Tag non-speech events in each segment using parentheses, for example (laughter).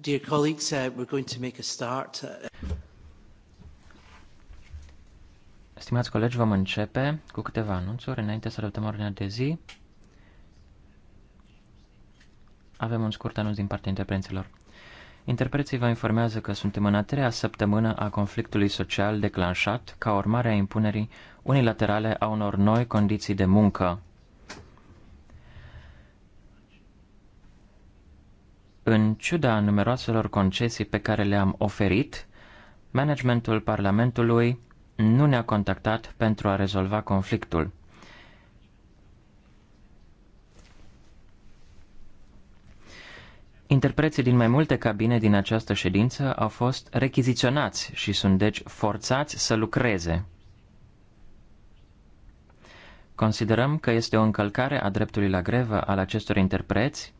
Dear colleagues, uh, we're going to make a start. Uh, Stimați colegi, vom începe cu câteva anunțuri înainte să adoptăm ordinea de zi. Avem un scurt anunț din partea interprenților. Interpreții vă informează că suntem în a treia săptămână a conflictului social declanșat ca urmare a impunerii unilaterale a unor noi condiții de muncă În ciuda numeroaselor concesii pe care le-am oferit, managementul Parlamentului nu ne-a contactat pentru a rezolva conflictul. Interpreții din mai multe cabine din această ședință au fost rechiziționați și sunt deci forțați să lucreze. Considerăm că este o încălcare a dreptului la grevă al acestor interpreți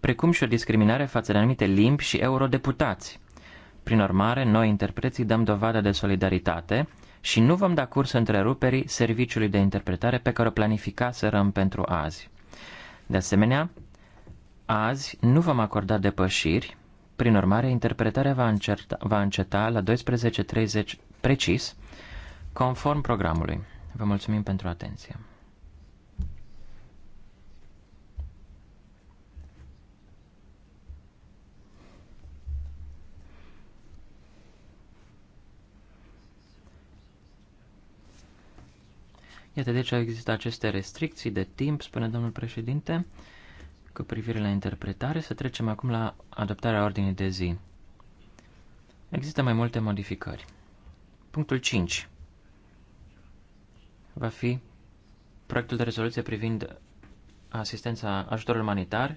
precum și o discriminare față de anumite limbi și eurodeputați. Prin urmare, noi, interpreții, dăm dovadă de solidaritate și nu vom da curs întreruperii serviciului de interpretare pe care o planificaserăm pentru azi. De asemenea, azi nu vom acorda depășiri, prin urmare, interpretarea va, încerta, va înceta la 12.30 precis, conform programului. Vă mulțumim pentru atenție. Iată, deci există aceste restricții de timp, spune domnul președinte, cu privire la interpretare. Să trecem acum la adoptarea ordinii de zi. Există mai multe modificări. Punctul 5 va fi proiectul de rezoluție privind asistența ajutorului umanitar.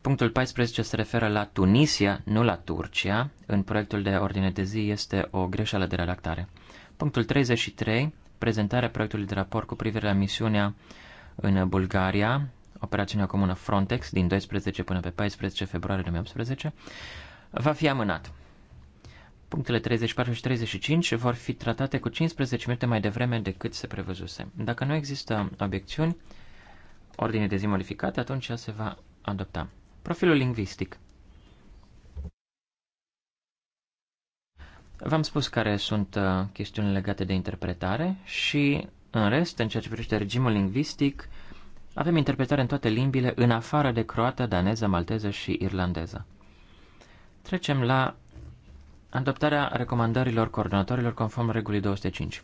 Punctul 14 se referă la Tunisia, nu la Turcia. În proiectul de ordine de zi este o greșeală de redactare. Punctul 33 prezentarea proiectului de raport cu privire la misiunea în Bulgaria, operațiunea comună Frontex din 12 până pe 14 februarie 2018, va fi amânat. Punctele 34 și 35 vor fi tratate cu 15 minute mai devreme decât se prevăzuse. Dacă nu există obiecțiuni, ordine de zi modificată, atunci ea se va adopta. Profilul lingvistic. V-am spus care sunt uh, chestiunile legate de interpretare și, în rest, în ceea ce privește regimul lingvistic, avem interpretare în toate limbile, în afară de croată, daneză, malteză și irlandeză. Trecem la adoptarea recomandărilor coordonatorilor conform regulii 205.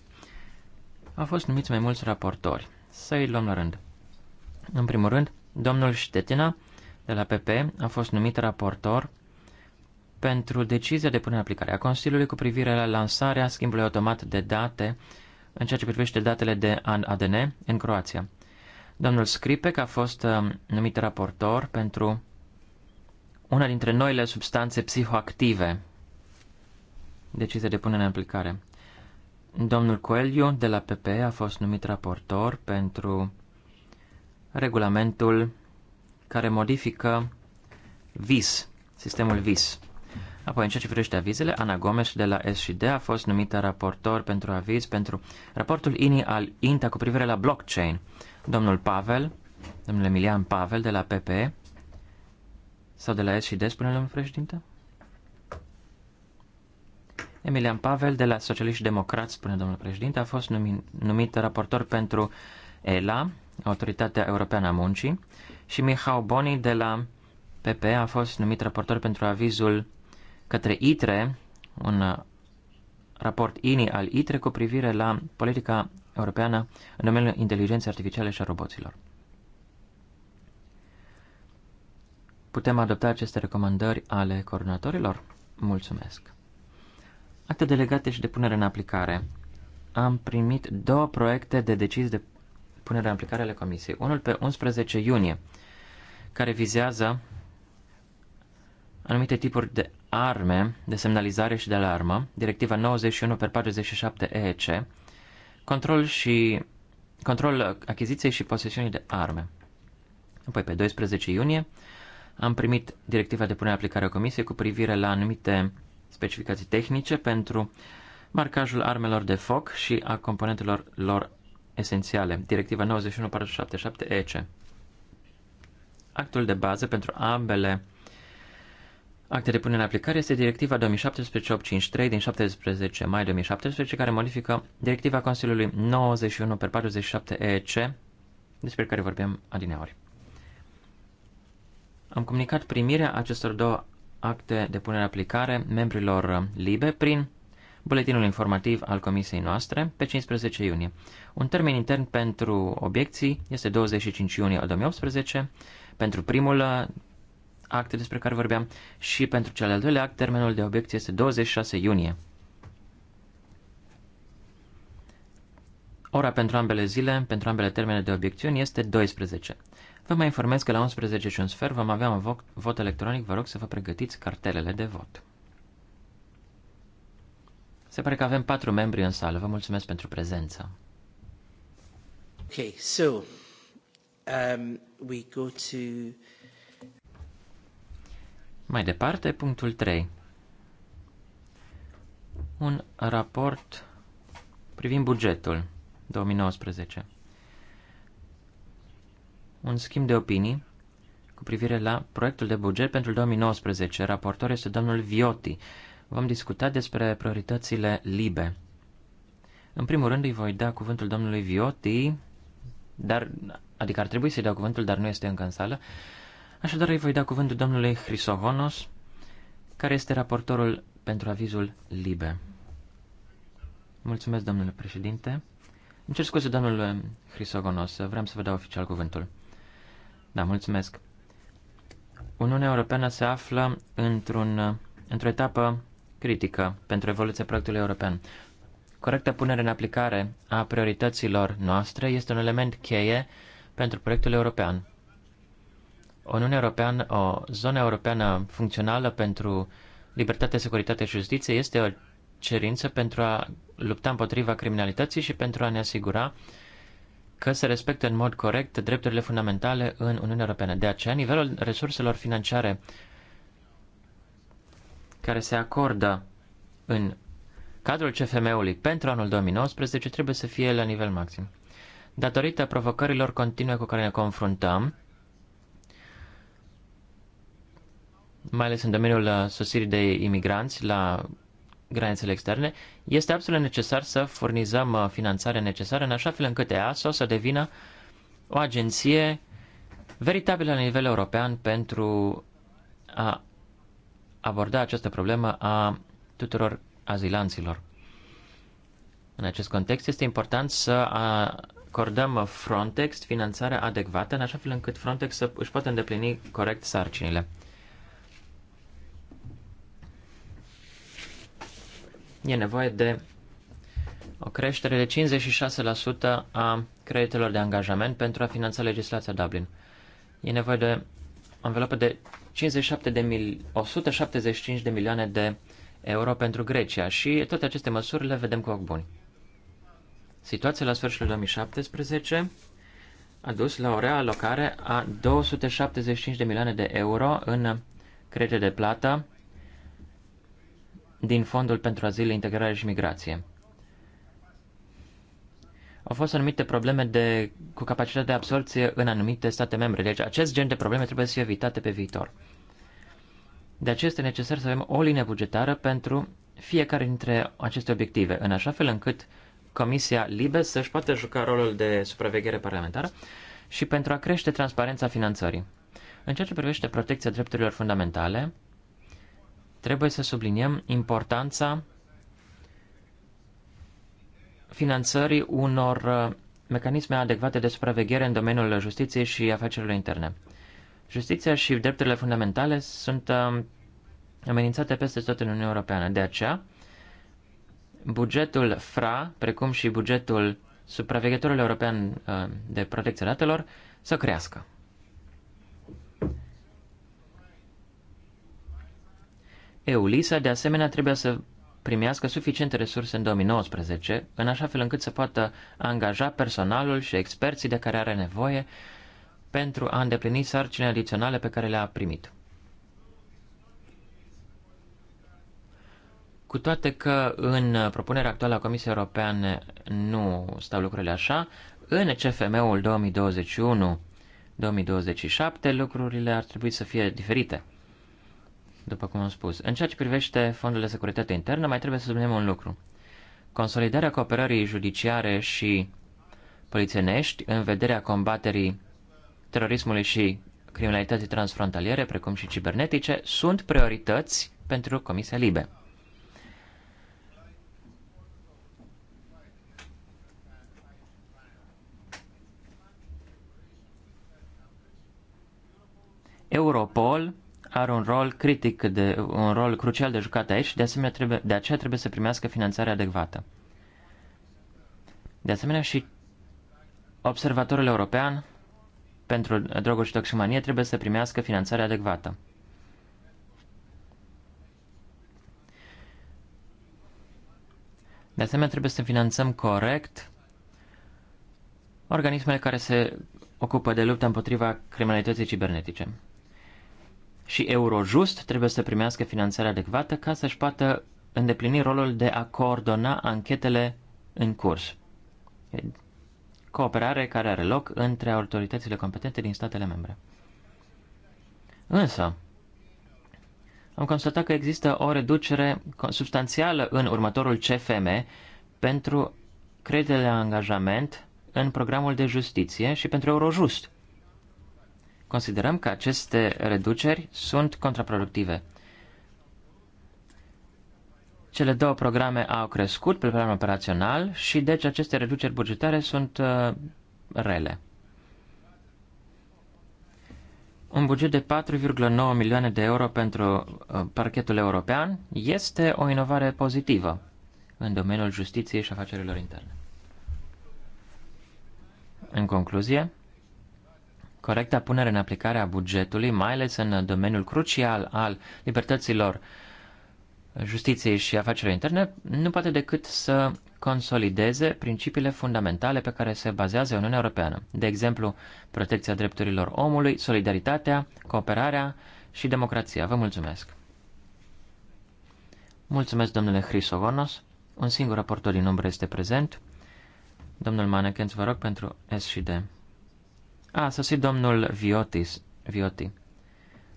Au fost numiți mai mulți raportori. Să îi luăm la rând. În primul rând, domnul Ștetina, de la PP, a fost numit raportor pentru decizia de punere în aplicare a Consiliului cu privire la lansarea schimbului automat de date în ceea ce privește datele de ADN în Croația. Domnul Scripec a fost uh, numit raportor pentru una dintre noile substanțe psihoactive. Decizie de punere în aplicare. Domnul Coeliu de la PP a fost numit raportor pentru regulamentul care modifică VIS, sistemul VIS. Apoi, în ceea ce privește avizele, Ana Gomes de la SD a fost numită raportor pentru aviz pentru raportul INI al INTA cu privire la blockchain. Domnul Pavel, domnul Emilian Pavel de la PPE, sau de la SD, spune domnul președinte? Emilian Pavel de la Socialiști Democrați, spune domnul președinte, a fost numit, numit raportor pentru ELA, Autoritatea Europeană a Muncii, și Mihau Boni de la PPE a fost numit raportor pentru avizul către ITRE, un uh, raport INI al ITRE cu privire la politica europeană în domeniul inteligenței artificiale și a roboților. Putem adopta aceste recomandări ale coordonatorilor? Mulțumesc! Acte delegate și de punere în aplicare. Am primit două proiecte de decizii de punere în aplicare ale Comisiei. Unul pe 11 iunie, care vizează anumite tipuri de arme de semnalizare și de alarmă, Directiva 91 pe 47 EEC, control și control achiziției și posesiunii de arme. Apoi, pe 12 iunie, am primit directiva de punere aplicare a Comisiei cu privire la anumite specificații tehnice pentru marcajul armelor de foc și a componentelor lor esențiale, Directiva 91477 EC. Actul de bază pentru ambele Acte de punere în aplicare este directiva 2017-853 din 17 mai 2017 care modifică directiva Consiliului 91 pe 47 EEC despre care vorbim adineori. Am comunicat primirea acestor două acte de punere în aplicare membrilor LIBE prin buletinul informativ al comisiei noastre pe 15 iunie. Un termen intern pentru obiecții este 25 iunie 2018, pentru primul act despre care vorbeam și pentru cel al doilea act, termenul de obiecție este 26 iunie. Ora pentru ambele zile, pentru ambele termene de obiecțiuni, este 12. Vă mai informez că la 11 și un sfert vom avea un vot, vot electronic. Vă rog să vă pregătiți cartelele de vot. Se pare că avem patru membri în sală. Vă mulțumesc pentru prezență. Okay, so um, we go to mai departe, punctul 3. Un raport privind bugetul 2019. Un schimb de opinii cu privire la proiectul de buget pentru 2019. Raportor este domnul Vioti. Vom discuta despre prioritățile libe. În primul rând îi voi da cuvântul domnului Vioti, dar, adică ar trebui să-i dau cuvântul, dar nu este încă în sală, Așadar îi voi da cuvântul domnului Hrisogonos, care este raportorul pentru avizul LIBE. Mulțumesc, domnule președinte. Îmi cer scuze, domnul Hrisogonos, vreau să vă dau oficial cuvântul. Da, mulțumesc. Uniunea Europeană se află într-un, într-o etapă critică pentru evoluția proiectului european. Corecta punere în aplicare a priorităților noastre este un element cheie pentru proiectul european o, Uniune Europeană, o zonă europeană funcțională pentru libertate, securitate și justiție este o cerință pentru a lupta împotriva criminalității și pentru a ne asigura că se respectă în mod corect drepturile fundamentale în Uniunea Europeană. De aceea, nivelul resurselor financiare care se acordă în cadrul CFM-ului pentru anul 2019 trebuie să fie la nivel maxim. Datorită provocărilor continue cu care ne confruntăm, mai ales în domeniul uh, sosirii de imigranți la granițele externe, este absolut necesar să furnizăm uh, finanțarea necesară în așa fel încât EASO să devină o agenție veritabilă la nivel european pentru a aborda această problemă a tuturor azilanților. În acest context este important să acordăm Frontex finanțarea adecvată în așa fel încât Frontex să își poată îndeplini corect sarcinile. e nevoie de o creștere de 56% a creditelor de angajament pentru a finanța legislația Dublin. E nevoie de o învelopă de 57 de mil, 175 de milioane de euro pentru Grecia și toate aceste măsuri le vedem cu ochi buni. Situația la sfârșitul 2017 a dus la o realocare a 275 de milioane de euro în credite de plată din Fondul pentru Azil, Integrare și Migrație. Au fost anumite probleme de, cu capacitatea de absorție în anumite state membre, deci acest gen de probleme trebuie să fie evitate pe viitor. De aceea este necesar să avem o linie bugetară pentru fiecare dintre aceste obiective, în așa fel încât Comisia Libe să-și poată juca rolul de supraveghere parlamentară și pentru a crește transparența finanțării. În ceea ce privește protecția drepturilor fundamentale, Trebuie să subliniem importanța finanțării unor uh, mecanisme adecvate de supraveghere în domeniul justiției și afacerilor interne. Justiția și drepturile fundamentale sunt um, amenințate peste tot în Uniunea Europeană. De aceea, bugetul FRA, precum și bugetul supraveghetorului european uh, de protecție datelor, să crească. EULISA, de asemenea, trebuia să primească suficiente resurse în 2019, în așa fel încât să poată angaja personalul și experții de care are nevoie pentru a îndeplini sarcini adiționale pe care le-a primit. Cu toate că în propunerea actuală a Comisiei Europeane nu stau lucrurile așa, în CFM-ul 2021-2027 lucrurile ar trebui să fie diferite după cum am spus. În ceea ce privește fondurile de securitate internă, mai trebuie să subliniem un lucru. Consolidarea cooperării judiciare și polițienești în vederea combaterii terorismului și criminalității transfrontaliere, precum și cibernetice, sunt priorități pentru Comisia Libe. Europol are un rol critic, de, un rol crucial de jucat aici și de, asemenea trebuie, de aceea trebuie să primească finanțare adecvată. De asemenea și observatorul european pentru droguri și toxicomanie trebuie să primească finanțare adecvată. De asemenea, trebuie să finanțăm corect organismele care se ocupă de lupta împotriva criminalității cibernetice și Eurojust trebuie să primească finanțare adecvată ca să-și poată îndeplini rolul de a coordona anchetele în curs. Cooperare care are loc între autoritățile competente din statele membre. Însă, am constatat că există o reducere substanțială în următorul CFM pentru creditele la angajament în programul de justiție și pentru Eurojust – Considerăm că aceste reduceri sunt contraproductive. Cele două programe au crescut pe plan operațional și deci aceste reduceri bugetare sunt uh, rele. Un buget de 4,9 milioane de euro pentru uh, parchetul european este o inovare pozitivă în domeniul justiției și afacerilor interne. În concluzie, corecta punere în aplicare a bugetului, mai ales în domeniul crucial al libertăților justiției și afacerilor interne, nu poate decât să consolideze principiile fundamentale pe care se bazează Uniunea Europeană, de exemplu, protecția drepturilor omului, solidaritatea, cooperarea și democrația. Vă mulțumesc! Mulțumesc, domnule Hrisogonos. Un singur raportor din umbră este prezent. Domnul Manekens, vă rog, pentru S și D. A, sosit domnul Viotis, Vioti.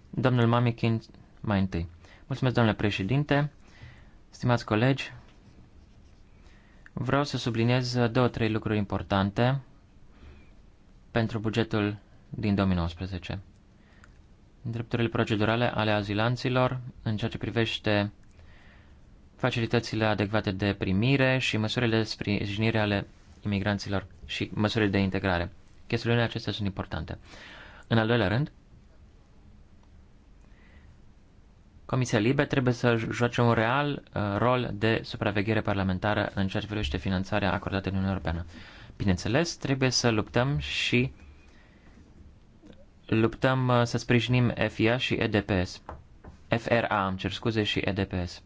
Domnul Mamichin, mai întâi. Mulțumesc, domnule președinte. Stimați colegi, vreau să subliniez două, trei lucruri importante pentru bugetul din 2019. Drepturile procedurale ale azilanților în ceea ce privește facilitățile adecvate de primire și măsurile de sprijinire ale imigranților și măsurile de integrare. Chestiunile acestea sunt importante. În al doilea rând, Comisia Libe trebuie să joace un real uh, rol de supraveghere parlamentară în ceea ce privește finanțarea acordată în Uniunea Europeană. Bineînțeles, trebuie să luptăm și luptăm uh, să sprijinim FIA și EDPS. FRA, am cer scuze, și EDPS.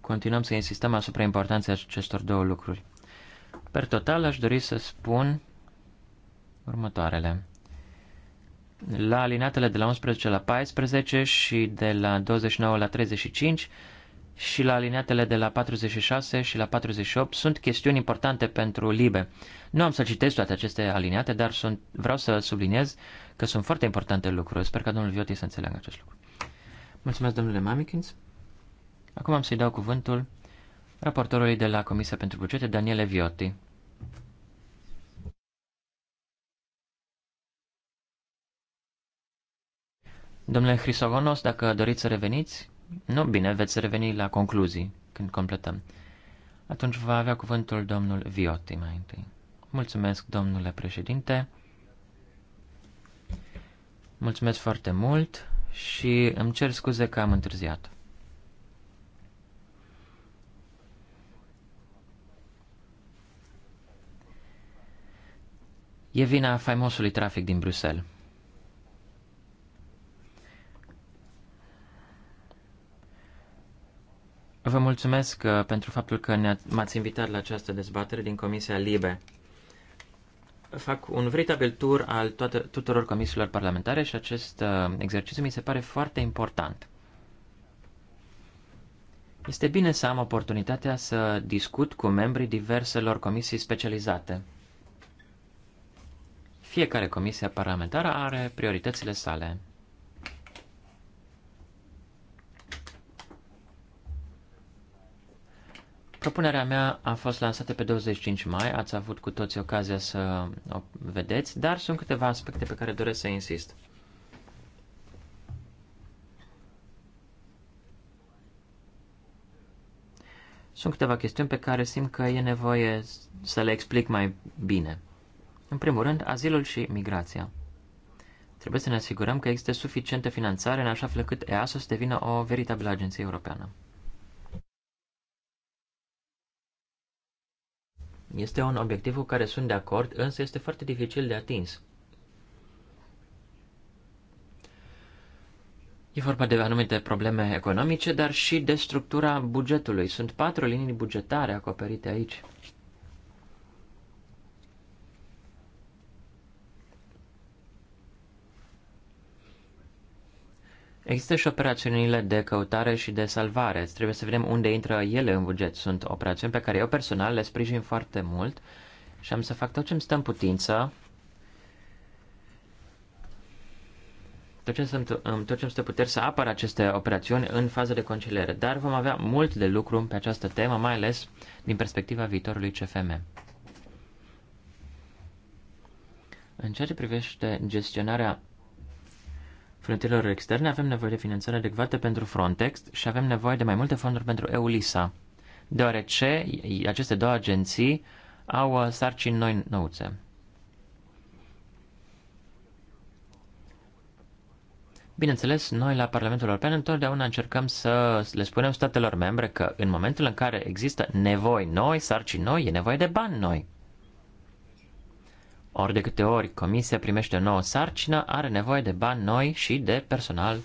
Continuăm să insistăm asupra importanței acestor două lucruri. Per total aș dori să spun următoarele. La alinatele de la 11 la 14 și de la 29 la 35 și la alineatele de la 46 și la 48 sunt chestiuni importante pentru LIBE. Nu am să citesc toate aceste alineate, dar sunt, vreau să subliniez că sunt foarte importante lucruri. Sper că domnul Vioti să înțeleagă acest lucru. Mulțumesc, domnule Mamikins. Acum am să-i dau cuvântul raportorului de la Comisia pentru Bugete, Daniele Viotti. Domnule Hrisogonos, dacă doriți să reveniți, nu bine, veți reveni la concluzii când completăm. Atunci va avea cuvântul domnul Viotti mai întâi. Mulțumesc, domnule președinte. Mulțumesc foarte mult și îmi cer scuze că am întârziat. e vina faimosului trafic din Bruxelles. Vă mulțumesc uh, pentru faptul că m-ați invitat la această dezbatere din Comisia Libe. Fac un veritabil tur al toată, tuturor comisiilor parlamentare și acest uh, exercițiu mi se pare foarte important. Este bine să am oportunitatea să discut cu membrii diverselor comisii specializate. Fiecare comisie parlamentară are prioritățile sale. Propunerea mea a fost lansată pe 25 mai, ați avut cu toți ocazia să o vedeți, dar sunt câteva aspecte pe care doresc să insist. Sunt câteva chestiuni pe care simt că e nevoie să le explic mai bine. În primul rând, azilul și migrația. Trebuie să ne asigurăm că există suficientă finanțare în așa fel încât EASO să devină o veritabilă agenție europeană. Este un obiectiv cu care sunt de acord, însă este foarte dificil de atins. E vorba de anumite probleme economice, dar și de structura bugetului. Sunt patru linii bugetare acoperite aici. Există și operațiunile de căutare și de salvare. Trebuie să vedem unde intră ele în buget. Sunt operațiuni pe care eu personal le sprijin foarte mult și am să fac tot ce-mi stă în putință tot ce sunt, stă puteri să apăr aceste operațiuni în fază de conciliere, dar vom avea mult de lucru pe această temă, mai ales din perspectiva viitorului CFM. În ceea ce privește gestionarea frontierelor externe, avem nevoie de finanțare adecvată pentru Frontex și avem nevoie de mai multe fonduri pentru EULISA, deoarece aceste două agenții au uh, sarcini noi nouțe. Bineînțeles, noi la Parlamentul European întotdeauna încercăm să le spunem statelor membre că în momentul în care există nevoi noi, sarcini noi, e nevoie de bani noi. Ori de câte ori comisia primește o nouă sarcină, are nevoie de bani noi și de personal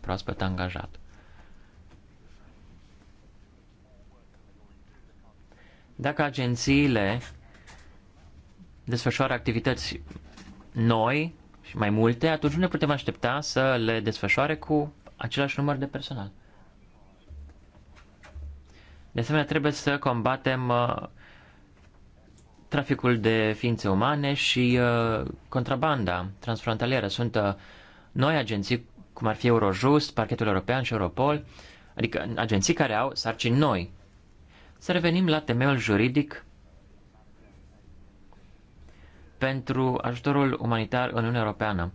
proaspăt angajat. Dacă agențiile desfășoară activități noi și mai multe, atunci nu ne putem aștepta să le desfășoare cu același număr de personal. De asemenea, trebuie să combatem uh, traficul de ființe umane și uh, contrabanda transfrontalieră. Sunt uh, noi agenții, cum ar fi Eurojust, Parchetul European și Europol, adică agenții care au sarcini noi. Să revenim la temeiul juridic pentru ajutorul umanitar în Uniunea Europeană.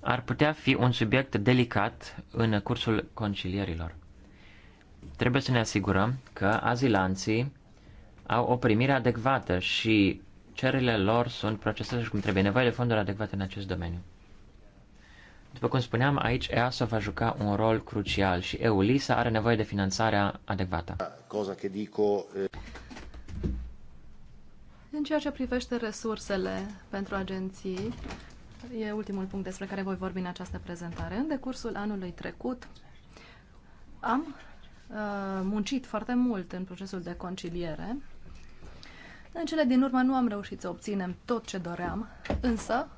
Ar putea fi un subiect delicat în cursul concilierilor. Trebuie să ne asigurăm că azilanții au o primire adecvată și cererile lor sunt procesate și cum trebuie. Nevoie de fonduri adecvate în acest domeniu. După cum spuneam, aici EASO va juca un rol crucial și EULISA are nevoie de finanțarea adecvată. Cosa che dico, eh, În ceea ce privește resursele pentru agenții, e ultimul punct despre care voi vorbi în această prezentare. În decursul anului trecut am uh, muncit foarte mult în procesul de conciliere în cele din urmă nu am reușit să obținem tot ce doream, însă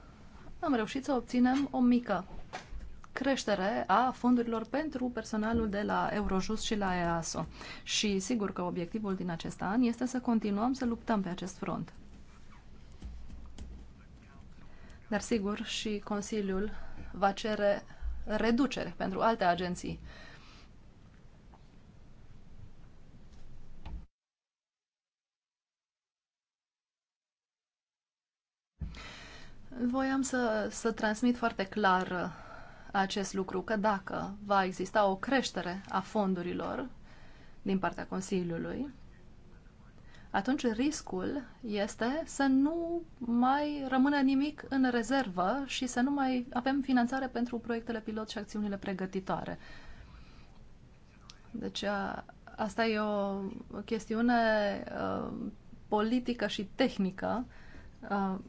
am reușit să obținem o mică creștere a fondurilor pentru personalul de la Eurojust și la EASO. Și sigur că obiectivul din acest an este să continuăm să luptăm pe acest front. Dar sigur și Consiliul va cere reducere pentru alte agenții Voiam să, să transmit foarte clar uh, acest lucru, că dacă va exista o creștere a fondurilor din partea Consiliului, atunci riscul este să nu mai rămână nimic în rezervă și să nu mai avem finanțare pentru proiectele pilot și acțiunile pregătitoare. Deci a, asta e o chestiune a, uh, politică și tehnică a, uh,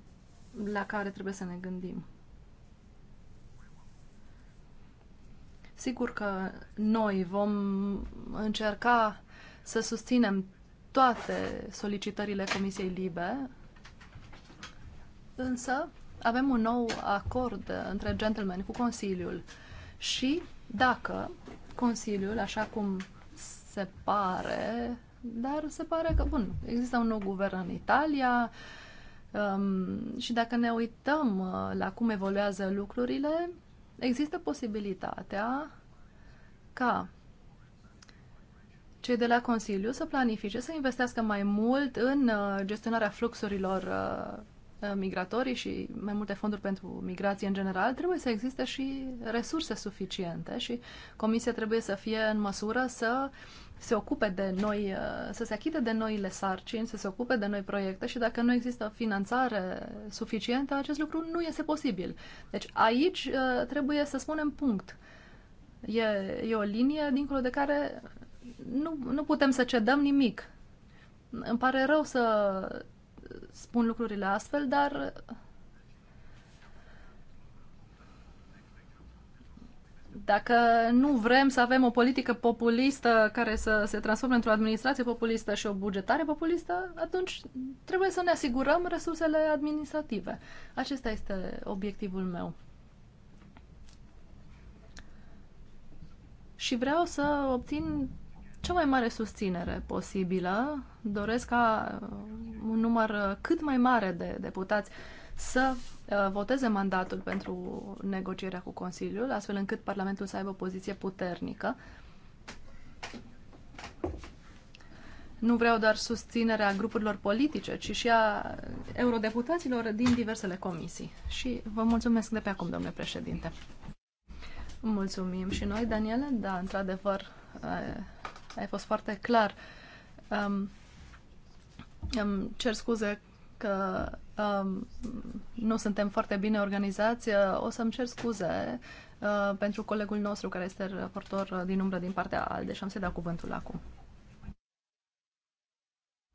la care trebuie să ne gândim. Sigur că noi vom încerca să susținem toate solicitările Comisiei Libe, însă avem un nou acord între gentlemen cu Consiliul și dacă Consiliul, așa cum se pare, dar se pare că, bun, există un nou guvern în Italia, uh, Um, și dacă ne uităm uh, la cum evoluează lucrurile, există posibilitatea ca cei de la Consiliu să planifice să investească mai mult în uh, gestionarea fluxurilor uh, uh migratorii și mai multe fonduri pentru migrație în general, trebuie să existe și resurse suficiente și Comisia trebuie să fie în măsură să uh, se ocupe de noi, uh, să se achite de noile sarcini, să se ocupe de noi proiecte și dacă nu există finanțare suficientă, acest lucru nu este posibil. Deci aici uh, trebuie să spunem punct. E, e o linie dincolo de care nu, nu putem să cedăm nimic. Îmi pare rău să spun lucrurile astfel, dar Dacă nu vrem să avem o politică populistă care să se transforme într-o administrație populistă și o bugetare populistă, atunci trebuie să ne asigurăm resursele administrative. Acesta este obiectivul meu. Și vreau să obțin cea mai mare susținere posibilă. Doresc ca un număr cât mai mare de deputați să Uh, voteze mandatul pentru negocierea cu Consiliul, astfel încât Parlamentul să aibă o poziție puternică. Nu vreau doar susținerea grupurilor politice, ci și a eurodeputaților din diversele comisii. Și vă mulțumesc de pe acum, domnule președinte. Mulțumim și noi, Daniele. Da, într-adevăr, uh, ai fost foarte clar. Um, îmi cer scuze că nu suntem foarte bine organizați, uh, o să-mi cer scuze uh, pentru colegul nostru care este raportor uh, din umbră din partea ALDE și am să-i dau cuvântul acum.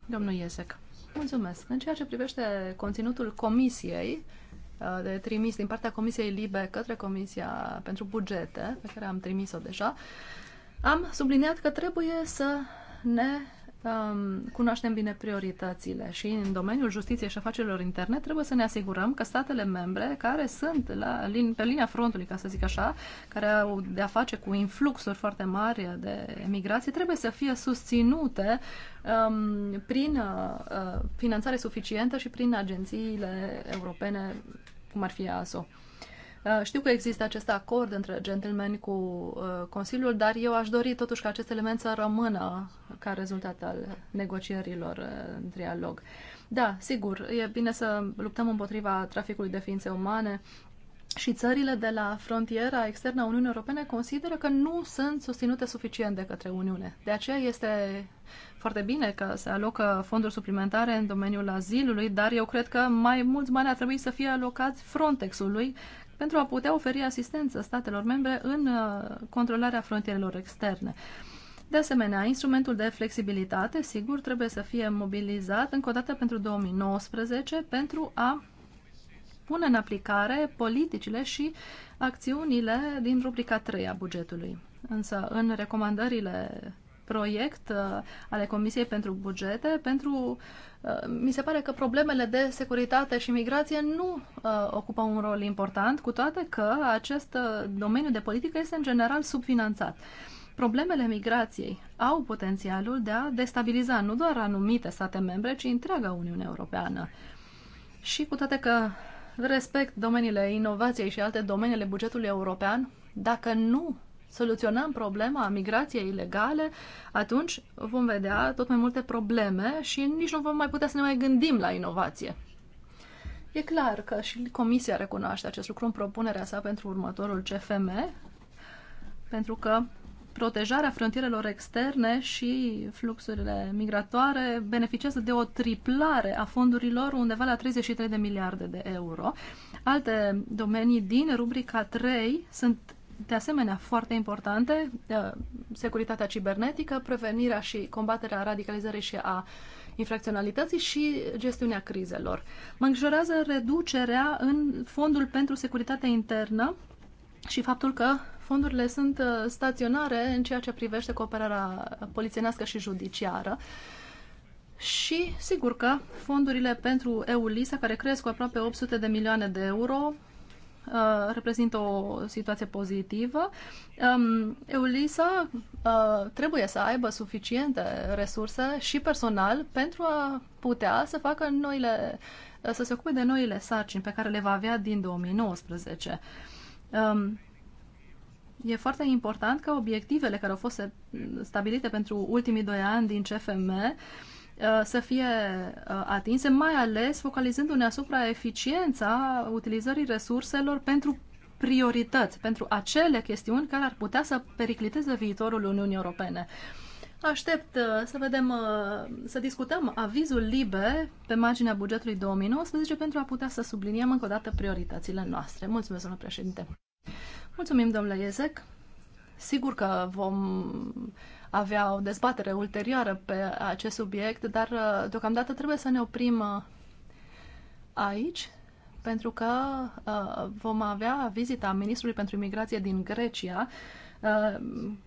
Domnul Iesec, mulțumesc. În ceea ce privește conținutul comisiei, de trimis din partea Comisiei Libe către Comisia pentru Bugete, pe care am trimis-o deja, am subliniat că trebuie să ne um, cunoaștem bine prioritățile și în domeniul justiției și afacerilor interne trebuie să ne asigurăm că statele membre care sunt la, lin, pe linia frontului, ca să zic așa, care au de-a face cu influxuri foarte mari de emigrație, trebuie să fie susținute um, prin uh, uh finanțare suficientă și prin agențiile europene, cum ar fi ASO. Uh, știu că există acest acord între gentlemen cu uh, Consiliul, dar eu aș dori totuși ca acest element să rămână ca rezultat al negocierilor uh, în trialog. Da, sigur, e bine să luptăm împotriva traficului de ființe umane, și țările de la frontiera externă a Uniunii Europene consideră că nu sunt susținute suficient de către Uniune. De aceea este foarte bine că se alocă fonduri suplimentare în domeniul azilului, dar eu cred că mai mulți bani ar trebui să fie alocați Frontexului, pentru a putea oferi asistență statelor membre în uh, controlarea frontierelor externe. De asemenea, instrumentul de flexibilitate, sigur, trebuie să fie mobilizat încă o dată pentru 2019 pentru a pune în aplicare politicile și acțiunile din rubrica 3 a bugetului. Însă, în recomandările proiect uh, ale Comisiei pentru Bugete pentru uh, mi se pare că problemele de securitate și migrație nu uh, ocupă un rol important, cu toate că acest domeniu de politică este în general subfinanțat. Problemele migrației au potențialul de a destabiliza nu doar anumite state membre, ci întreaga Uniune Europeană. Și cu toate că respect domeniile inovației și alte domeniile bugetului european, dacă nu soluționăm problema migrației ilegale, atunci vom vedea tot mai multe probleme și nici nu vom mai putea să ne mai gândim la inovație. E clar că și Comisia recunoaște acest lucru în propunerea sa pentru următorul CFM, pentru că protejarea frontierelor externe și fluxurile migratoare beneficiază de o triplare a fondurilor undeva la 33 de miliarde de euro. Alte domenii din rubrica 3 sunt de asemenea foarte importante, uh, securitatea cibernetică, prevenirea și combaterea radicalizării și a infracționalității și gestiunea crizelor. Mă îngrijorează reducerea în fondul pentru securitatea internă și faptul că fondurile sunt uh, staționare în ceea ce privește cooperarea polițienească și judiciară. Și sigur că fondurile pentru EULISA, care cresc cu aproape 800 de milioane de euro, Uh, reprezintă o situație pozitivă. Um, EULISA uh, trebuie să aibă suficiente resurse și personal pentru a putea să facă noile, uh, să se ocupe de noile sarcini pe care le va avea din 2019. Um, E foarte important că obiectivele care au fost stabilite pentru ultimii doi ani din CFM uh, Uh, să fie uh, atinse, mai ales focalizându-ne asupra eficiența utilizării resurselor pentru priorități, pentru acele chestiuni care ar putea să pericliteze viitorul Uniunii Europene. Aștept uh, să vedem, să discutăm avizul LIBE pe marginea bugetului 2019 pentru a putea să subliniem încă o dată prioritățile noastre. Mulțumesc, domnule președinte! Mulțumim, domnule Iezec! Sigur că vom avea o dezbatere ulterioară pe acest subiect, dar uh, deocamdată trebuie să ne oprim uh, aici, pentru că uh, vom avea vizita ministrului pentru imigrație din Grecia,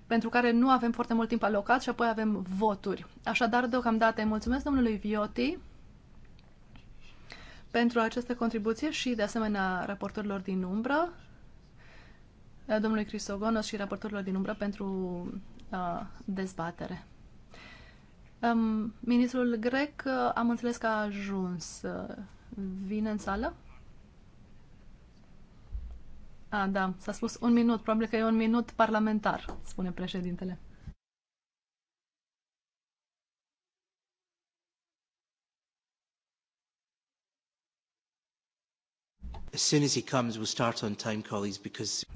pentru care nu avem foarte mult timp alocat și apoi avem voturi. Așadar, deocamdată îi mulțumesc domnului Vioti pentru aceste contribuție și, de asemenea, raportorilor din umbră, domnului Crisogonos și raportorilor din umbră pentru Uh, dezbatere. Um, ministrul grec, uh, am înțeles că a ajuns. Uh, vine în sală? A, da, s-a spus un minut. Probabil că e un minut parlamentar, spune președintele.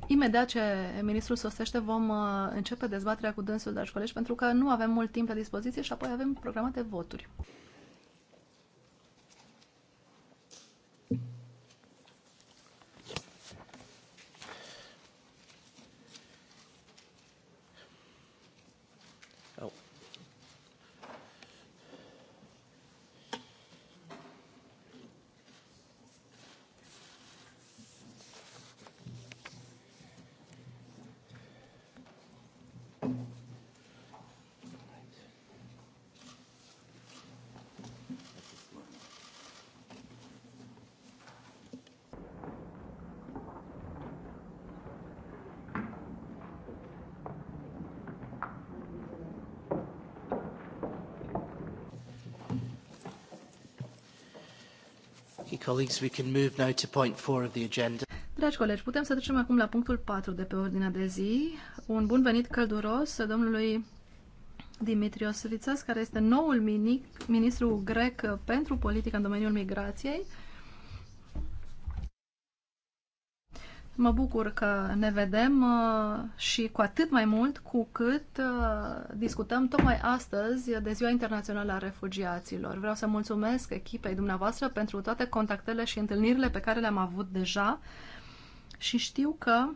Imediat ce ministrul sosește, vom uh, începe dezbaterea cu dânsul, dragi colegi, pentru că nu avem mult timp la dispoziție și apoi avem programate voturi. Colleagues, we can move now to point four of the agenda. Dragi colegi, putem să trecem acum la punctul 4 de pe ordinea de zi. Un bun venit călduros domnului Dimitrios Rițas, care este noul ministru grec pentru politică în domeniul migrației. Mă bucur că ne vedem uh, și cu atât mai mult cu cât uh, discutăm tocmai astăzi de Ziua Internațională a Refugiaților. Vreau să mulțumesc echipei dumneavoastră pentru toate contactele și întâlnirile pe care le-am avut deja și știu că,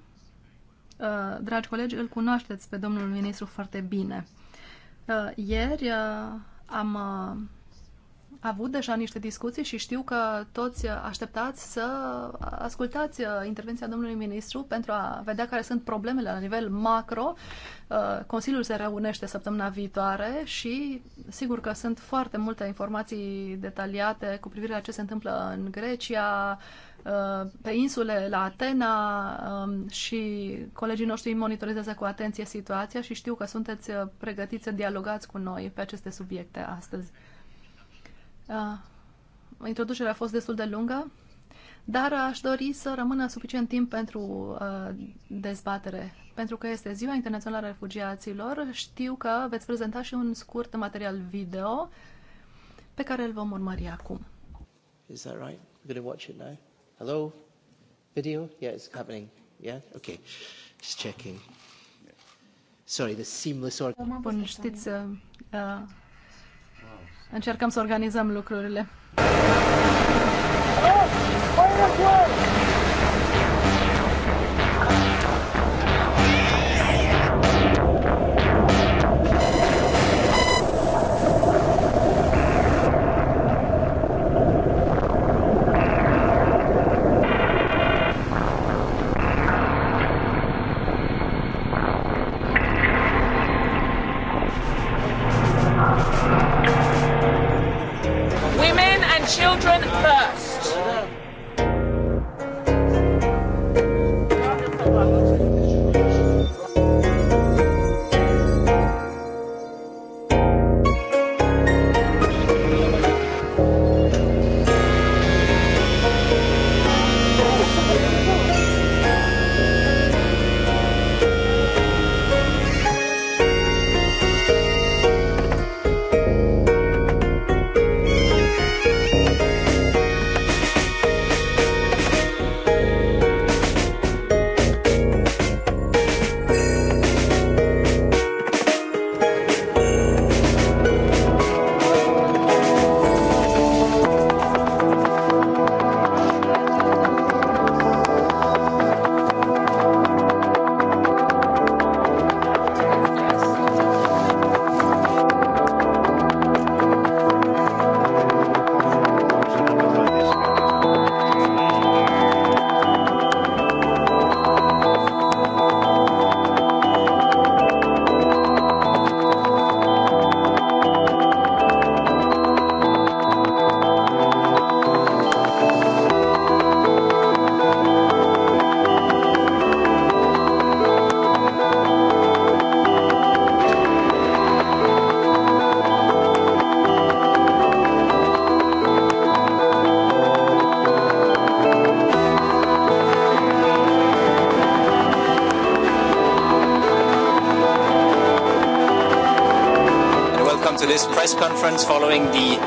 uh, dragi colegi, îl cunoașteți pe domnul ministru foarte bine. Ieri am avut deja niște discuții și știu că toți așteptați să ascultați uh, intervenția domnului ministru pentru a vedea care sunt problemele la nivel macro. Uh, Consiliul se reunește săptămâna viitoare și sigur că sunt foarte multe informații detaliate cu privire la ce se întâmplă în Grecia, uh, pe insule, la Atena um, și colegii noștri monitorizează cu atenție situația și știu că sunteți pregătiți să dialogați cu noi pe aceste subiecte astăzi. Uh, introducerea a fost destul de lungă, dar aș dori să rămână suficient timp pentru uh, dezbatere, pentru că este Ziua Internațională a Refugiaților. Știu că veți prezenta și un scurt material video pe care îl vom urmări acum. Is that right? I'm going to watch it now. Hello? Video? Yeah, it's happening. Yeah? Okay. Just checking. Sorry, the seamless order. Bun, știți, uh, uh Încercăm să organizăm lucrurile. Oh, conference following the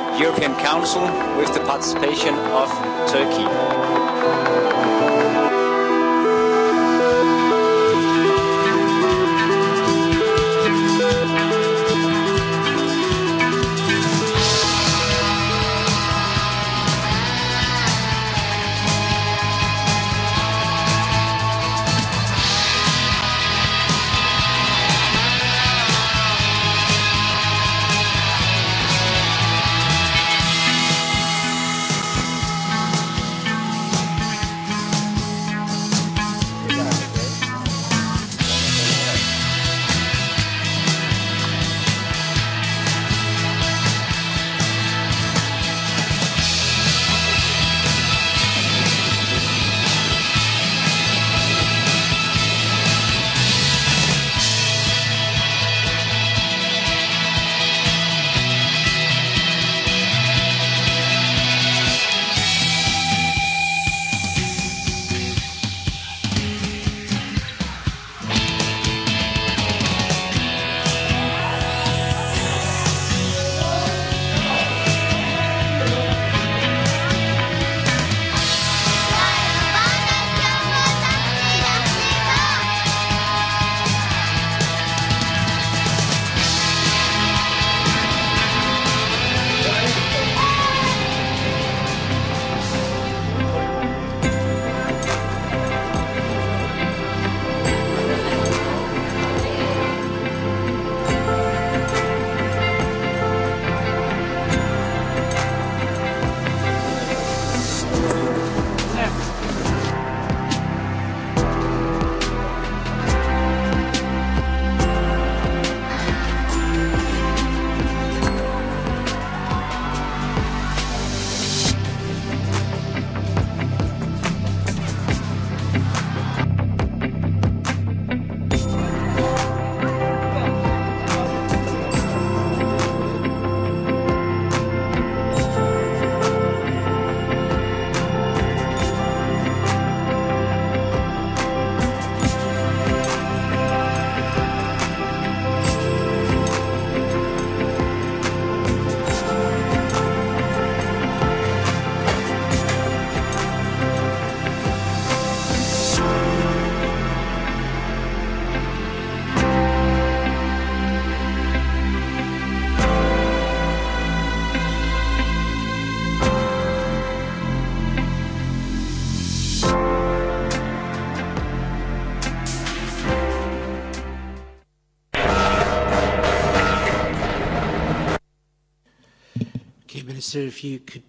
Minister, if you could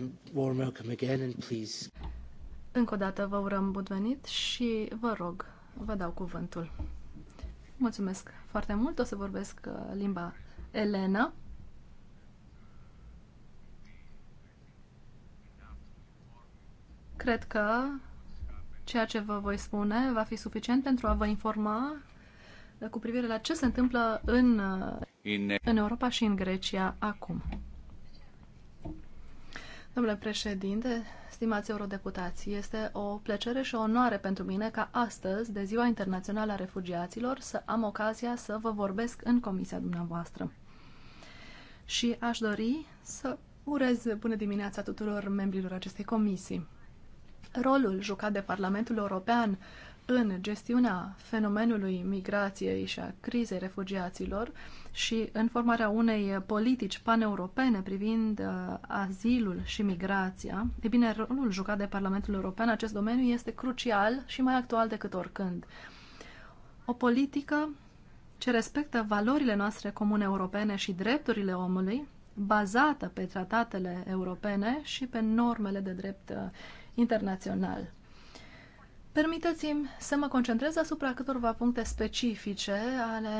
um, warm welcome again and please. Încă o dată vă urăm bun venit și vă rog, vă dau cuvântul. Mulțumesc foarte mult. O să vorbesc uh, limba Elena. Cred că ceea ce vă voi spune va fi suficient pentru a vă informa uh, cu privire la ce se întâmplă în, uh, în Europa și în Grecia acum. Domnule președinte, stimați eurodeputați, este o plăcere și o onoare pentru mine ca astăzi, de Ziua Internațională a Refugiaților, să am ocazia să vă vorbesc în comisia dumneavoastră. Și aș dori să urez bună dimineața tuturor membrilor acestei comisii. Rolul jucat de Parlamentul European în gestiunea fenomenului migrației și a crizei refugiaților și în formarea unei politici paneuropene privind uh, azilul și migrația, e bine, rolul jucat de Parlamentul European în acest domeniu este crucial și mai actual decât oricând. O politică ce respectă valorile noastre comune europene și drepturile omului, bazată pe tratatele europene și pe normele de drept uh, internațional. Permiteți-mi să mă concentrez asupra câtorva puncte specifice ale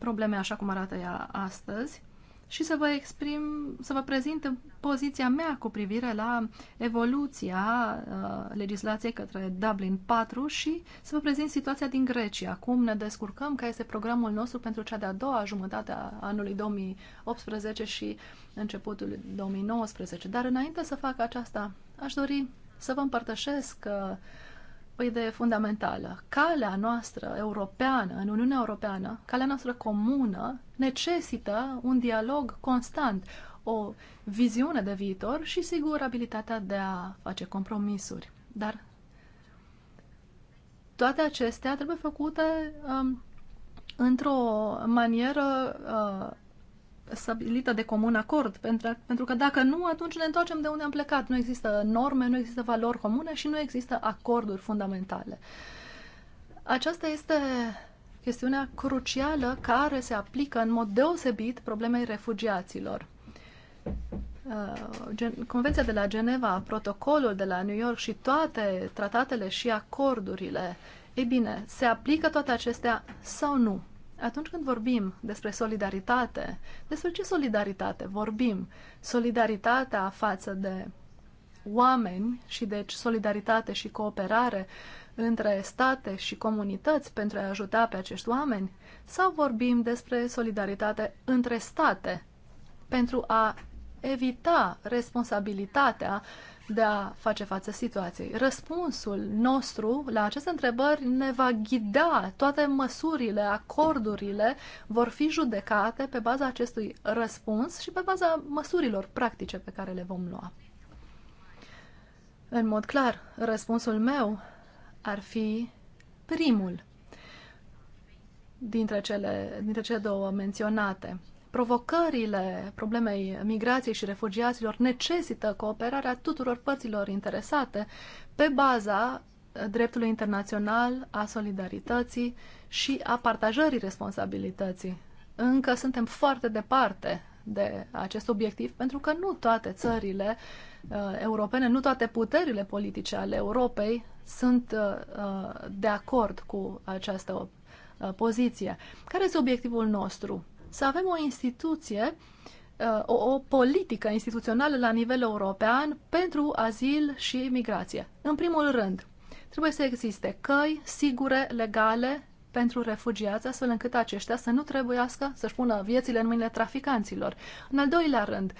probleme așa cum arată ea astăzi și să vă exprim, să vă prezint poziția mea cu privire la evoluția uh, legislației către Dublin 4 și să vă prezint situația din Grecia, cum ne descurcăm, care este programul nostru pentru cea de-a doua jumătate a anului 2018 și începutul 2019. Dar înainte să fac aceasta, aș dori să vă împărtășesc uh, o păi, idee fundamentală. Calea noastră europeană, în Uniunea Europeană, calea noastră comună, necesită un dialog constant, o viziune de viitor și, sigur, abilitatea de a face compromisuri. Dar toate acestea trebuie făcute um, într-o manieră uh, stabilită de comun acord, pentru, pentru că dacă nu, atunci ne întoarcem de unde am plecat. Nu există norme, nu există valori comune și nu există acorduri fundamentale. Aceasta este chestiunea crucială care se aplică în mod deosebit problemei refugiaților. Uh, Convenția de la Geneva, protocolul de la New York și toate tratatele și acordurile, ei bine, se aplică toate acestea sau nu? atunci când vorbim despre solidaritate, despre ce solidaritate vorbim? Solidaritatea față de oameni și deci solidaritate și cooperare între state și comunități pentru a ajuta pe acești oameni? Sau vorbim despre solidaritate între state pentru a evita responsabilitatea uh, de a face față situației. Răspunsul nostru la aceste întrebări ne va ghida. Toate măsurile, acordurile vor fi judecate pe baza acestui răspuns și pe baza măsurilor practice pe care le vom lua. În mod clar, răspunsul meu ar fi primul dintre cele, dintre cele două menționate provocările problemei migrației și refugiaților necesită cooperarea tuturor părților interesate pe baza dreptului internațional, a solidarității și a partajării responsabilității. Încă suntem foarte departe de acest obiectiv pentru că nu toate țările uh, europene, nu toate puterile politice ale Europei sunt uh, uh de acord cu această uh, poziție. Care este obiectivul nostru? să avem o instituție, uh, o, o politică instituțională la nivel european pentru azil și migrație. În primul rând, trebuie să existe căi sigure, legale pentru refugiați, astfel încât aceștia să nu trebuiască să-și pună viețile în mâinile traficanților. În al doilea rând, uh,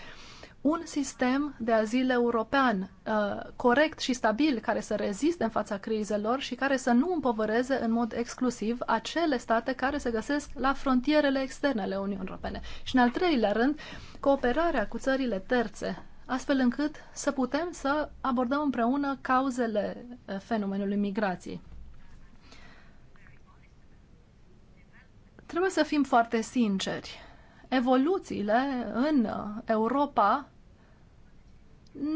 un sistem de azil european uh, corect și stabil care să reziste în fața crizelor și care să nu împovăreze în mod exclusiv acele state care se găsesc la frontierele externe ale Uniunii Europene. Și în al treilea rând, cooperarea cu țările terțe, astfel încât să putem să abordăm împreună cauzele uh, fenomenului migrației. Trebuie să fim foarte sinceri evoluțiile în Europa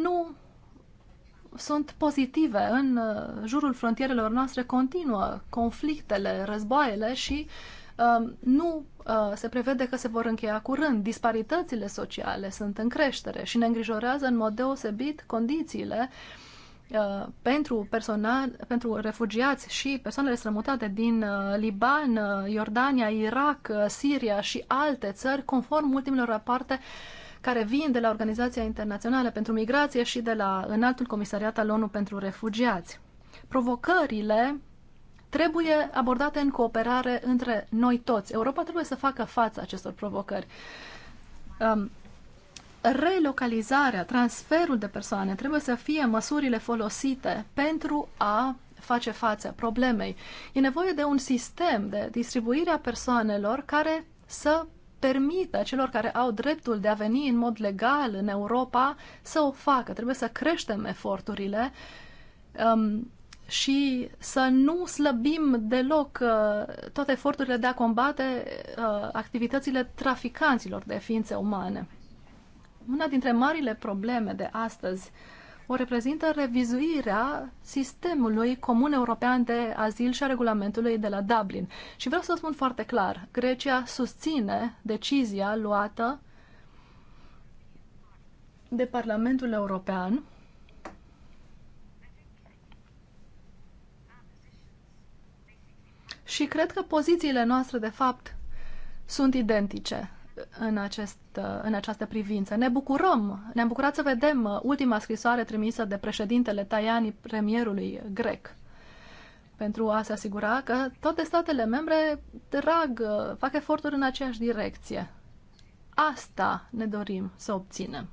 nu sunt pozitive. În uh, jurul frontierelor noastre continuă conflictele, războaiele și um, nu uh, se prevede că se vor încheia curând. Disparitățile sociale sunt în creștere și ne îngrijorează în mod deosebit condițiile uh, Uh, pentru, personal, pentru refugiați și persoanele strămutate din uh, Liban, uh, Iordania, Irak, Siria și alte țări, conform ultimelor rapoarte care vin de la Organizația Internațională pentru Migrație și de la Înaltul Comisariat al ONU pentru Refugiați. Provocările trebuie abordate în cooperare între noi toți. Europa trebuie să facă față acestor provocări. Um, relocalizarea, transferul de persoane trebuie să fie măsurile folosite pentru a face față problemei. E nevoie de un sistem de distribuire a persoanelor care să permită celor care au dreptul de a veni în mod legal în Europa să o facă. Trebuie să creștem eforturile um, și să nu slăbim deloc uh, toate eforturile de a combate uh, activitățile traficanților de ființe umane. Una dintre marile probleme de astăzi o reprezintă revizuirea sistemului comun european de azil și a regulamentului de la Dublin. Și vreau să spun foarte clar, Grecia susține decizia luată de Parlamentul European și cred că pozițiile noastre, de fapt, sunt identice în, acest, în această privință. Ne bucurăm, ne-am bucurat să vedem ultima scrisoare trimisă de președintele Tajani premierului grec pentru a se asigura că toate statele membre trag, fac eforturi în aceeași direcție. Asta ne dorim să obținem.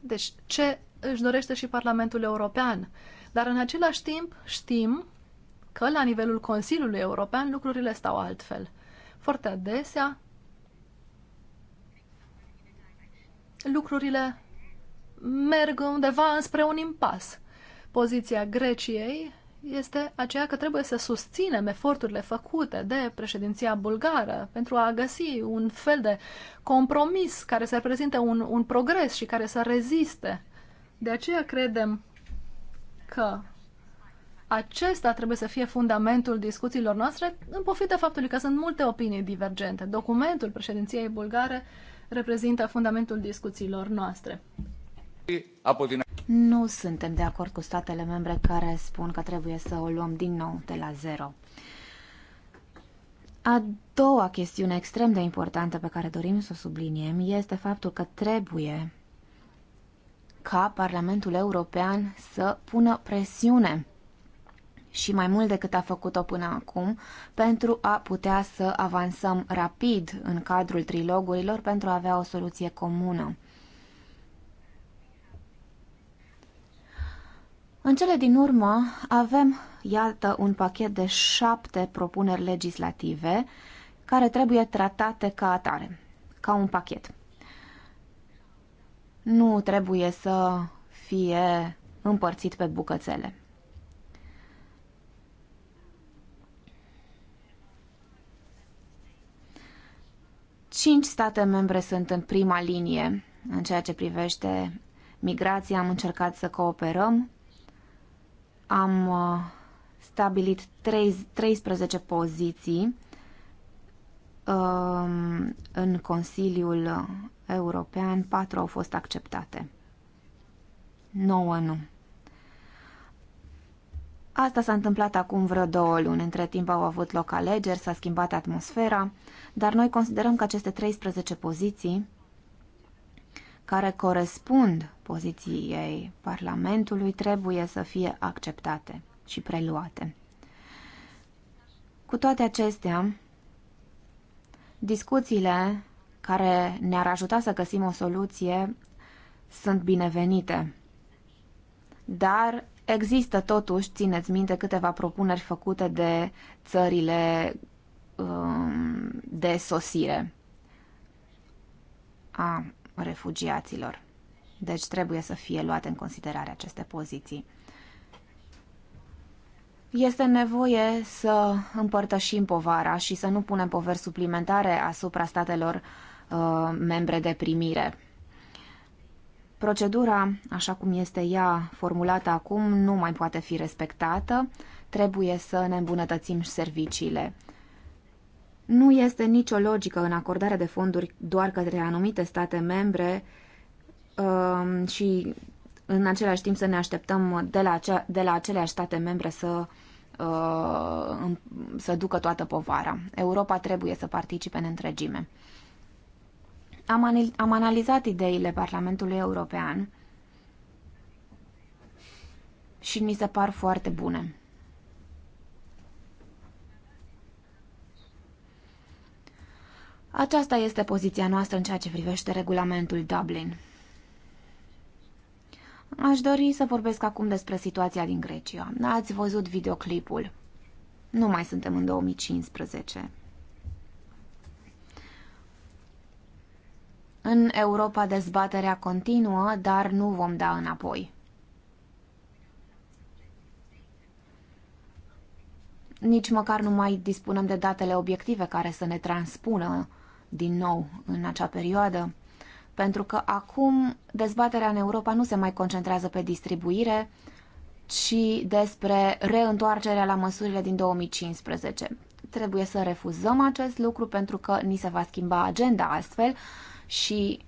Deci, ce își dorește și Parlamentul European? Dar în același timp știm că la nivelul Consiliului European lucrurile stau altfel. Foarte adesea lucrurile merg undeva înspre un impas. Poziția Greciei este aceea că trebuie să susținem eforturile făcute de președinția bulgară pentru a găsi un fel de compromis care să reprezinte un, un progres și care să reziste. De aceea credem că acesta trebuie să fie fundamentul discuțiilor noastre, în pofida faptului că sunt multe opinii divergente. Documentul președinției bulgare reprezintă fundamentul discuțiilor noastre. Nu suntem de acord cu statele membre care spun că trebuie să o luăm din nou de la zero. A doua chestiune extrem de importantă pe care dorim să o subliniem este faptul că trebuie ca Parlamentul European să pună presiune și mai mult decât a făcut-o până acum pentru a putea să avansăm rapid în cadrul trilogurilor pentru a avea o soluție comună. În cele din urmă avem, iată, un pachet de șapte propuneri legislative care trebuie tratate ca atare, ca un pachet. Nu trebuie să fie împărțit pe bucățele. Cinci state membre sunt în prima linie în ceea ce privește migrația. Am încercat să cooperăm. Am uh, stabilit 13 poziții um, în Consiliul European, patru au fost acceptate. 9 nu. Asta s-a întâmplat acum vreo două luni. Între timp au avut loc alegeri, s-a schimbat atmosfera dar noi considerăm că aceste 13 poziții care corespund poziției Parlamentului trebuie să fie acceptate și preluate. Cu toate acestea, discuțiile care ne-ar ajuta să găsim o soluție sunt binevenite. Dar există totuși, țineți minte, câteva propuneri făcute de țările Um, de sosire a refugiaților. Deci trebuie să fie luate în considerare aceste poziții. Este nevoie să împărtășim povara și să nu punem poveri suplimentare asupra statelor uh, membre de primire. Procedura, așa cum este ea formulată acum, nu mai poate fi respectată. Trebuie să ne îmbunătățim serviciile. Nu este nicio logică în acordarea de fonduri doar către anumite state membre um, și în același timp să ne așteptăm de la, acea, de la aceleași state membre să, uh, să ducă toată povara. Europa trebuie să participe în întregime. Am, am analizat ideile Parlamentului European și mi se par foarte bune. Aceasta este poziția noastră în ceea ce privește regulamentul Dublin. Aș dori să vorbesc acum despre situația din Grecia. Ați văzut videoclipul. Nu mai suntem în 2015. În Europa dezbaterea continuă, dar nu vom da înapoi. Nici măcar nu mai dispunem de datele obiective care să ne transpună din nou în acea perioadă, pentru că acum dezbaterea în Europa nu se mai concentrează pe distribuire, ci despre reîntoarcerea la măsurile din 2015. Trebuie să refuzăm acest lucru pentru că ni se va schimba agenda astfel și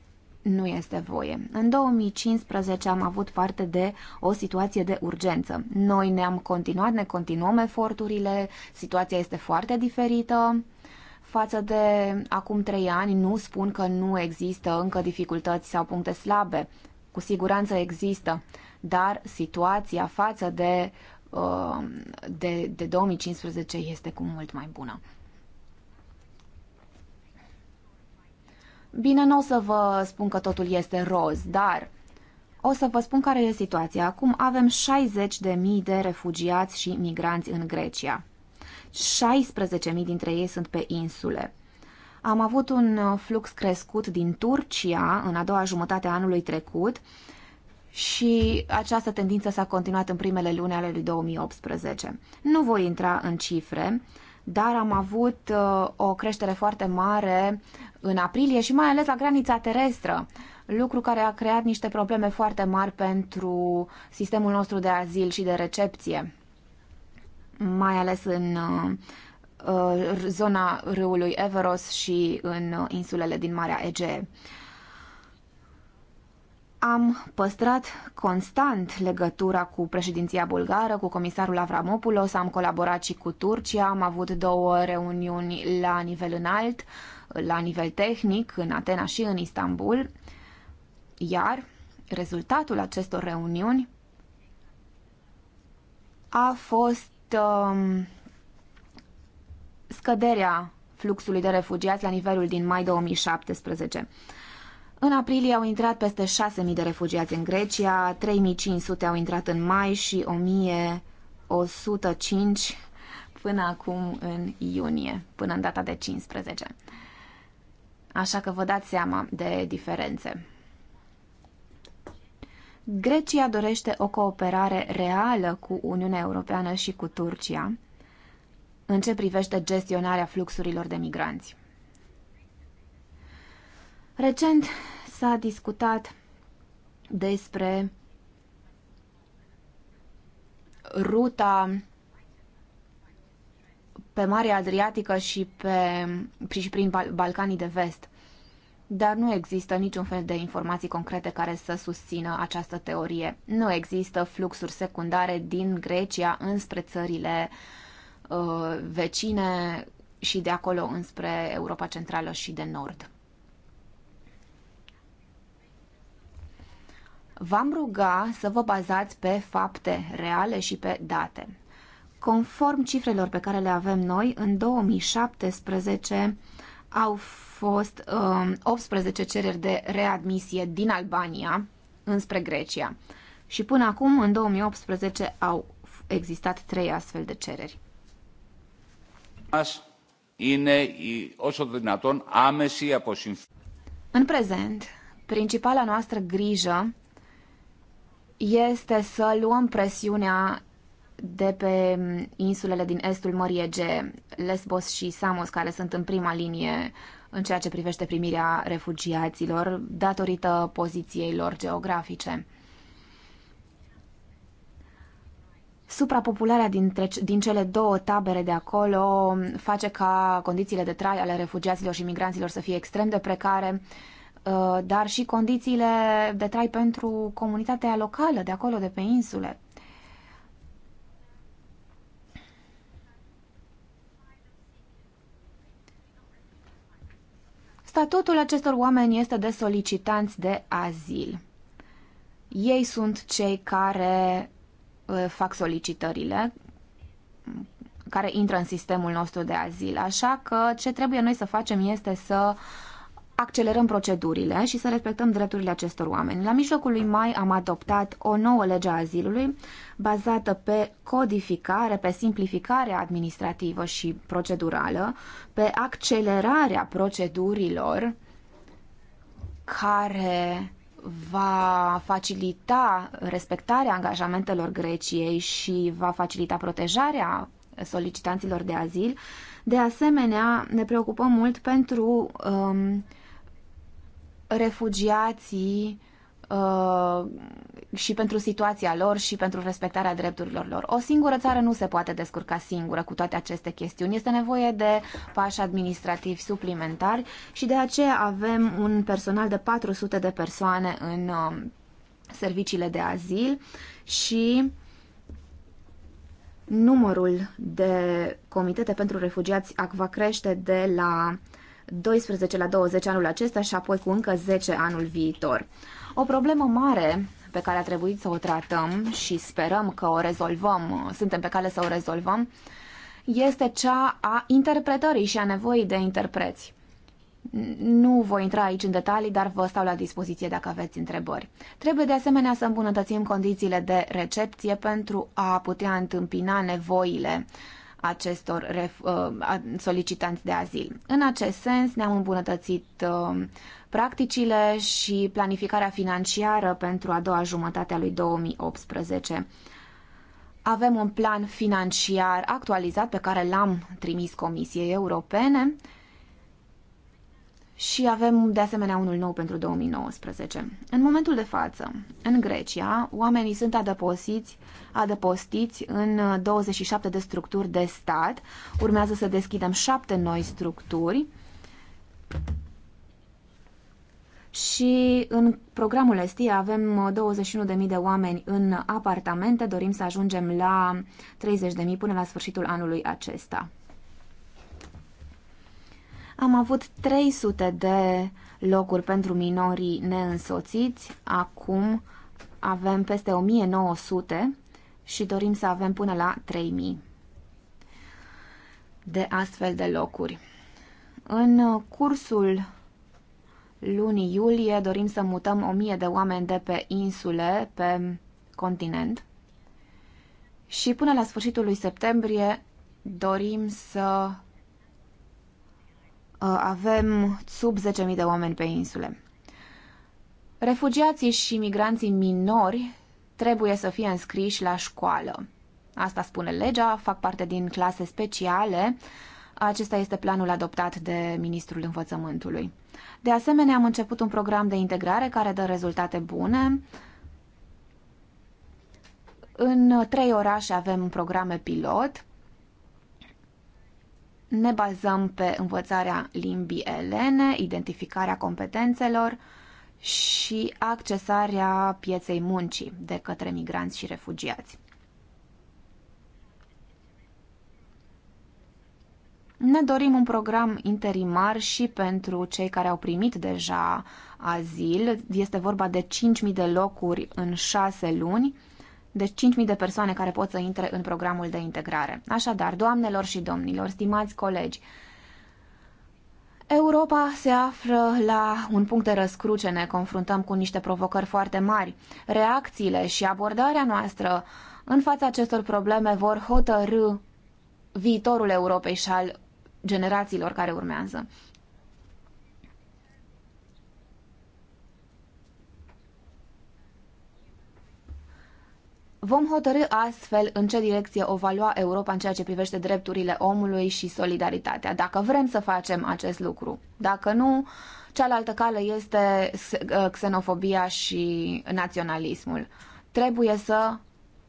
nu este voie. În 2015 am avut parte de o situație de urgență. Noi ne-am continuat, ne continuăm eforturile, situația este foarte diferită față de acum trei ani, nu spun că nu există încă dificultăți sau puncte slabe. Cu siguranță există, dar situația față de, uh, de, de 2015 este cu mult mai bună. Bine, nu o să vă spun că totul este roz, dar o să vă spun care e situația. Acum avem 60.000 de refugiați și migranți în Grecia. 16.000 dintre ei sunt pe insule. Am avut un uh, flux crescut din Turcia în a doua jumătate a anului trecut și această tendință s-a continuat în primele luni ale lui 2018. Nu voi intra în cifre, dar am avut uh, o creștere foarte mare în aprilie și mai ales la granița terestră, lucru care a creat niște probleme foarte mari pentru sistemul nostru de azil și de recepție mai ales în uh, zona râului Everos și în uh, insulele din Marea Egee. Am păstrat constant legătura cu președinția bulgară, cu comisarul Avramopoulos, am colaborat și cu Turcia, am avut două reuniuni la nivel înalt, la nivel tehnic, în Atena și în Istanbul, iar rezultatul acestor reuniuni a fost um, scăderea fluxului de refugiați la nivelul din mai 2017. În aprilie au intrat peste 6.000 de refugiați în Grecia, 3.500 au intrat în mai și 1.105 până acum în iunie, până în data de 15. Așa că vă dați seama de diferențe. Grecia dorește o cooperare reală cu Uniunea Europeană și cu Turcia în ce privește gestionarea fluxurilor de migranți. Recent s-a discutat despre ruta pe Marea Adriatică și, pe, și prin Balcanii de Vest dar nu există niciun fel de informații concrete care să susțină această teorie. Nu există fluxuri secundare din Grecia înspre țările uh, vecine și de acolo înspre Europa Centrală și de Nord. V-am ruga să vă bazați pe fapte reale și pe date. Conform cifrelor pe care le avem noi, în 2017 au fost um, 18 cereri de readmisie din Albania înspre Grecia și până acum, în 2018, au existat trei astfel de cereri. În prezent, principala noastră grijă este să luăm presiunea de pe mm, insulele din estul Mării Ege, Lesbos și Samos, care sunt în prima linie în ceea ce privește primirea refugiaților, datorită poziției lor geografice. Suprapopularea dintre, din cele două tabere de acolo mm, face ca condițiile de trai ale refugiaților și migranților să fie extrem de precare, ă, dar și condițiile de trai pentru comunitatea locală de acolo, de pe insule. Statutul acestor oameni este de solicitanți de azil. Ei sunt cei care uh, fac solicitările, care intră în sistemul nostru de azil. Așa că ce trebuie noi să facem este să uh, accelerăm procedurile și să respectăm drepturile acestor oameni. La mijlocul lui mai am adoptat o nouă lege a azilului bazată pe codificare, pe simplificare administrativă și procedurală, pe accelerarea procedurilor care va facilita respectarea angajamentelor Greciei și va facilita protejarea solicitanților de azil. De asemenea, ne preocupăm mult pentru um, refugiații uh, și pentru situația lor și pentru respectarea drepturilor lor. O singură țară nu se poate descurca singură cu toate aceste chestiuni. Este nevoie de pași administrativi suplimentari și de aceea avem un personal de 400 de persoane în uh, serviciile de azil și numărul de comitete pentru refugiați va crește de la 12 la 20 anul acesta și apoi cu încă 10 anul viitor. O problemă mare pe care a trebuit să o tratăm și sperăm că o rezolvăm, suntem pe cale să o rezolvăm, este cea a interpretării și a nevoii de interpreți. Nu voi intra aici în detalii, dar vă stau la dispoziție dacă aveți întrebări. Trebuie de asemenea să îmbunătățim condițiile de recepție pentru a putea întâmpina nevoile uh, acestor ref, uh, solicitanți de azil. În acest sens, ne-am îmbunătățit uh, practicile și planificarea financiară pentru a doua jumătate a lui 2018. Avem un plan financiar actualizat pe care l-am trimis Comisiei Europene și avem de asemenea unul nou pentru 2019. În momentul de față, în Grecia, oamenii sunt adăposiți, adăpostiți în 27 uh, de structuri de stat. Urmează să deschidem șapte noi structuri și în programul Estia avem 21.000 uh, de oameni în apartamente. Dorim să ajungem la 30.000 până la sfârșitul anului acesta. Am avut 300 de locuri pentru minorii neînsoțiți, acum avem peste 1900 și dorim să avem până la 3000 de astfel de locuri. În cursul lunii iulie dorim să mutăm 1000 de oameni de pe insule, pe continent și până la sfârșitul lui septembrie dorim să Uh, avem sub 10.000 de oameni pe insule. Refugiații și migranții minori trebuie să fie înscriși la școală. Asta spune legea, fac parte din clase speciale. Acesta este planul adoptat de Ministrul Învățământului. De asemenea, am început un program de integrare care dă rezultate bune. În trei orașe avem programe pilot ne bazăm pe învățarea limbii elene, identificarea competențelor și accesarea pieței muncii de către migranți și refugiați. Ne dorim un program interimar și pentru cei care au primit deja azil. Este vorba de 5.000 de locuri în 6 luni deci 5.000 de persoane care pot să intre în programul de integrare. Așadar, doamnelor și domnilor, stimați colegi, Europa se află la un punct de răscruce, ne confruntăm cu niște provocări foarte mari. Reacțiile și abordarea noastră în fața acestor probleme vor hotărâ viitorul Europei și al generațiilor care urmează. Vom hotărâ astfel în ce direcție o va lua Europa în ceea ce privește drepturile omului și solidaritatea, dacă vrem să facem acest lucru. Dacă nu, cealaltă cale este ă, xenofobia și naționalismul. Trebuie să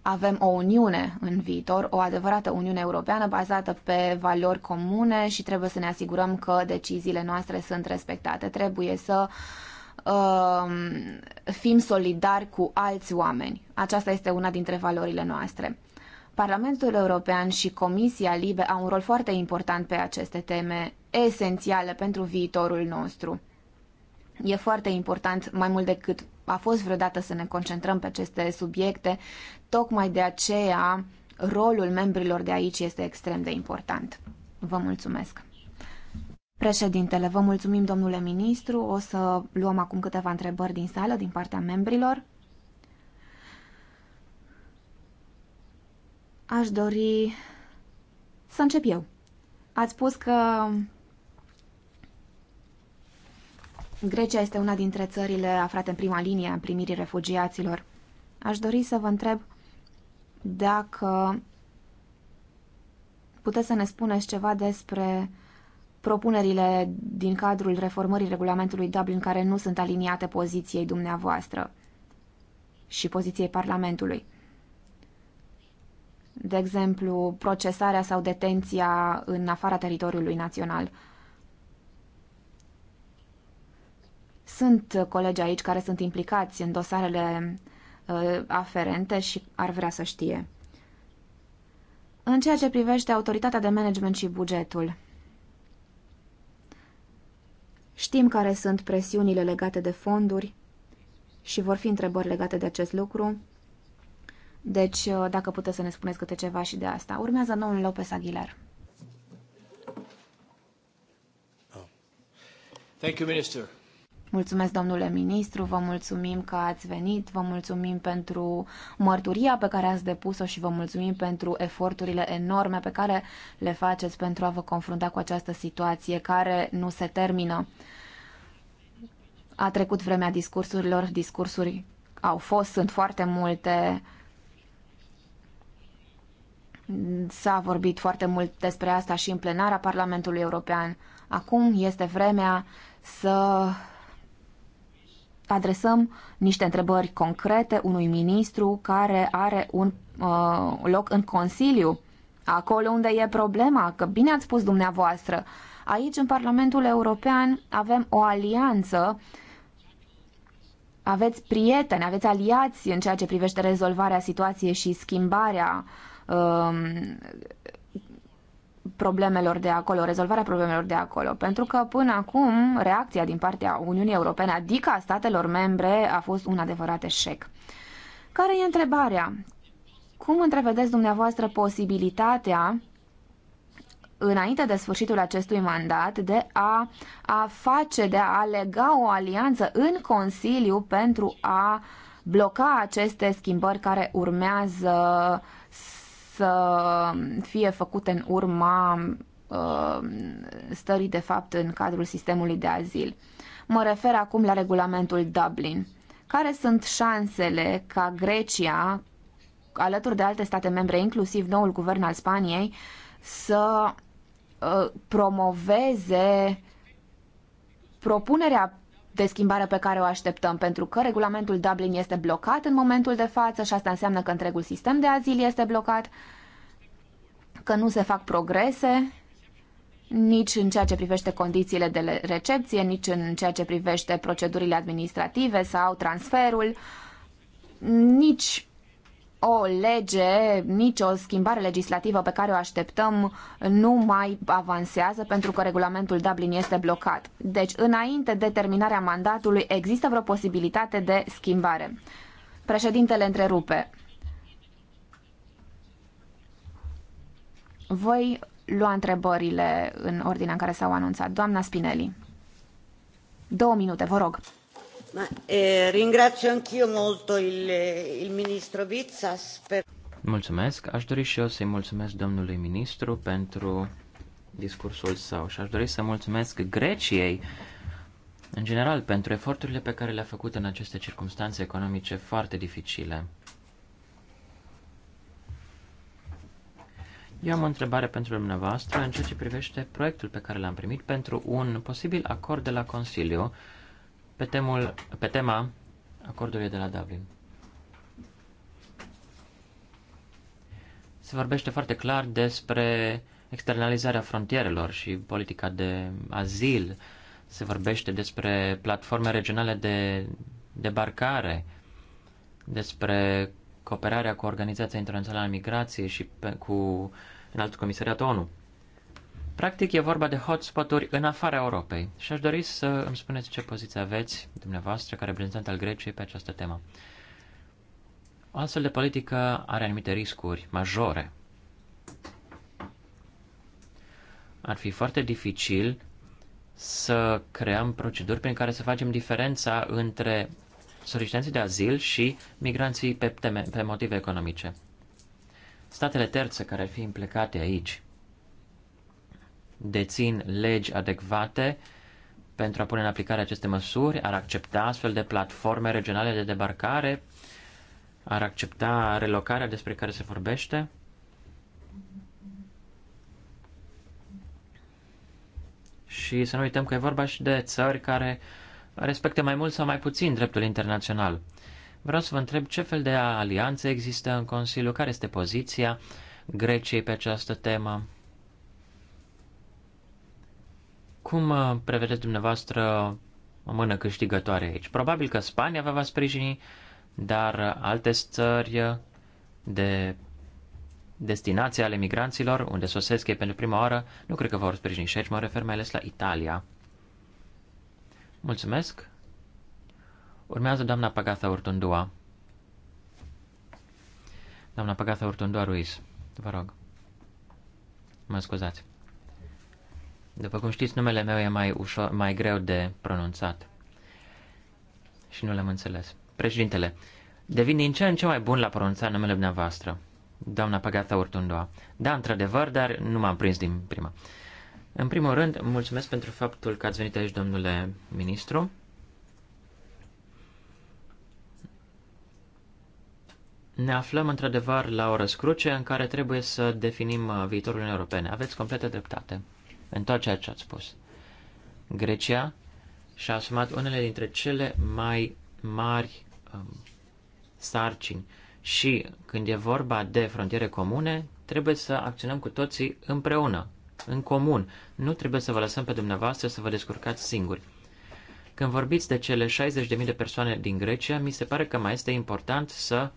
avem o uniune în viitor, o adevărată uniune europeană bazată pe valori comune și trebuie să ne asigurăm că deciziile noastre sunt respectate. Trebuie să uh, Um, fim solidari cu alți oameni. Aceasta este una dintre valorile noastre. Parlamentul European și Comisia Libe au un rol foarte important pe aceste teme, esențiale pentru viitorul nostru. E foarte important, mai mult decât a fost vreodată să ne concentrăm pe aceste subiecte, tocmai de aceea rolul membrilor de aici este extrem de important. Vă mulțumesc! Președintele, vă mulțumim, domnule ministru. O să luăm acum câteva întrebări din sală, din partea membrilor. Aș dori să încep eu. Ați spus că Grecia este una dintre țările aflate în prima linie a primirii refugiaților. Aș dori să vă întreb dacă puteți să ne spuneți ceva despre uh, propunerile din cadrul reformării regulamentului Dublin care nu sunt aliniate poziției dumneavoastră și poziției Parlamentului. De exemplu, procesarea sau detenția în afara teritoriului național. Sunt colegi aici care sunt implicați în dosarele uh, aferente și ar vrea să știe. În ceea ce privește autoritatea de management și bugetul, Știm care sunt presiunile legate de fonduri și vor fi întrebări legate de acest lucru. Deci, uh, dacă puteți să ne spuneți câte ceva și de asta. Urmează noul Lopez Aguilar. Oh. Thank you, Minister. Mulțumesc, domnule ministru, vă mulțumim că ați venit, vă mulțumim pentru mărturia pe care ați depus-o și vă mulțumim pentru eforturile enorme pe care le faceți pentru a vă confrunta cu această situație care nu se termină. A trecut vremea discursurilor, discursuri au fost, sunt foarte multe. S-a vorbit foarte mult despre asta și în plenara Parlamentului European. Acum este vremea să adresăm niște întrebări concrete unui ministru care are un uh, loc în Consiliu, acolo unde e problema, că bine ați spus dumneavoastră. Aici, în Parlamentul European, avem o alianță, aveți prieteni, aveți aliați în ceea ce privește rezolvarea situației și schimbarea uh, problemelor de acolo, rezolvarea problemelor de acolo. Pentru că până acum reacția din partea Uniunii Europene, adică a statelor membre, a fost un adevărat eșec. Care e întrebarea? Cum întrevedeți dumneavoastră posibilitatea înainte de sfârșitul acestui mandat de a, a face, de a lega o alianță în Consiliu pentru a bloca aceste schimbări care urmează uh, să fie făcute în urma uh, stării de fapt în cadrul sistemului de azil. Mă refer acum la regulamentul Dublin. Care sunt șansele ca Grecia, alături de alte state membre, inclusiv noul guvern al Spaniei, să uh, promoveze propunerea de schimbare pe care o așteptăm, pentru că regulamentul Dublin este blocat în momentul de față și asta înseamnă că întregul sistem de azil este blocat, că nu se fac progrese nici în ceea ce privește condițiile de recepție, nici în ceea ce privește procedurile administrative sau transferul, nici o lege, nicio schimbare legislativă pe care o așteptăm nu mai avansează pentru că regulamentul Dublin este blocat. Deci, înainte de terminarea mandatului, există vreo posibilitate de schimbare. Președintele întrerupe. Voi lua întrebările în ordinea în care s-au anunțat. Doamna Spinelli, două minute, vă rog. Ma, eh, ringrazio anch'io molto il, il ministro Vitsas per... Mulțumesc. Aș dori și eu să-i mulțumesc domnului ministru pentru discursul său și aș dori să mulțumesc Greciei în general pentru eforturile pe care le-a făcut în aceste circunstanțe economice foarte dificile. Eu am o întrebare pentru dumneavoastră în ceea ce privește proiectul pe care l-am primit pentru un posibil acord de la Consiliu pe, temul, pe tema acordului de la Dublin. Se vorbește foarte clar despre externalizarea frontierelor și politica de azil. Se vorbește despre platforme regionale de debarcare, despre cooperarea cu Organizația Internațională a Migrației și cu Înaltul Comisariat ONU. Practic e vorba de hotspoturi în afara Europei și aș dori să îmi spuneți ce poziție aveți dumneavoastră ca reprezentant al Greciei pe această temă. O astfel de politică are anumite riscuri majore. Ar fi foarte dificil să creăm proceduri prin care să facem diferența între solicitanții de azil și migranții pe, teme, pe motive economice. Statele terțe care ar fi implicate aici dețin legi adecvate pentru a pune în aplicare aceste măsuri, ar accepta astfel de platforme regionale de debarcare, ar accepta relocarea despre care se vorbește. Și să nu uităm că e vorba și de țări care respectă mai mult sau mai puțin dreptul internațional. Vreau să vă întreb ce fel de alianțe există în Consiliu, care este poziția Greciei pe această temă. Cum uh, prevedeți dumneavoastră o mână câștigătoare aici? Probabil că Spania vă va sprijini, dar alte țări de destinații ale migranților, unde sosesc ei pentru prima oară, nu cred că vor sprijini și aici mă refer mai ales la Italia. Mulțumesc. Urmează doamna Pagatha Urtundua. Doamna Pagatha Urtundua Ruiz, vă rog. Mă scuzați. După cum știți, numele meu e mai, ușor, mai greu de pronunțat. Și nu l-am înțeles. Președintele, devin din ce în ce mai bun la pronunța numele dumneavoastră. Doamna Pagata Urtundoa. Da, într-adevăr, dar nu m-am prins din prima. În primul rând, mulțumesc pentru faptul că ați venit aici, domnule ministru. Ne aflăm într-adevăr la o răscruce în care trebuie să definim uh, viitorul Uniunii Europene. Aveți completă dreptate în tot ceea ce ați spus. Grecia și-a asumat unele dintre cele mai mari um, sarcini și când e vorba de frontiere comune, trebuie să acționăm cu toții împreună, în comun. Nu trebuie să vă lăsăm pe dumneavoastră să vă descurcați singuri. Când vorbiți de cele 60.000 de persoane din Grecia, mi se pare că mai este important să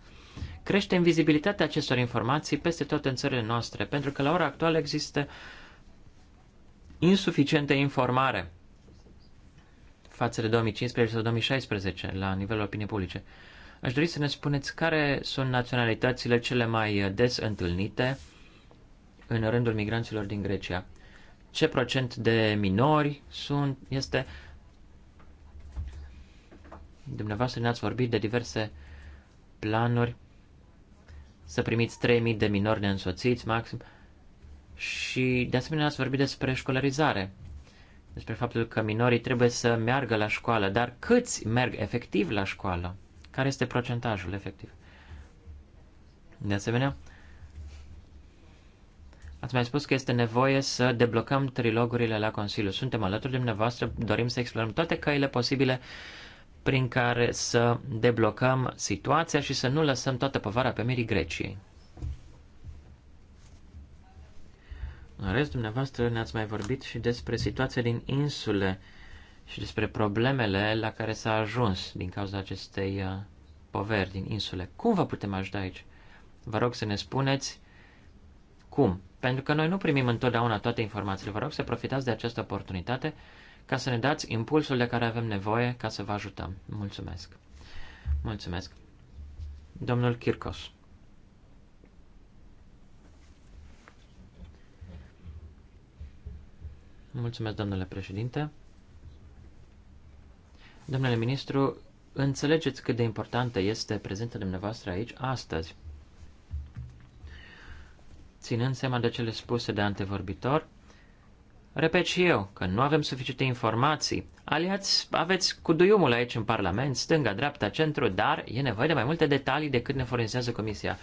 creștem vizibilitatea acestor informații peste tot în țările noastre, pentru că la ora actuală există uh, insuficientă informare față de 2015 sau 2016 la nivelul opiniei publice. Aș dori să ne spuneți care sunt naționalitățile cele mai des întâlnite în rândul migranților din Grecia. Ce procent de minori sunt, este... Dumneavoastră ne-ați vorbit de diverse planuri să primiți 3.000 de minori neînsoțiți maxim. Și, de asemenea, ați vorbit despre școlarizare, despre faptul că minorii trebuie să meargă la școală, dar câți merg efectiv la școală? Care este procentajul efectiv? De asemenea, ați mai spus că este nevoie să deblocăm trilogurile la Consiliu. Suntem alături de dumneavoastră, dorim să explorăm toate căile posibile prin care să deblocăm situația și să nu lăsăm toată povara pe mirii Greciei. În rest, dumneavoastră ne-ați mai vorbit și despre situația din insule și despre problemele la care s-a ajuns din cauza acestei uh, poveri din insule. Cum vă putem ajuta aici? Vă rog să ne spuneți cum. Pentru că noi nu primim întotdeauna toate informațiile. Vă rog să profitați de această oportunitate ca să ne dați impulsul de care avem nevoie ca să vă ajutăm. Mulțumesc. Mulțumesc. Domnul Kirkos. Mulțumesc, domnule președinte. Domnule ministru, înțelegeți cât de importantă este prezența dumneavoastră aici astăzi. Ținând seama de cele spuse de antevorbitor, repet și eu că nu avem suficiente informații. Aliați aveți cu duiumul aici în Parlament, stânga, dreapta, centru, dar e nevoie de mai multe detalii decât ne furnizează Comisia.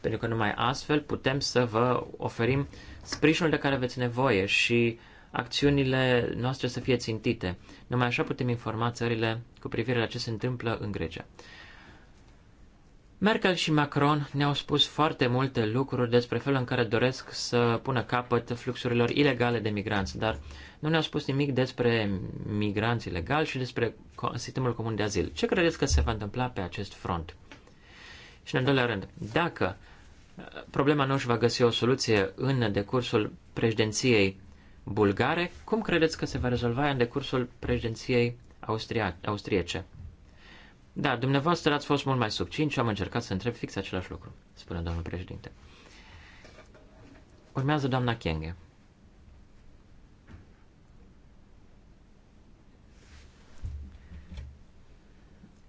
Pentru că numai astfel putem să vă oferim sprijinul de care aveți nevoie și uh, acțiunile noastre să fie țintite. Numai așa putem informa țările cu privire la ce se întâmplă în Grecia. Merkel și Macron ne-au spus foarte multe lucruri despre felul în care doresc să pună capăt fluxurilor ilegale de migranți, dar nu ne-au spus nimic despre migranți ilegali și despre sistemul comun de azil. Ce credeți că se va întâmpla pe acest front? Și în al doilea rând, dacă uh, problema nu își va găsi o soluție în decursul președinției bulgare, cum credeți că se va rezolva în decursul președinției austriece? Da, dumneavoastră ați fost mult mai subțin și am încercat să întreb fix același lucru, spune domnul președinte. Urmează doamna Kenge.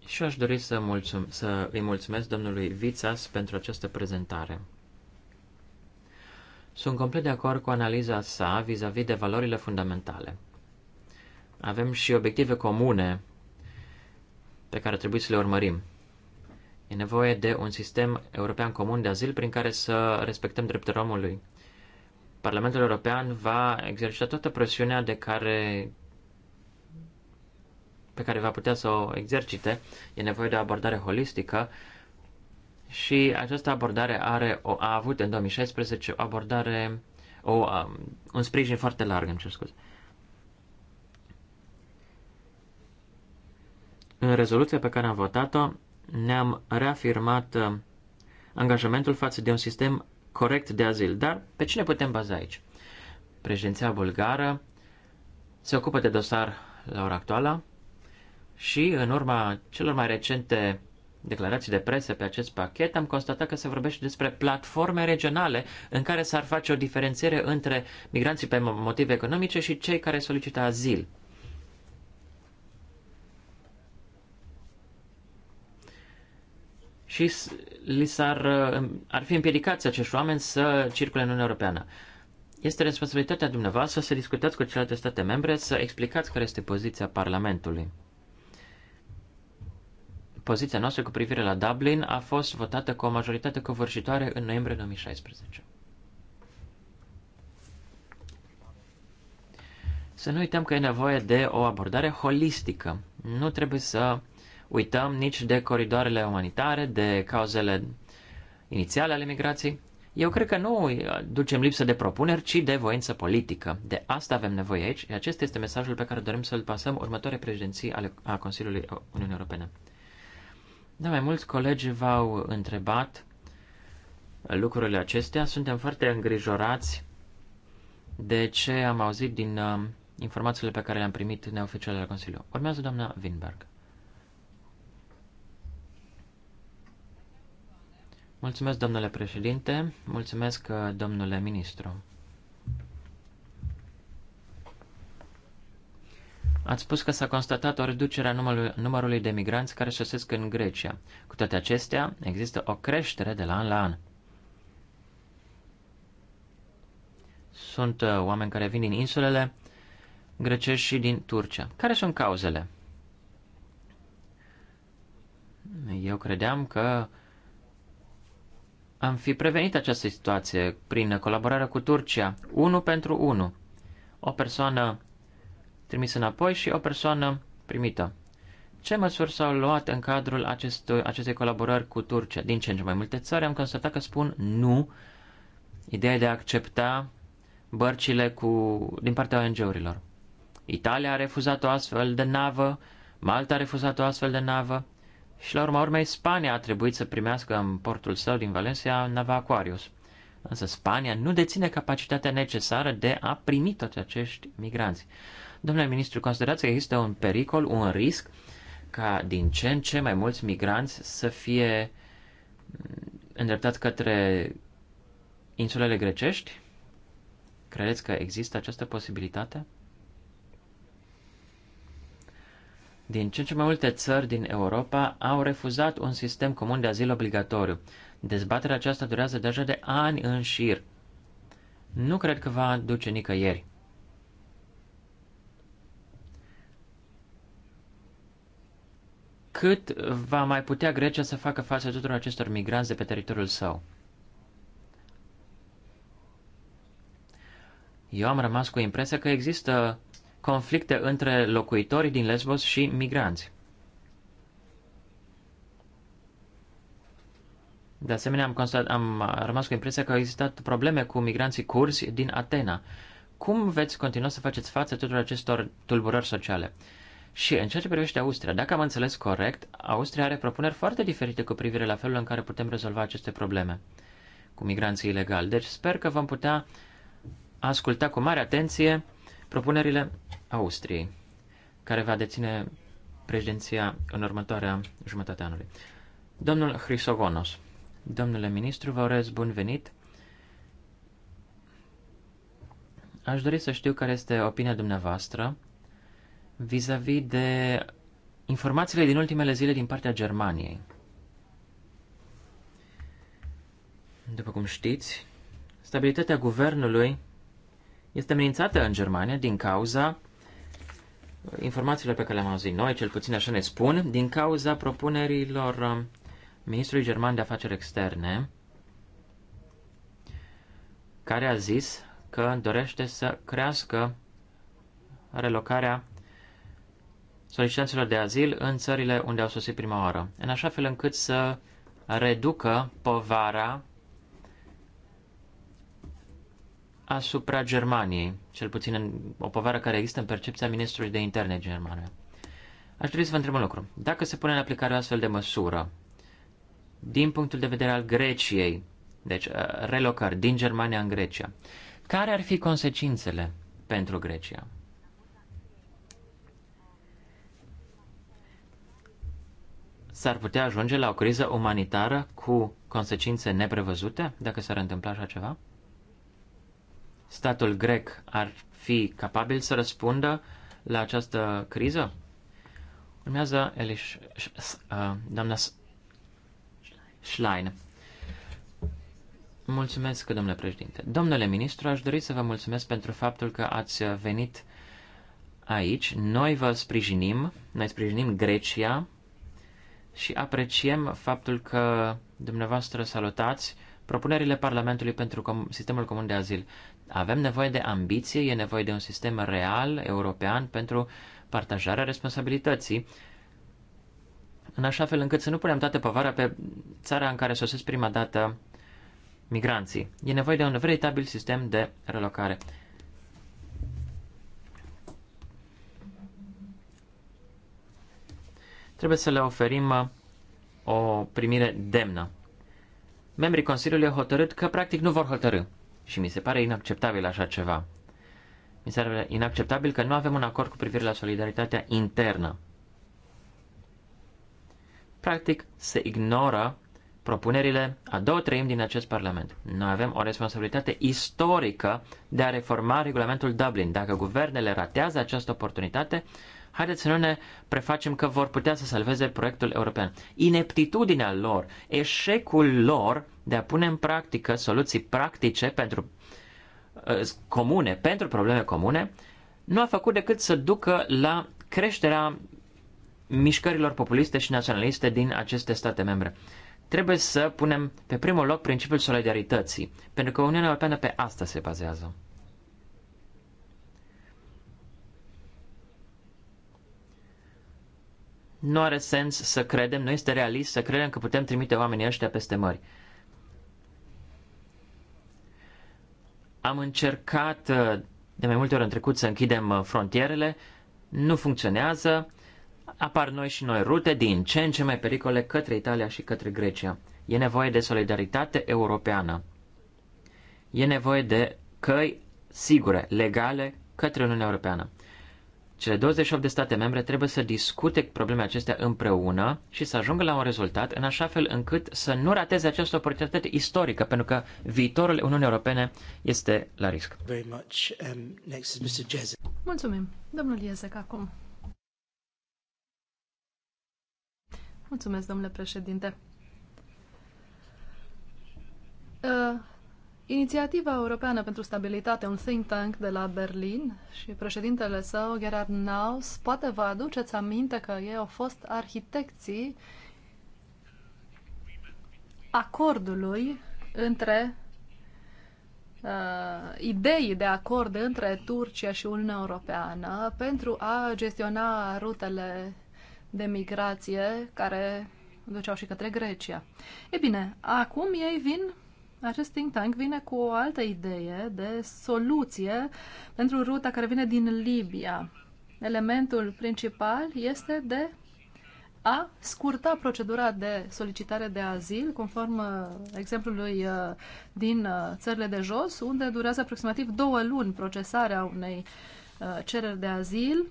Și aș dori să, mulțum- să îi mulțumesc domnului Vițas pentru această prezentare. Sunt complet de acord cu analiza sa vis-a-vis -vis de valorile fundamentale. Avem și obiective comune pe care trebuie să le urmărim. E nevoie de un sistem european comun de azil prin care să respectăm drepturile omului. Parlamentul European va exercita toată presiunea de care pe care va putea să o exercite. E nevoie de o abordare holistică și această abordare are, o, a avut în 2016 o abordare, o, um, un sprijin foarte larg, îmi cer scuze. În rezoluția pe care am votat-o, ne-am reafirmat um, angajamentul față de un sistem corect de azil. Dar pe cine putem baza aici? Președinția bulgară se ocupă de dosar la ora actuală și în urma celor mai recente declarații de presă pe acest pachet, am constatat că se vorbește despre platforme regionale în care s-ar face o diferențiere între migranții pe motive economice și cei care solicită azil. Și li s-ar, uh, ar fi împiedicați acești oameni să circule în Uniunea Europeană. Este responsabilitatea dumneavoastră să discutați cu celelalte state membre, să explicați care este poziția Parlamentului poziția noastră cu privire la Dublin a fost votată cu o majoritate covârșitoare în noiembrie 2016. Să nu uităm că e nevoie de o abordare holistică. Nu trebuie să uităm nici de coridoarele umanitare, de cauzele inițiale ale migrației. Eu cred că nu ducem lipsă de propuneri, ci de voință politică. De asta avem nevoie aici. Acesta este mesajul pe care dorim să-l pasăm următoare președinții ale, a Consiliului Uniunii Europene. Da, mai mulți colegi v-au întrebat lucrurile acestea. Suntem foarte îngrijorați de ce am auzit din uh, informațiile pe care le-am primit neoficial la Consiliu. Urmează doamna Winberg. Mulțumesc, domnule președinte. Mulțumesc, uh, domnule ministru. Ați spus că s-a constatat o reducere a numărului, numărului de migranți care sosesc în Grecia. Cu toate acestea, există o creștere de la an la an. Sunt uh, oameni care vin din insulele grecești și din Turcia. Care sunt cauzele? Eu credeam că am fi prevenit această situație prin colaborarea cu Turcia, unul pentru unul. O persoană trimis înapoi și o persoană primită. Ce măsuri s-au luat în cadrul acestui, acestei colaborări cu Turcia? Din ce în ce mai multe țări am constatat că spun nu ideea de a accepta bărcile cu, din partea ONG-urilor. Italia a refuzat o astfel de navă, Malta a refuzat o astfel de navă și la urma urmei Spania a trebuit să primească în portul său din Valencia nava Aquarius. Însă Spania nu deține capacitatea necesară de a primi toți acești migranți. Domnule ministru, considerați că există un pericol, un risc ca din ce în ce mai mulți migranți să fie mm, îndreptați către insulele grecești? Credeți că există această posibilitate? Din ce în ce mai multe țări din Europa au refuzat un sistem comun de azil obligatoriu. Dezbaterea aceasta durează deja de ani în șir. Nu cred că va duce nicăieri. cât va mai putea Grecia să facă față tuturor acestor migranți de pe teritoriul său. Eu am rămas cu impresia că există conflicte între locuitorii din Lesbos și migranți. De asemenea, am, constat, am rămas cu impresia că au existat probleme cu migranții cursi din Atena. Cum veți continua să faceți față tuturor acestor tulburări sociale? Și în ceea ce privește Austria, dacă am înțeles corect, Austria are propuneri foarte diferite cu privire la felul în care putem rezolva aceste probleme cu migranții ilegali. Deci sper că vom putea asculta cu mare atenție propunerile Austriei, care va deține președinția în următoarea jumătate a anului. Domnul Hrisogonos, domnule ministru, vă urez bun venit. Aș dori să știu care este opinia dumneavoastră vis-a-vis -vis de informațiile din ultimele zile din partea Germaniei. După cum știți, stabilitatea guvernului este amenințată în Germania din cauza informațiilor pe care le-am auzit noi, cel puțin așa ne spun, din cauza propunerilor uh, ministrului german de afaceri externe, care a zis că dorește să crească relocarea solicitanților de azil în țările unde au sosit prima oară, în așa fel încât să reducă povara asupra Germaniei, cel puțin în, o povară care există în percepția ministrului de interne germane. Aș trebui să vă întreb un lucru. Dacă se pune în aplicare o astfel de măsură, din punctul de vedere al Greciei, deci uh, relocări din Germania în Grecia, care ar fi consecințele pentru Grecia? s-ar putea ajunge la o criză umanitară cu consecințe neprevăzute dacă s-ar întâmpla așa ceva? Statul grec ar fi capabil să răspundă la această criză? Urmează Elish, uh, doamna Schlein. Mulțumesc, domnule președinte. Domnule ministru, aș dori să vă mulțumesc pentru faptul că ați venit aici. Noi vă sprijinim, noi sprijinim Grecia și apreciem faptul că dumneavoastră salutați propunerile Parlamentului pentru com- sistemul comun de azil. Avem nevoie de ambiție, e nevoie de un sistem real european pentru partajarea responsabilității, în așa fel încât să nu punem toată povara pe țara în care sosesc prima dată migranții. E nevoie de un veritabil sistem de relocare. Trebuie să le oferim uh, o primire demnă. Membrii Consiliului au hotărât că practic nu vor hotărâ și mi se pare inacceptabil așa ceva. Mi se pare inacceptabil că nu avem un acord cu privire la solidaritatea internă. Practic, se ignoră propunerile a două treimi din acest Parlament. Noi avem o responsabilitate istorică de a reforma regulamentul Dublin. Dacă guvernele ratează această oportunitate, Haideți să nu ne prefacem că vor putea să salveze proiectul european. Ineptitudinea lor, eșecul lor de a pune în practică soluții practice pentru uh, comune, pentru probleme comune, nu a făcut decât să ducă la creșterea mișcărilor populiste și naționaliste din aceste state membre. Trebuie să punem pe primul loc principiul solidarității, pentru că Uniunea Europeană pe asta se bazează. Nu are sens să credem, nu este realist să credem că putem trimite oamenii ăștia peste mări. Am încercat uh, de mai multe ori în trecut să închidem uh, frontierele, nu funcționează, apar noi și noi rute din ce în ce mai pericole către Italia și către Grecia. E nevoie de solidaritate europeană. E nevoie de căi sigure, legale, către Uniunea Europeană. Cele 28 de state membre trebuie să discute problemele acestea împreună și să ajungă la un rezultat în așa fel încât să nu rateze această oportunitate istorică, pentru că viitorul Uniunii Europene este la risc. Um, Mulțumim. Domnul Iezec, acum. Mulțumesc, domnule președinte. Uh, Inițiativa Europeană pentru Stabilitate, un think tank de la Berlin și președintele său, Gerard Naus, poate vă aduceți aminte că ei au fost arhitecții acordului între uh, idei de acord între Turcia și Uniunea Europeană pentru a gestiona rutele de migrație care duceau și către Grecia. E bine, acum ei vin acest think tank vine cu o altă idee de soluție pentru ruta care vine din Libia. Elementul principal este de a scurta procedura de solicitare de azil, conform uh, exemplului uh, din uh, țările de jos, unde durează aproximativ două luni procesarea unei cereri de azil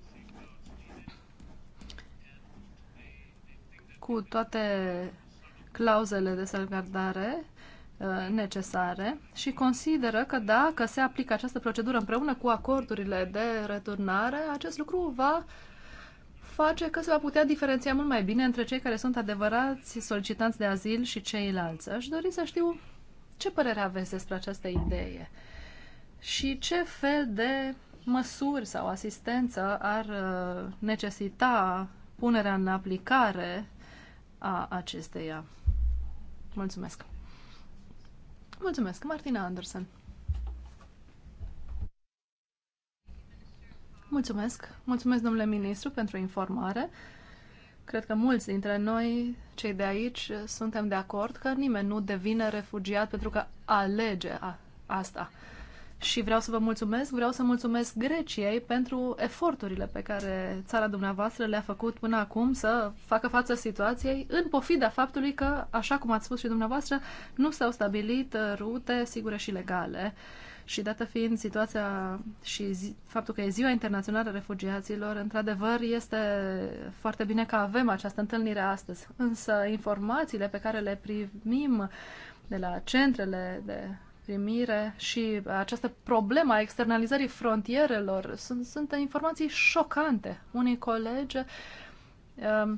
cu toate clauzele de salvgardare Uh, necesare și consideră că dacă se aplică această procedură împreună cu acordurile de returnare, acest lucru va face că se va putea diferenția mult mai bine între cei care sunt adevărați solicitanți de azil și ceilalți. Aș dori să știu ce părere aveți despre această idee și ce fel de măsuri sau asistență ar uh, necesita punerea în aplicare a acesteia. Mulțumesc! Mulțumesc, Martina Anderson. Mulțumesc. Mulțumesc, domnule ministru, pentru informare. Cred că mulți dintre noi, cei de aici, suntem de acord că nimeni nu devine refugiat pentru că alege a, asta și vreau să vă mulțumesc. Vreau să mulțumesc Greciei pentru eforturile pe care țara dumneavoastră le-a făcut până acum să facă față situației, în pofida faptului că, așa cum ați spus și dumneavoastră, nu s-au stabilit uh, rute sigure și legale. Și dată fiind situația și zi, faptul că e Ziua Internațională a Refugiaților, într-adevăr este foarte bine că avem această întâlnire astăzi. Însă informațiile pe care le primim de la centrele de primire și această problemă a externalizării frontierelor sunt, sunt informații șocante. Unii colegi uh,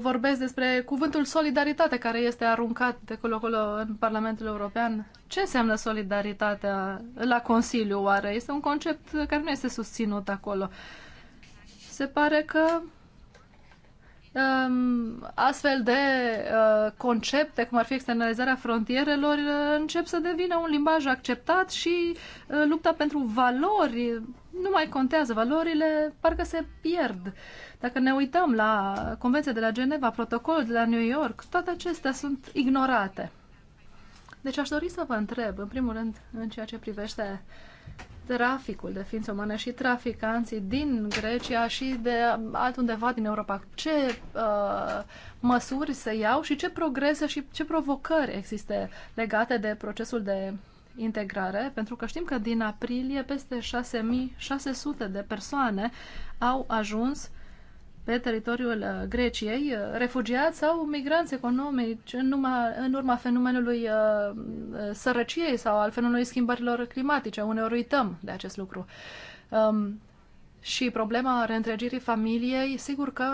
vorbesc despre cuvântul solidaritate care este aruncat de colo-colo în Parlamentul European. Ce înseamnă solidaritatea la Consiliu oare? Este un concept care nu este susținut acolo. Se pare că astfel de uh, concepte, cum ar fi externalizarea frontierelor, uh, încep să devină un limbaj acceptat și uh, lupta pentru valori nu mai contează. Valorile parcă se pierd. Dacă ne uităm la Convenția de la Geneva, protocolul de la New York, toate acestea sunt ignorate. Deci aș dori să vă întreb, în primul rând, în ceea ce privește uh, traficul de ființe umane și traficanții din Grecia și de altundeva din Europa. Ce uh, măsuri se iau și ce progrese și ce provocări există legate de procesul de integrare, pentru că știm că din aprilie peste 6600 de persoane au ajuns uh, pe teritoriul uh, Greciei, uh, refugiați sau migranți economici în, numa, în urma fenomenului uh, uh, sărăciei sau al fenomenului schimbărilor climatice. Uneori uităm de acest lucru. Um, și problema reîntregirii familiei, sigur că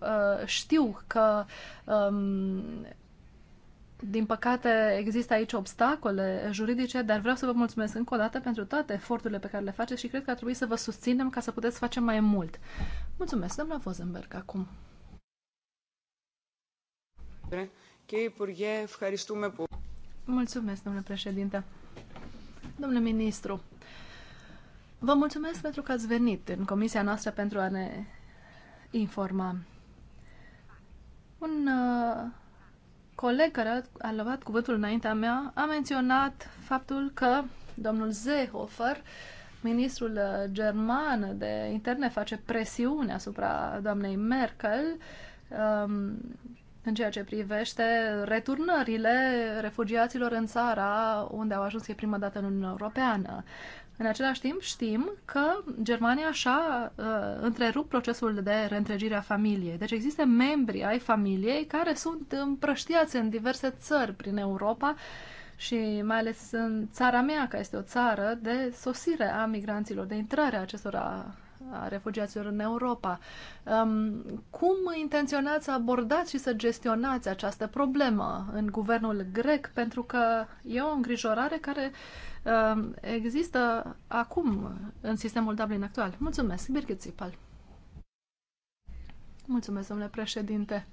uh, știu că um, din păcate, există aici obstacole juridice, dar vreau să vă mulțumesc încă o dată pentru toate eforturile pe care le faceți și cred că ar trebui să vă susținem ca să puteți face mai mult. Mulțumesc, doamna Vozenberg, acum. Mulțumesc, domnule președinte. Domnule ministru, vă mulțumesc pentru că ați venit în comisia noastră pentru a ne informa. Un uh, coleg care a luat cuvântul înaintea mea a menționat faptul că domnul Zehofer, ministrul uh, german de interne, face presiune asupra doamnei Merkel um, în ceea ce privește returnările refugiaților în țara unde au ajuns e prima dată în Uniunea Europeană. În același timp știm că Germania așa, uh, întrerup procesul de reîntregire a familiei. Deci există membri ai familiei care sunt împrăștiați în diverse țări prin Europa și mai ales în țara mea, care este o țară de sosire a migranților, de intrare a acestora a refugiaților în Europa. Um, cum intenționați să abordați și să gestionați această problemă în guvernul grec? Pentru că e o îngrijorare care um, există acum în sistemul Dublin actual. Mulțumesc, Birgit Zipal. Mulțumesc, domnule președinte.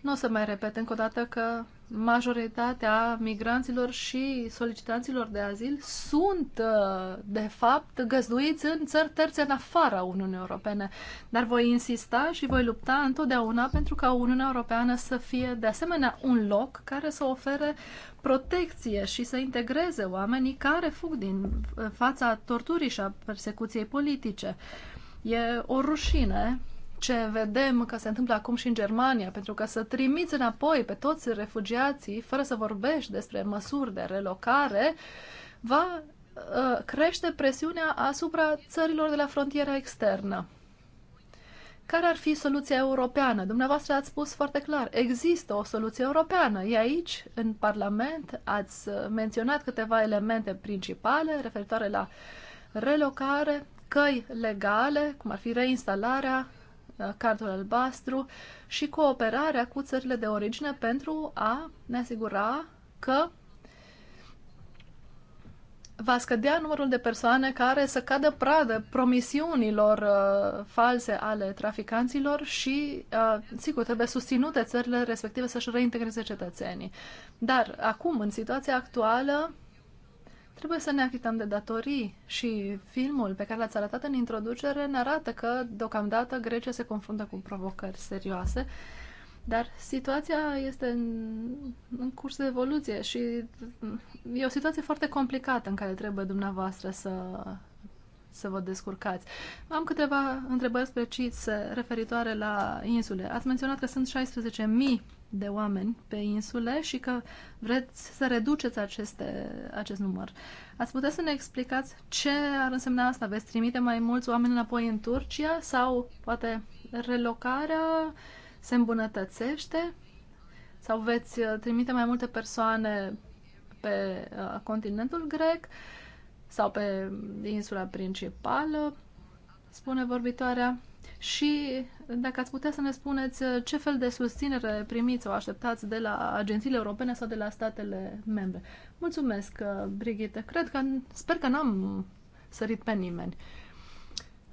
Nu o să mai repet încă o dată că majoritatea migranților și solicitanților de azil sunt, uh, de fapt, găzduiți în țări terțe în afara Uniunii Europene. Dar voi insista și voi lupta întotdeauna pentru ca Uniunea Europeană să fie, de asemenea, un loc care să ofere protecție și să integreze oamenii care fug din uh, fața torturii și a persecuției politice. E o rușine ce vedem că se întâmplă acum și în Germania, pentru că să trimiți înapoi pe toți refugiații, fără să vorbești despre măsuri de relocare, va uh, crește presiunea asupra țărilor de la frontiera externă. Care ar fi soluția europeană? Dumneavoastră ați spus foarte clar, există o soluție europeană. E aici, în Parlament, ați menționat câteva elemente principale referitoare la relocare, căi legale, cum ar fi reinstalarea Uh, cardul albastru și cooperarea cu țările de origine pentru a ne asigura că va scădea numărul de persoane care să cadă pradă promisiunilor uh, false ale traficanților și, uh, sigur, trebuie susținute țările respective să-și reintegreze cetățenii. Dar acum, în situația actuală, Trebuie să ne achităm de datorii și filmul pe care l-ați arătat în introducere ne arată că deocamdată Grecia se confruntă cu provocări serioase, dar situația este în, în curs de evoluție și e o situație foarte complicată în care trebuie dumneavoastră să, să vă descurcați. Am câteva întrebări precise referitoare la insule. Ați menționat că sunt 16.000 de oameni pe insule și că vreți să reduceți aceste, acest număr. Ați putea să ne explicați ce ar însemna asta? Veți trimite mai mulți oameni înapoi în Turcia sau poate relocarea se îmbunătățește? Sau veți uh, trimite mai multe persoane pe uh, continentul grec sau pe insula principală, spune vorbitoarea. Și dacă ați putea să ne spuneți uh, ce fel de susținere primiți sau așteptați de la agențiile europene sau de la statele membre. Mulțumesc, uh, Brigitte. Cred că, sper că n-am sărit pe nimeni.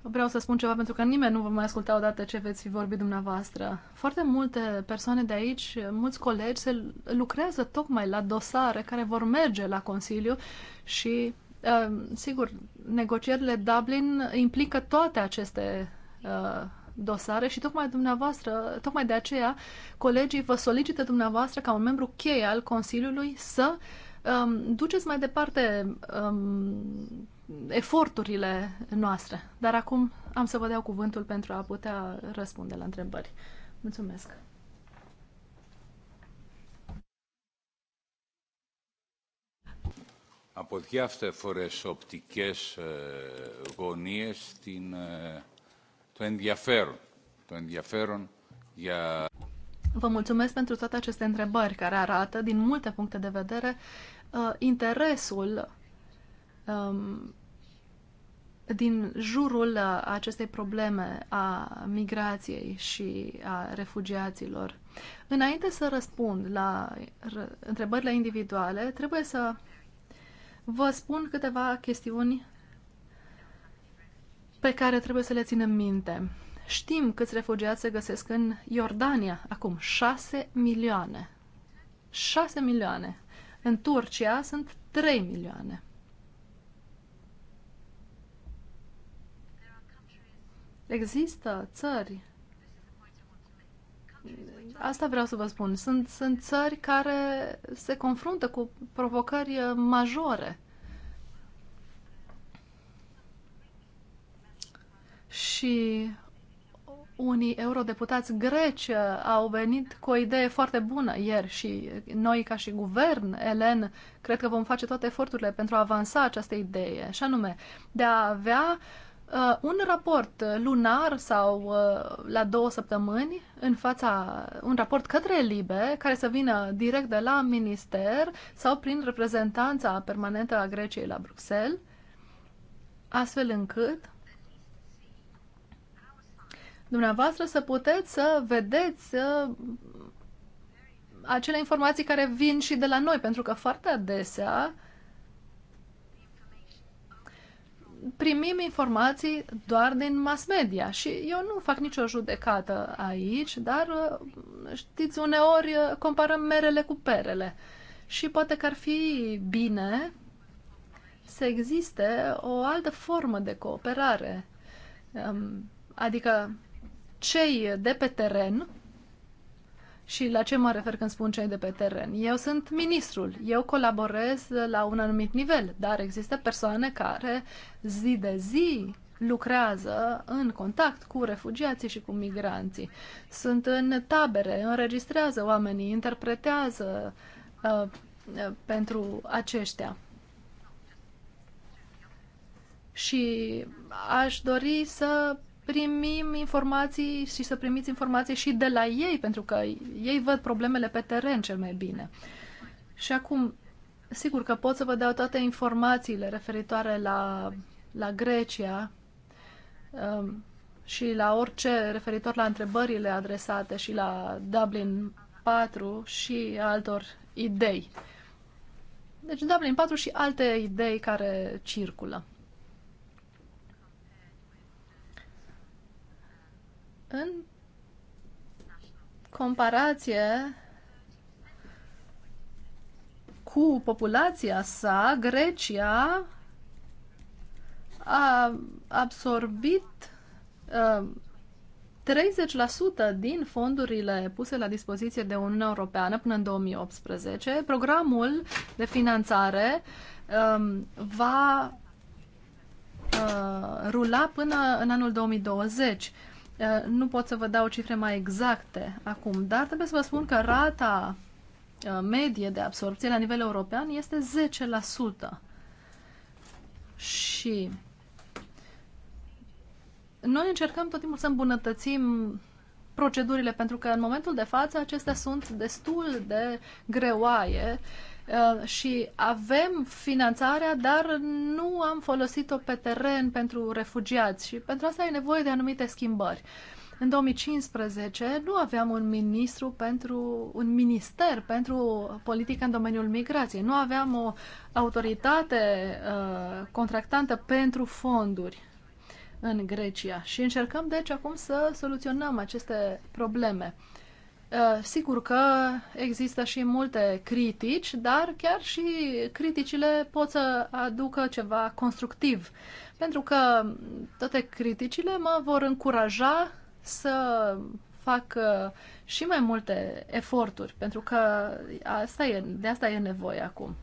Vreau să spun ceva pentru că nimeni nu vă mai asculta odată ce veți fi vorbit dumneavoastră. Foarte multe persoane de aici, mulți colegi, se lucrează tocmai la dosare care vor merge la Consiliu și, uh, sigur, negocierile Dublin implică toate aceste Uh, dosare și tocmai dumneavoastră, tocmai de aceea colegii vă solicită dumneavoastră ca un membru cheie al Consiliului să um, duceți mai departe um, eforturile noastre. Dar acum am să vă dau cuvântul pentru a putea răspunde la întrebări. Mulțumesc! Από διάφορες οπτικές γωνίες στην το ενδιαφέρον, το ενδιαφέρον για... Vă mulțumesc pentru toate aceste întrebări care arată, din multe puncte de vedere, uh, interesul um, din jurul uh, acestei probleme a migrației și a refugiaților. Înainte să răspund la întrebările individuale, trebuie să vă spun câteva chestiuni pe care trebuie să le ținem minte. Știm câți refugiați se găsesc în Iordania acum, 6 milioane. 6 milioane. În Turcia sunt 3 milioane. Există țări. Asta vreau să vă spun. Sunt, sunt țări care se confruntă cu provocări majore și unii eurodeputați greci au venit cu o idee foarte bună ieri și noi ca și guvern, Elen, cred că vom face toate eforturile pentru a avansa această idee, și anume de a avea uh, un raport lunar sau uh, la două săptămâni în fața, un raport către LIBE care să vină direct de la minister sau prin reprezentanța permanentă a Greciei la Bruxelles, astfel încât dumneavoastră să puteți să vedeți uh, acele informații care vin și de la noi, pentru că foarte adesea primim informații doar din mass media și eu nu fac nicio judecată aici, dar uh, știți, uneori uh, comparăm merele cu perele și poate că ar fi bine să existe o altă formă de cooperare. Um, adică cei de pe teren, și la ce mă refer când spun cei de pe teren? Eu sunt ministrul, eu colaborez la un anumit nivel, dar există persoane care zi de zi lucrează în contact cu refugiații și cu migranții. Sunt în tabere, înregistrează oamenii, interpretează uh, uh pentru aceștia. Și aș dori să primim informații și să primiți informații și de la ei, pentru că ei văd problemele pe teren cel mai bine. Și acum, sigur că pot să vă dau toate informațiile referitoare la, la Grecia um, și la orice referitor la întrebările adresate și la Dublin 4 și altor idei. Deci Dublin 4 și alte idei care circulă. În comparație cu populația sa, Grecia a absorbit uh, 30% din fondurile puse la dispoziție de Uniunea Europeană până în 2018. Programul de finanțare um, va uh, rula până în anul 2020. Eh, nu pot să vă dau cifre mai exacte acum, dar trebuie să vă spun că rata eh, medie de absorpție la nivel european este 10%. Și noi încercăm tot timpul să îmbunătățim procedurile, pentru că în momentul de față acestea sunt destul de greoaie Uh, și avem finanțarea, dar nu am folosit-o pe teren pentru refugiați și pentru asta e nevoie de anumite schimbări. În 2015 nu aveam un ministru pentru un minister pentru politică în domeniul migrației. Nu aveam o autoritate uh, contractantă pentru fonduri în Grecia și încercăm deci acum să soluționăm aceste probleme. Uh, sigur că există și multe critici, dar chiar și criticile pot să aducă ceva constructiv, pentru că toate criticile mă vor încuraja să fac uh, și mai multe eforturi, pentru că asta e, de asta e nevoie acum.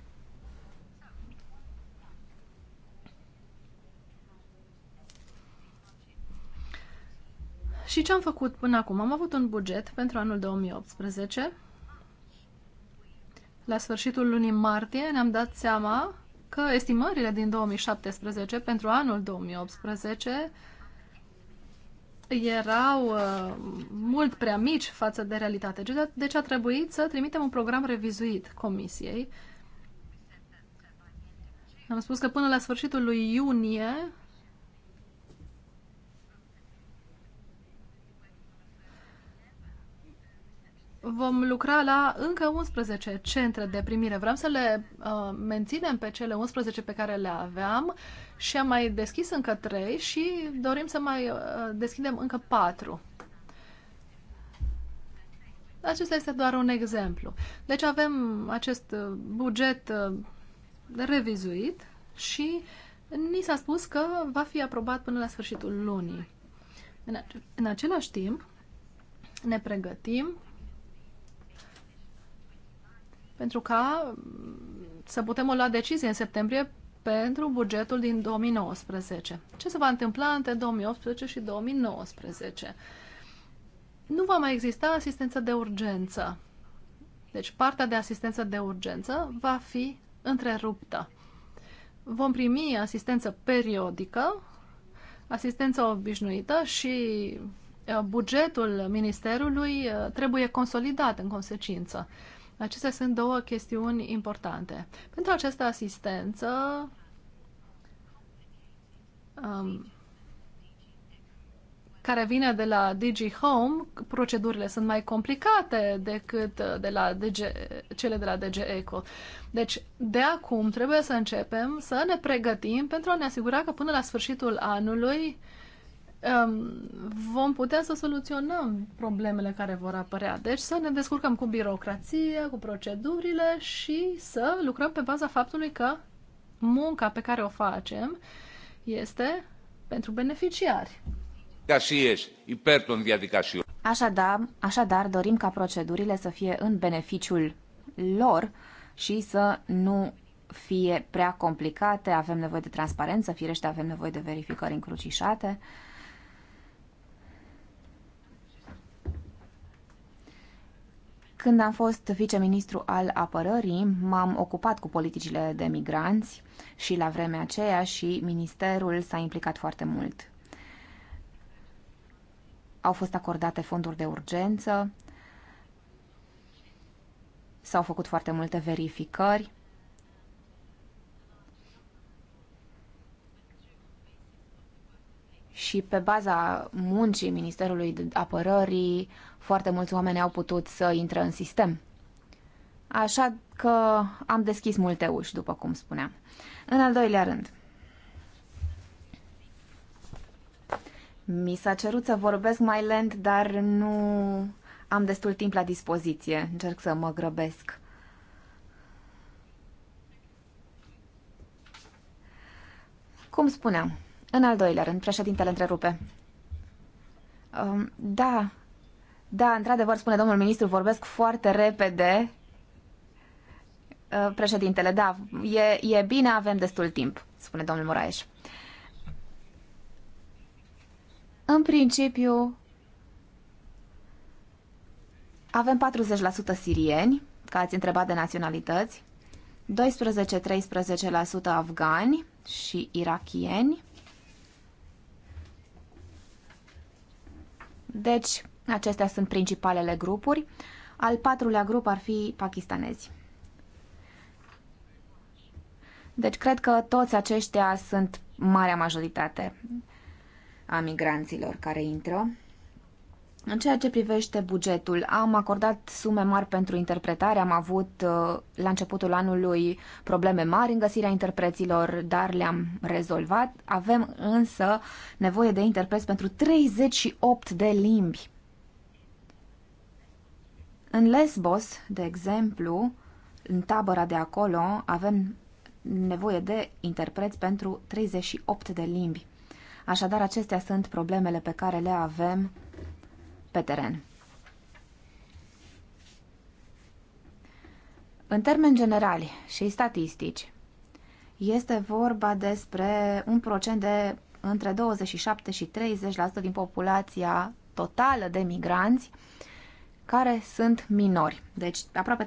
Și ce am făcut până acum? Am avut un buget pentru anul 2018. La sfârșitul lunii martie ne-am dat seama că estimările din 2017 pentru anul 2018 erau uh, mult prea mici față de realitate. Deci, deci a trebuit să trimitem un program revizuit comisiei. Am spus că până la sfârșitul lui iunie vom lucra la încă 11 centre de primire. Vreau să le uh, menținem pe cele 11 pe care le aveam și am mai deschis încă 3 și dorim să mai uh, deschidem încă 4. Acesta este doar un exemplu. Deci avem acest uh, buget uh, revizuit și ni s-a spus că va fi aprobat până la sfârșitul lunii. În, în același timp, ne pregătim pentru ca mm, să putem o lua decizie în septembrie pentru bugetul din 2019. Ce se va întâmpla între 2018 și 2019? Nu va mai exista asistență de urgență. Deci partea de asistență de urgență va fi întreruptă. Vom primi asistență periodică, asistență obișnuită și uh, bugetul ministerului uh, trebuie consolidat în consecință. Acestea sunt două chestiuni importante. Pentru această asistență, um, care vine de la Digi Home, procedurile sunt mai complicate decât de la DG, cele de la DG Eco. Deci, de acum trebuie să începem să ne pregătim pentru a ne asigura că până la sfârșitul anului uh, vom putea să soluționăm problemele care vor apărea. Deci să ne descurcăm cu birocrație, cu procedurile și să lucrăm pe baza faptului că munca pe care o facem este pentru beneficiari. și Așadar, așadar, dorim ca procedurile să fie în beneficiul lor și să nu fie prea complicate, avem nevoie de transparență, firește avem nevoie de verificări încrucișate, Când am fost viceministru al apărării, m-am ocupat cu politicile de migranți și la vremea aceea și ministerul s-a implicat foarte mult. Au fost acordate fonduri de urgență, s-au făcut foarte multe verificări, și pe baza muncii Ministerului Apărării foarte mulți oameni au putut să intre în sistem. Așa că am deschis multe uși, după cum spuneam. În al doilea rând, mi s-a cerut să vorbesc mai lent, dar nu am destul timp la dispoziție. Încerc să mă grăbesc. Cum spuneam, în al doilea rând, președintele întrerupe. Da, da, într-adevăr, spune domnul ministru, vorbesc foarte repede. Uh, președintele, da, e, e bine, avem destul timp, spune domnul Moraes. În principiu, avem 40% sirieni, ca ați întrebat de naționalități, 12-13% afgani și irachieni. Deci, Acestea sunt principalele grupuri. Al patrulea grup ar fi pakistanezi. Deci cred că toți aceștia sunt marea majoritate a migranților care intră. În ceea ce privește bugetul, am acordat sume mari pentru interpretare, am avut uh, la începutul anului probleme mari în găsirea interpreților, dar le-am rezolvat. Avem însă nevoie de interpreți pentru 38 de limbi. În Lesbos, de exemplu, în tabăra de acolo, avem nevoie de interpreți pentru 38 de limbi. Așadar, acestea sunt problemele pe care le avem pe teren. În termeni generali și statistici, este vorba despre un procent de între 27 și 30% din populația totală de migranți uh, care sunt minori. Deci aproape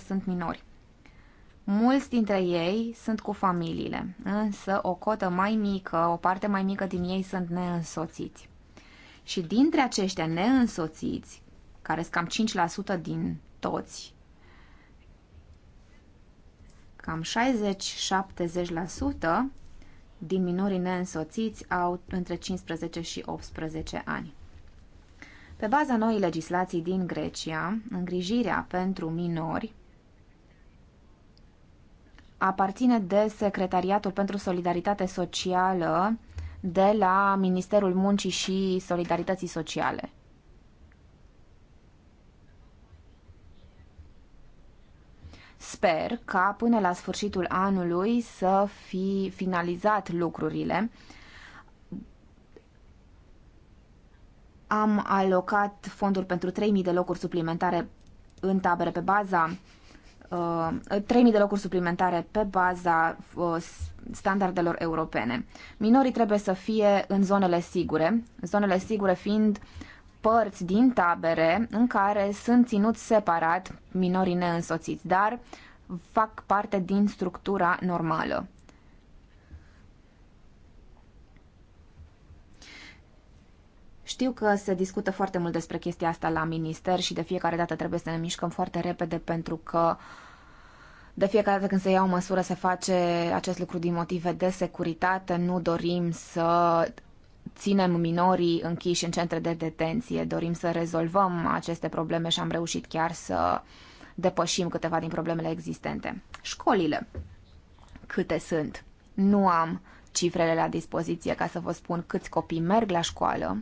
30% sunt minori. Mulți dintre ei sunt cu familiile, însă o cotă mai mică, o parte mai mică din ei sunt neînsoțiți. Și dintre aceștia neînsoțiți, care sunt cam 5% din toți, cam 60-70% din minorii neînsoțiți au între 15 și 18 ani. Pe baza noii legislații din Grecia, îngrijirea pentru minori aparține de Secretariatul pentru Solidaritate Socială de la Ministerul Muncii și Solidarității Sociale. Sper ca până la sfârșitul anului să fi finalizat lucrurile am alocat fonduri pentru 3.000 de locuri suplimentare în tabere pe baza uh, 3.000 de locuri suplimentare pe baza uh, standardelor europene. Minorii trebuie să fie în zonele sigure, zonele sigure fiind părți din tabere în care sunt ținuți separat minorii neînsoțiți, dar fac parte din structura normală. Știu că se discută foarte mult despre chestia asta la minister și de fiecare dată trebuie să ne mișcăm foarte repede pentru că de fiecare dată când se ia o măsură se face acest lucru din motive de securitate. Nu dorim să ținem minorii închiși în centre de detenție. Dorim să rezolvăm aceste probleme și am reușit chiar să depășim câteva din problemele existente. Școlile. Câte sunt? Nu am cifrele la dispoziție ca să vă spun câți copii merg la școală,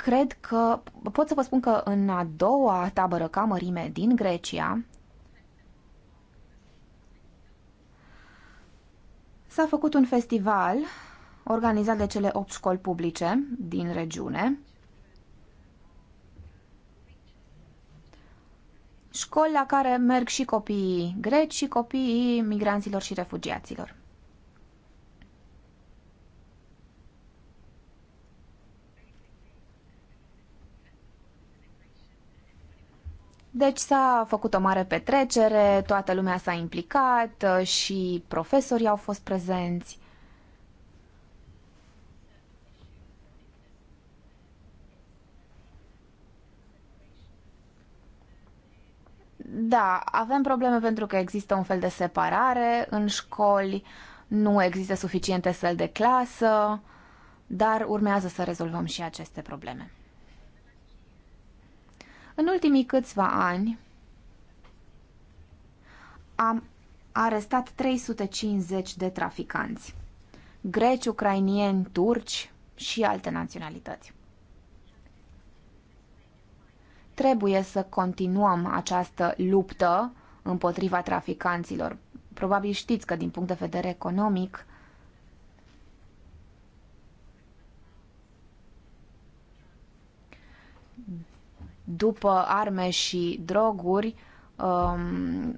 cred că pot să vă spun că în a doua tabără ca mărime din Grecia s-a făcut un festival organizat de cele 8 școli publice din regiune. Școli la care merg și copiii greci și copiii migranților și refugiaților. Deci s-a făcut o mare petrecere, toată lumea s-a implicat uh, și profesorii au fost prezenți. Da, avem probleme pentru că există un fel de separare în școli, nu există suficiente săli de clasă, dar urmează să rezolvăm și aceste probleme. În ultimii câțiva ani am arestat 350 de traficanți, greci, ucrainieni, turci și alte naționalități. Trebuie să continuăm această luptă împotriva traficanților. Probabil știți că din punct de vedere economic după arme și droguri, um,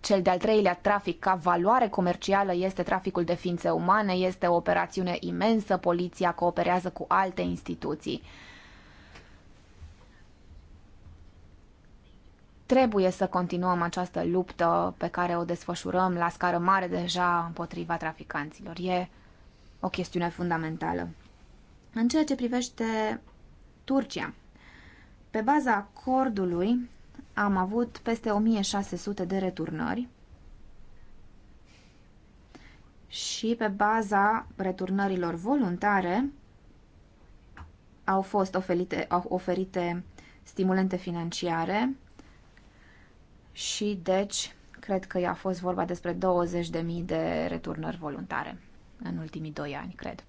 cel de-al treilea trafic ca valoare comercială este traficul de ființe umane, este o operațiune imensă, poliția cooperează cu alte instituții. Trebuie să continuăm această luptă pe care o desfășurăm la scară mare deja împotriva traficanților. E o chestiune fundamentală. În ceea ce privește Turcia, pe baza acordului am avut peste 1600 de returnări și pe baza returnărilor voluntare au fost oferite, au oferite stimulente financiare și deci cred că i a fost vorba despre 20.000 de returnări voluntare în ultimii doi ani, cred.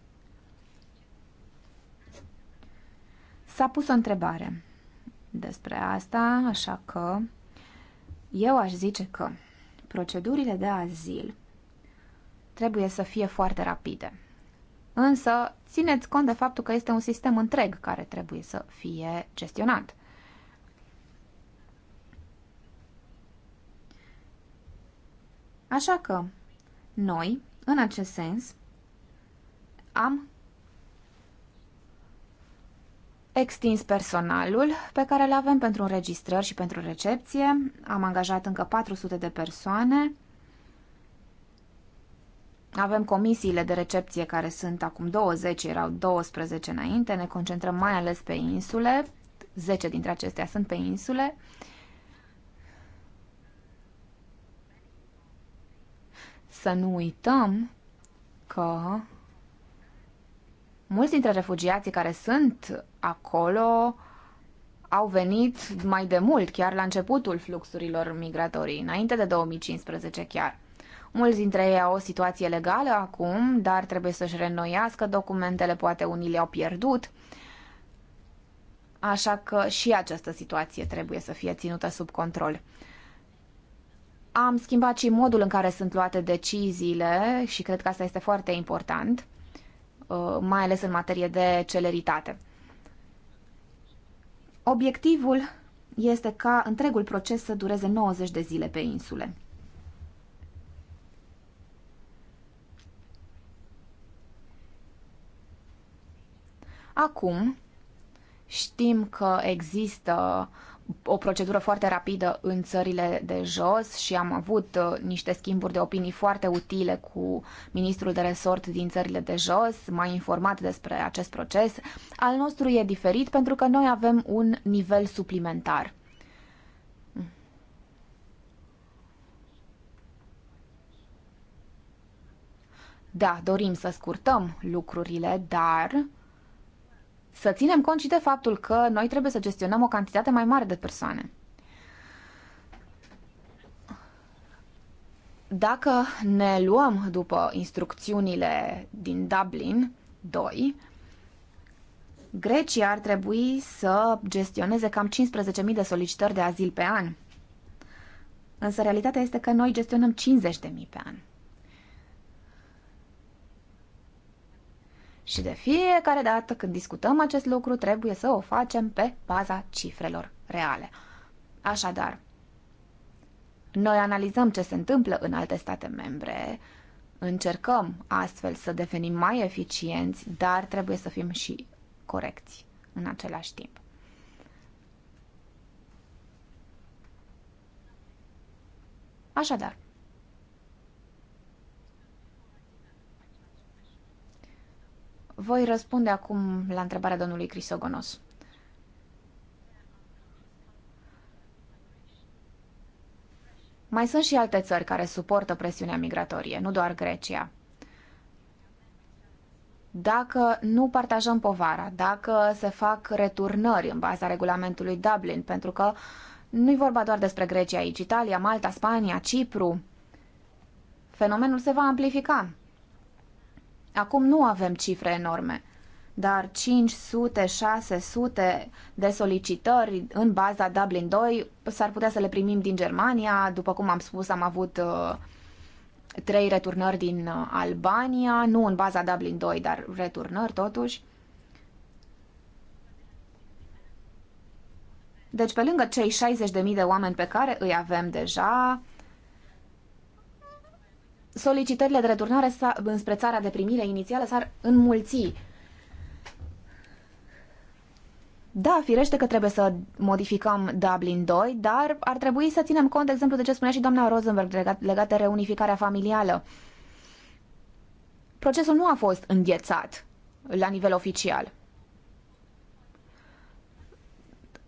S-a pus o întrebare despre asta, așa că eu aș zice că procedurile de azil trebuie să fie foarte rapide. Însă, țineți cont de faptul că este un sistem întreg care trebuie să fie gestionat. Așa că, noi, în acest sens, am extins personalul pe care îl avem pentru înregistrări și pentru recepție. Am angajat încă 400 de persoane. Avem comisiile de recepție care sunt acum 20, erau 12 înainte. Ne concentrăm mai ales pe insule. 10 dintre acestea sunt pe insule. Să nu uităm că mulți dintre refugiații care sunt acolo au venit mai de mult, chiar la începutul fluxurilor migratorii, înainte de 2015 chiar. Mulți dintre ei au o situație legală acum, dar trebuie să-și renoiască documentele, poate unii le-au pierdut. Așa că și această situație trebuie să fie ținută sub control. Am schimbat și modul în care sunt luate deciziile și cred că asta este foarte important, uh, mai ales în materie de celeritate. Obiectivul este ca întregul proces să dureze 90 de zile pe insule. Acum știm că există uh, o procedură foarte rapidă în țările de jos și am avut uh, niște schimburi de opinii foarte utile cu ministrul de resort din țările de jos, m-a informat despre acest proces. Al nostru e diferit pentru că noi avem un nivel suplimentar. Da, dorim să scurtăm lucrurile, dar să ținem cont și de faptul că noi trebuie să gestionăm o cantitate mai mare de persoane. Dacă ne luăm după instrucțiunile din Dublin 2, Grecia ar trebui să gestioneze cam 15.000 de solicitări de azil pe an. Însă realitatea este că noi gestionăm 50.000 pe an. Și de fiecare dată când discutăm acest lucru, trebuie să o facem pe baza cifrelor reale. Așadar, noi analizăm ce se întâmplă în alte state membre, încercăm astfel să devenim mai eficienți, dar trebuie să fim și corecți în același timp. Așadar, Voi răspunde acum la întrebarea domnului Crisogonos. Mai sunt și alte țări care suportă presiunea migratorie, nu doar Grecia. Dacă nu partajăm povara, dacă se fac returnări în baza regulamentului Dublin, pentru că nu-i vorba doar despre Grecia aici, Italia, Malta, Spania, Cipru, fenomenul se va amplifica. Acum nu avem cifre enorme, dar 500-600 de solicitări în baza Dublin 2 s-ar putea să le primim din Germania. După cum am spus, am avut uh, trei returnări din uh, Albania, nu în baza Dublin 2, dar returnări totuși. Deci, pe lângă cei 60.000 de oameni pe care îi avem deja, solicitările de returnare înspre țara de primire inițială s-ar înmulți. Da, firește că trebuie să modificăm Dublin 2, dar ar trebui să ținem cont, de exemplu, de ce spunea și doamna Rosenberg legat, legat de reunificarea familială. Procesul nu a fost înghețat la nivel oficial.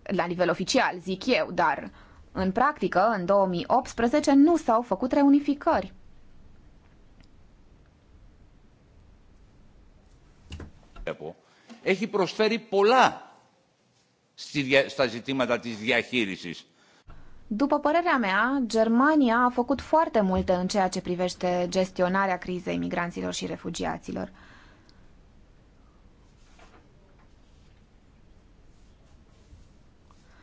La nivel oficial, zic eu, dar în practică, în 2018, nu s-au făcut reunificări. έχει προσφέρει πολλά στα ζητήματα της διαχείρισης. După părerea mea, Germania a făcut foarte multe în ceea ce privește gestionarea crizei migranților și refugiaților.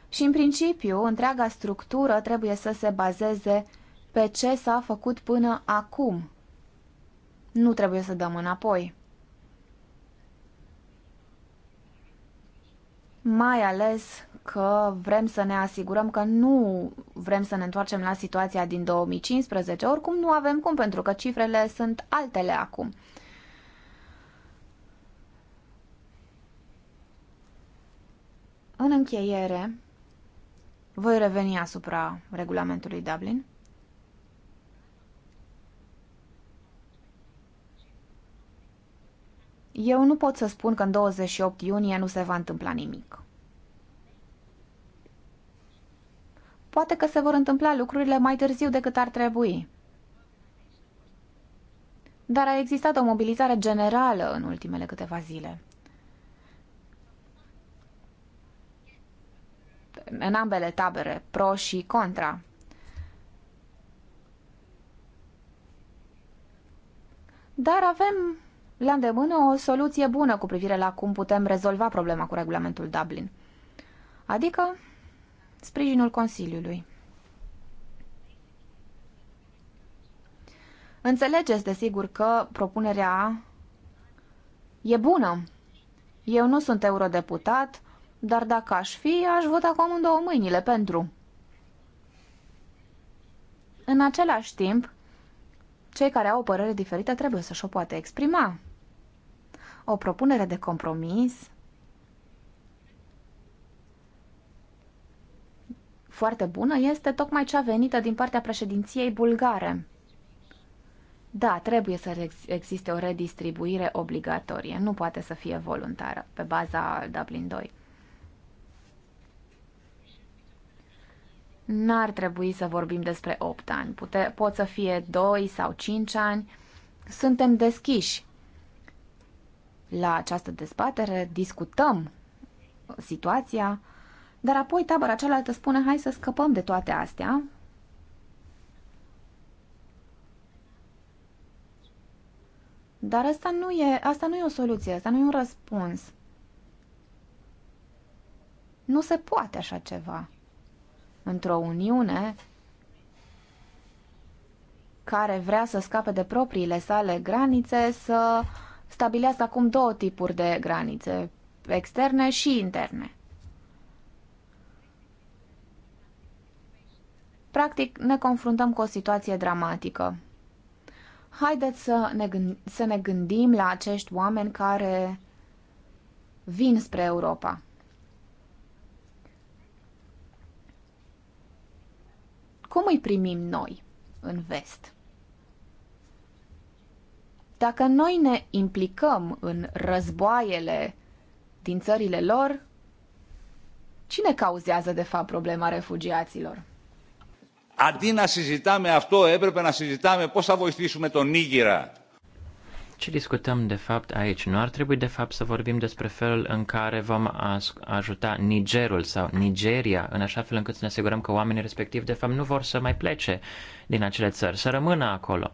Și, în principiu, întreaga structură trebuie să se bazeze pe ce s-a făcut până acum. Nu trebuie să dăm înapoi. mai ales că vrem să ne asigurăm că nu vrem să ne întoarcem la situația din 2015, oricum nu avem cum, pentru că cifrele sunt altele acum. În încheiere, voi reveni asupra regulamentului Dublin. Eu nu pot să spun că în 28 iunie nu se va întâmpla nimic. Poate că se vor întâmpla lucrurile mai târziu decât ar trebui. Dar a existat o mobilizare generală în ultimele câteva zile. În ambele tabere, pro și contra. Dar avem la îndemână o soluție bună cu privire la cum putem rezolva problema cu regulamentul Dublin, adică sprijinul Consiliului. Înțelegeți, desigur, că propunerea e bună. Eu nu sunt eurodeputat, dar dacă aș fi, aș vota cu amândouă mâinile pentru. În același timp, cei care au o părere diferită trebuie să-și o poată exprima o propunere de compromis foarte bună este tocmai cea venită din partea președinției bulgare. Da, trebuie să existe o redistribuire obligatorie, nu poate să fie voluntară, pe baza Dublin 2. N-ar trebui să vorbim despre 8 ani, Pute, pot să fie 2 sau 5 ani. Suntem deschiși la această dezbatere, discutăm situația, dar apoi tabăra cealaltă spune hai să scăpăm de toate astea. Dar asta nu e, asta nu e o soluție, asta nu e un răspuns. Nu se poate așa ceva. Într-o uniune care vrea să scape de propriile sale granițe, să uh, stabilească acum două tipuri de granițe, externe și interne. Practic, ne confruntăm cu o situație dramatică. Haideți să ne, gând- să ne gândim la acești oameni care vin spre Europa. Cum îi primim noi în vest? Dacă noi ne implicăm în războaiele din țările lor, cine cauzează de fapt problema refugiaților? Αντί να συζητάμε αυτό, έπρεπε να συζητάμε πώς θα βοηθήσουμε τον Νίγηρα. Ce discutăm de fapt aici? Nu ar trebui de fapt să vorbim despre felul în care vom ajuta Nigerul sau Nigeria, în așa fel încât să ne asigurăm că oamenii respectivi de fapt nu vor să mai plece din acele țări, să rămână acolo.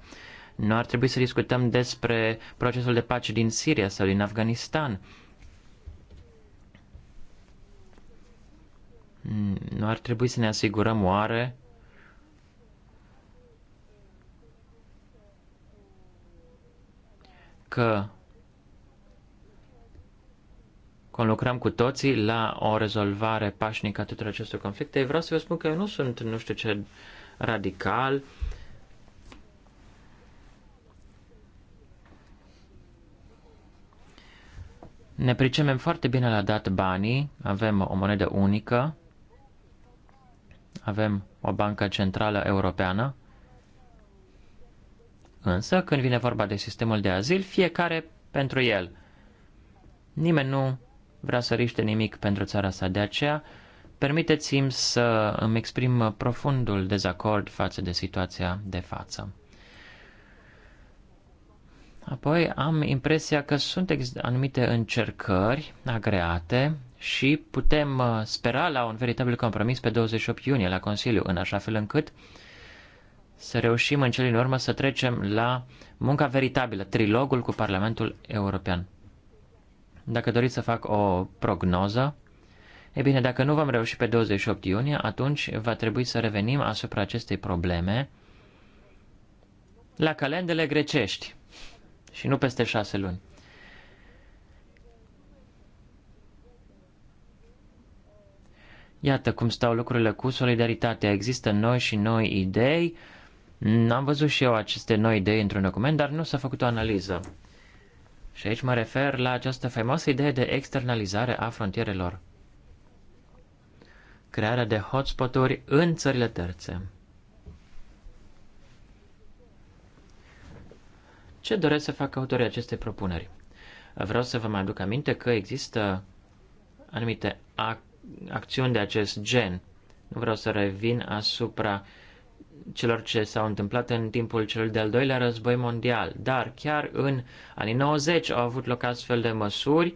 Nu ar trebui să discutăm despre procesul de pace din Siria sau din Afganistan. Nu ar trebui să ne asigurăm oare că conlucrăm cu toții la o rezolvare pașnică a tuturor acestor conflicte. Vreau să vă spun că eu nu sunt, nu știu ce, radical Ne pricepem foarte bine la dat banii, avem o monedă unică, avem o bancă centrală europeană, însă când vine vorba de sistemul de azil, fiecare pentru el. Nimeni nu vrea să riște nimic pentru țara sa, de aceea permiteți-mi să îmi exprim profundul dezacord față de situația de față. Apoi am impresia că sunt anumite încercări agreate și putem uh, spera la un veritabil compromis pe 28 iunie la Consiliu, în așa fel încât să reușim în cele din urmă să trecem la munca veritabilă, trilogul cu Parlamentul European. Dacă doriți să fac o prognoză, e bine, dacă nu vom reuși pe 28 iunie, atunci va trebui să revenim asupra acestei probleme la calendele grecești și nu peste șase luni. Iată cum stau lucrurile cu solidaritatea. Există noi și noi idei. Am văzut și eu aceste noi idei într-un document, dar nu s-a făcut o analiză. Și aici mă refer la această faimoasă idee de externalizare a frontierelor. Crearea de hotspot-uri în țările terțe. Ce doresc să facă autorii acestei propuneri? Vreau să vă mai aduc aminte că există anumite ac- acțiuni de acest gen. Nu vreau să revin asupra celor ce s-au întâmplat în timpul celui de-al doilea război mondial, dar chiar în anii 90 au avut loc astfel de măsuri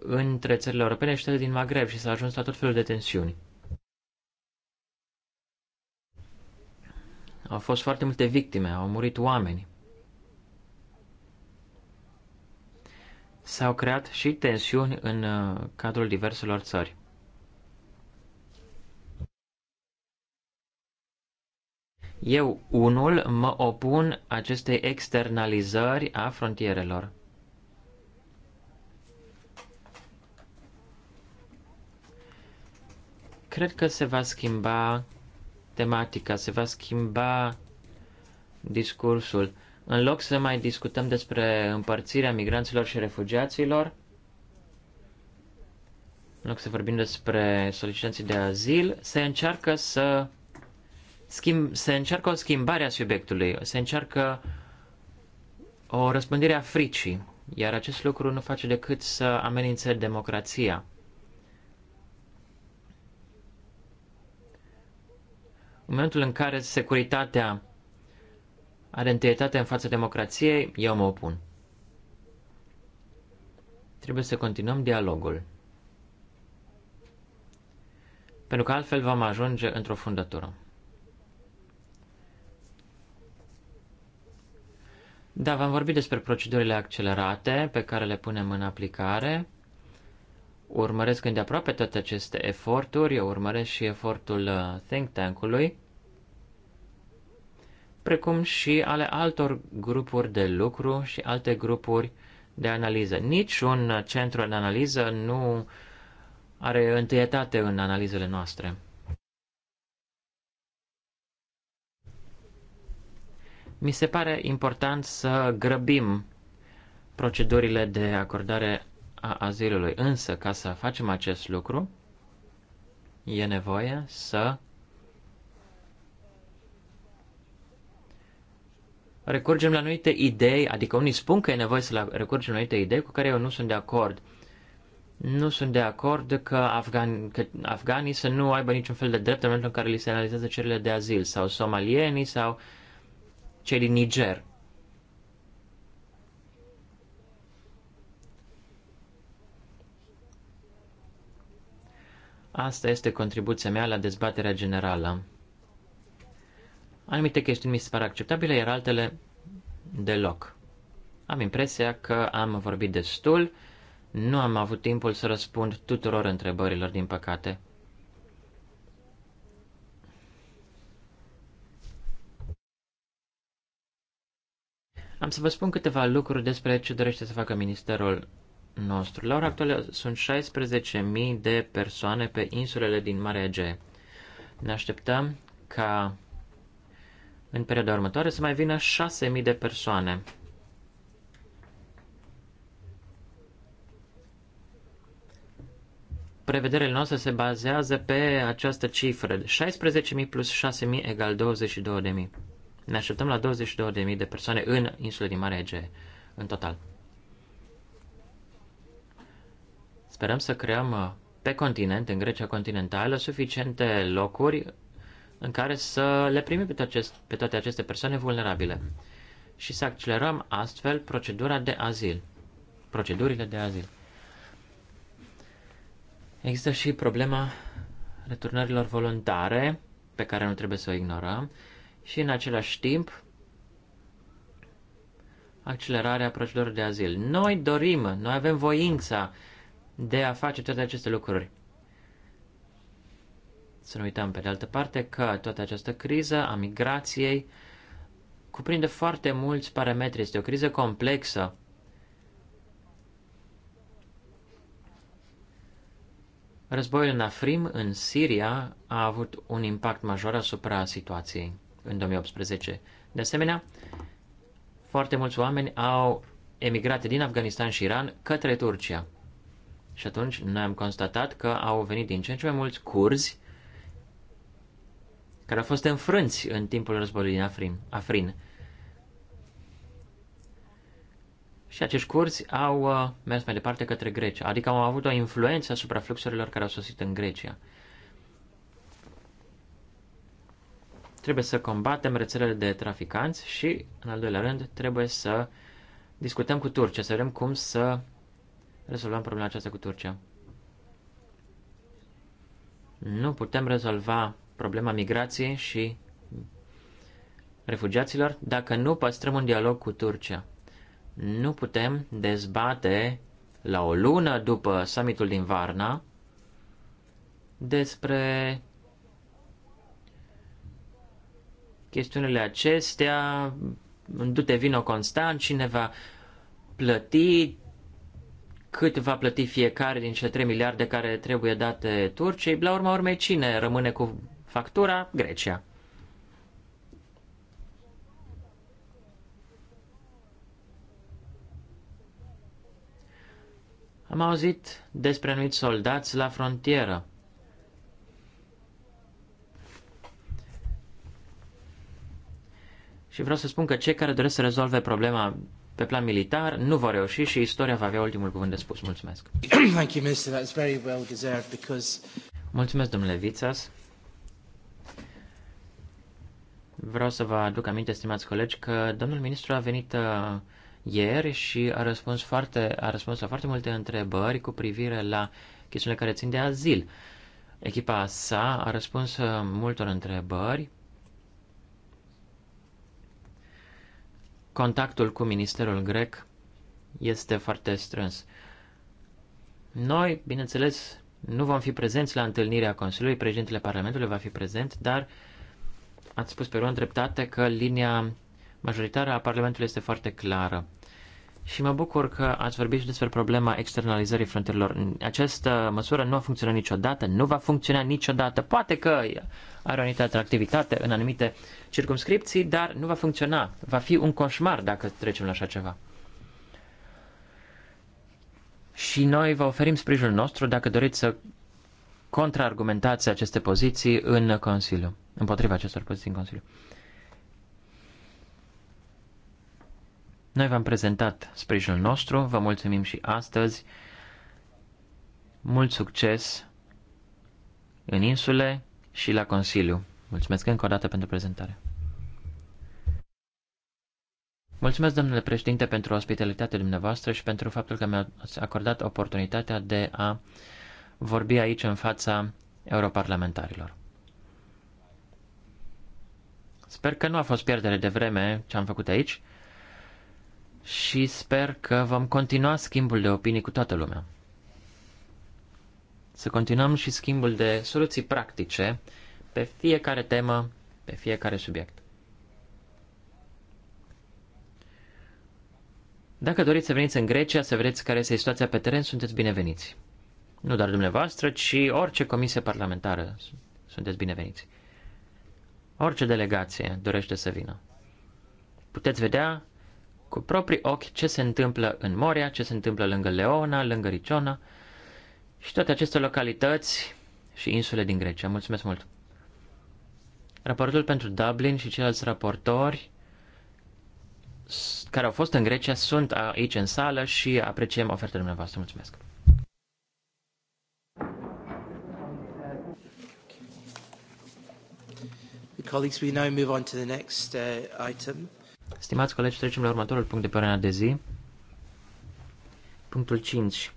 între țările europene și țările din Maghreb și s-a ajuns la tot felul de tensiuni. Au fost foarte multe victime, au murit oameni. s-au creat și tensiuni în uh, cadrul diverselor țări. Eu, unul, mă opun acestei externalizări a frontierelor. Cred că se va schimba tematica, se va schimba discursul. În loc să mai discutăm despre împărțirea migranților și refugiaților, în loc să vorbim despre solicitanții de azil, se încearcă să schimb, se încearcă o schimbare a subiectului, se încearcă o răspândire a fricii, iar acest lucru nu face decât să amenințe democrația. În momentul în care securitatea are întâietate în fața democrației, eu mă opun. Trebuie să continuăm dialogul. Pentru că altfel vom ajunge într-o fundătură. Da, v-am vorbit despre procedurile accelerate pe care le punem în aplicare. Urmăresc îndeaproape toate aceste eforturi, eu urmăresc și efortul uh, think tank-ului precum și ale altor grupuri de lucru și alte grupuri de analiză. Niciun centru de analiză nu are întâietate în analizele noastre. Mi se pare important să grăbim procedurile de acordare a azilului, însă ca să facem acest lucru, e nevoie să recurgem la anumite idei, adică unii spun că e nevoie să recurgem la anumite idei cu care eu nu sunt de acord. Nu sunt de acord că, afgan, că afganii să nu aibă niciun fel de drept în momentul în care li se analizează cererile de azil, sau somalienii, sau cei din Niger. Asta este contribuția mea la dezbaterea generală. Anumite chestiuni mi se par acceptabile, iar altele deloc. Am impresia că am vorbit destul, nu am avut timpul să răspund tuturor întrebărilor, din păcate. Am să vă spun câteva lucruri despre ce dorește să facă ministerul nostru. La ora actuală sunt 16.000 de persoane pe insulele din Marea Ege. Ne așteptăm ca în perioada următoare să mai vină 6.000 de persoane. Prevederile noastre se bazează pe această cifră. 16.000 plus 6.000 egal 22.000. Ne așteptăm la 22.000 de persoane în insulă din Marea Ege, în total. Sperăm să creăm uh, pe continent, în Grecia continentală, suficiente locuri în care să le primim pe, acest, pe toate aceste persoane vulnerabile și să accelerăm astfel procedura de azil, procedurile de azil. Există și problema returnărilor voluntare, pe care nu trebuie să o ignorăm, și în același timp accelerarea procedurilor de azil. Noi dorim, noi avem voința de a face toate aceste lucruri. Să nu uităm, pe de altă parte, că toată această criză a migrației cuprinde foarte mulți parametri. Este o criză complexă. Războiul în Afrim, în Siria, a avut un impact major asupra situației în 2018. De asemenea, foarte mulți oameni au emigrat din Afganistan și Iran către Turcia. Și atunci noi am constatat că au venit din ce în ce mai mulți curzi care au fost înfrânți în timpul războiului din Afrin. Afrin. Și acești curți au uh, mers mai departe către Grecia, adică au avut o influență asupra fluxurilor care au sosit în Grecia. Trebuie să combatem rețelele de traficanți și, în al doilea rând, trebuie să discutăm cu Turcia, să vedem cum să rezolvăm problema aceasta cu Turcia. Nu putem rezolva problema migrației și refugiaților dacă nu păstrăm un dialog cu Turcia. Nu putem dezbate la o lună după summitul din Varna despre chestiunile acestea, du-te vino constant, cine va plăti, cât va plăti fiecare din cele 3 miliarde care trebuie date Turciei, la urma urmei cine rămâne cu Factura, Grecia. Am auzit despre anumiți soldați la frontieră. Și vreau să spun că cei care doresc să rezolve problema pe plan militar nu vor reuși și istoria va avea ultimul cuvânt de spus. Mulțumesc. Mulțumesc, domnule Vițas. Vreau să vă aduc aminte, stimați colegi, că domnul ministru a venit uh, ieri și a răspuns, foarte, a răspuns la foarte multe întrebări cu privire la chestiunile care țin de azil. Echipa sa a răspuns uh, multor întrebări. Contactul cu ministerul grec este foarte strâns. Noi, bineînțeles, nu vom fi prezenți la întâlnirea Consiliului, președintele Parlamentului va fi prezent, dar uh, Ați spus pe rând dreptate că linia majoritară a Parlamentului este foarte clară. Și mă bucur că ați vorbit și despre problema externalizării frontierelor. Această măsură nu a funcționat niciodată, nu va funcționa niciodată. Poate că are o anumită atractivitate în anumite circumscripții, dar nu va funcționa. Va fi un coșmar dacă trecem la așa ceva. Și noi vă oferim sprijinul nostru dacă doriți să contraargumentați aceste poziții în Consiliu împotriva acestor poziții în Consiliu. Noi v-am prezentat sprijinul nostru, vă mulțumim și astăzi. Mult succes în insule și la Consiliu. Mulțumesc încă o dată pentru prezentare. Mulțumesc, domnule președinte, pentru ospitalitatea dumneavoastră și pentru faptul că mi-ați acordat oportunitatea de a vorbi aici în fața europarlamentarilor. Sper că nu a fost pierdere de vreme ce am făcut aici și sper că vom continua schimbul de opinii cu toată lumea. Să continuăm și schimbul de soluții practice pe fiecare temă, pe fiecare subiect. Dacă doriți să veniți în Grecia, să vedeți care este situația pe teren, sunteți bineveniți. Nu doar dumneavoastră, ci orice comisie parlamentară sunteți bineveniți. Orice delegație dorește să vină. Puteți vedea cu proprii ochi ce se întâmplă în Moria, ce se întâmplă lângă Leona, lângă Riciona și toate aceste localități și insule din Grecia. Mulțumesc mult! Raportul pentru Dublin și ceilalți raportori care au fost în Grecia sunt aici în sală și apreciem ofertele dumneavoastră. Mulțumesc! Colleagues, we now move on to the next uh, item. Stimați colegi, trecem la următorul punct de pe ordinea de zi. Punctul 5.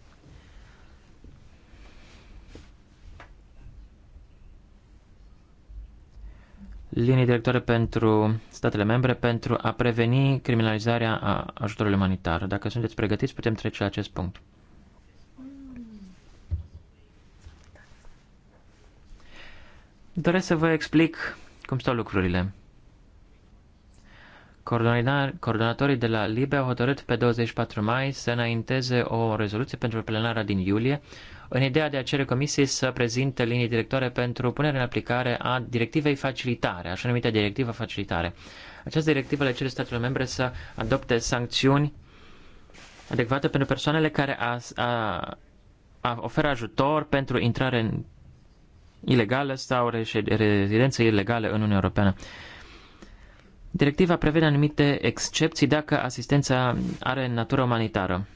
Linii directoare pentru statele membre pentru a preveni criminalizarea a ajutorului umanitar. Dacă sunteți pregătiți, putem trece la acest punct. Doresc să vă explic cum stau lucrurile? Coordonatorii de la Libe au hotărât pe 24 mai să înainteze o rezoluție pentru plenara din iulie, în ideea de a cere comisiei să prezinte linii directoare pentru punerea în aplicare a directivei facilitare, așa numită directivă facilitare. Această directivă le cere statelor membre să adopte sancțiuni adecvate pentru persoanele care a, a, a oferă ajutor pentru intrare în ilegală sau rezidență ilegală în Uniunea Europeană. Directiva prevede anumite excepții dacă asistența are natură umanitară.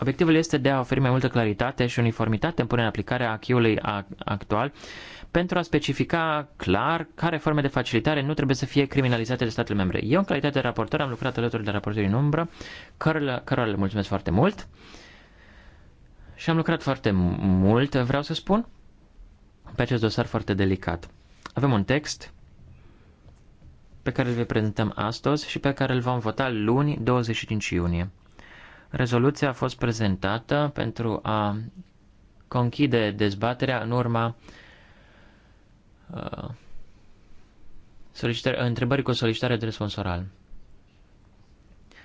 Obiectivul este de a oferi mai multă claritate și uniformitate în punerea aplicarea acquis actual pentru a specifica clar care forme de facilitare nu trebuie să fie criminalizate de statele membre. Eu, în calitate de raportor, am lucrat alături de raportorii în umbră, cărora le mulțumesc foarte mult și am lucrat foarte mult, vreau să spun pe acest dosar foarte delicat. Avem un text pe care îl prezentăm astăzi și pe care îl vom vota luni 25 iunie. Rezoluția a fost prezentată pentru a conchide dezbaterea în urma uh, întrebării cu solicitare de răspuns oral.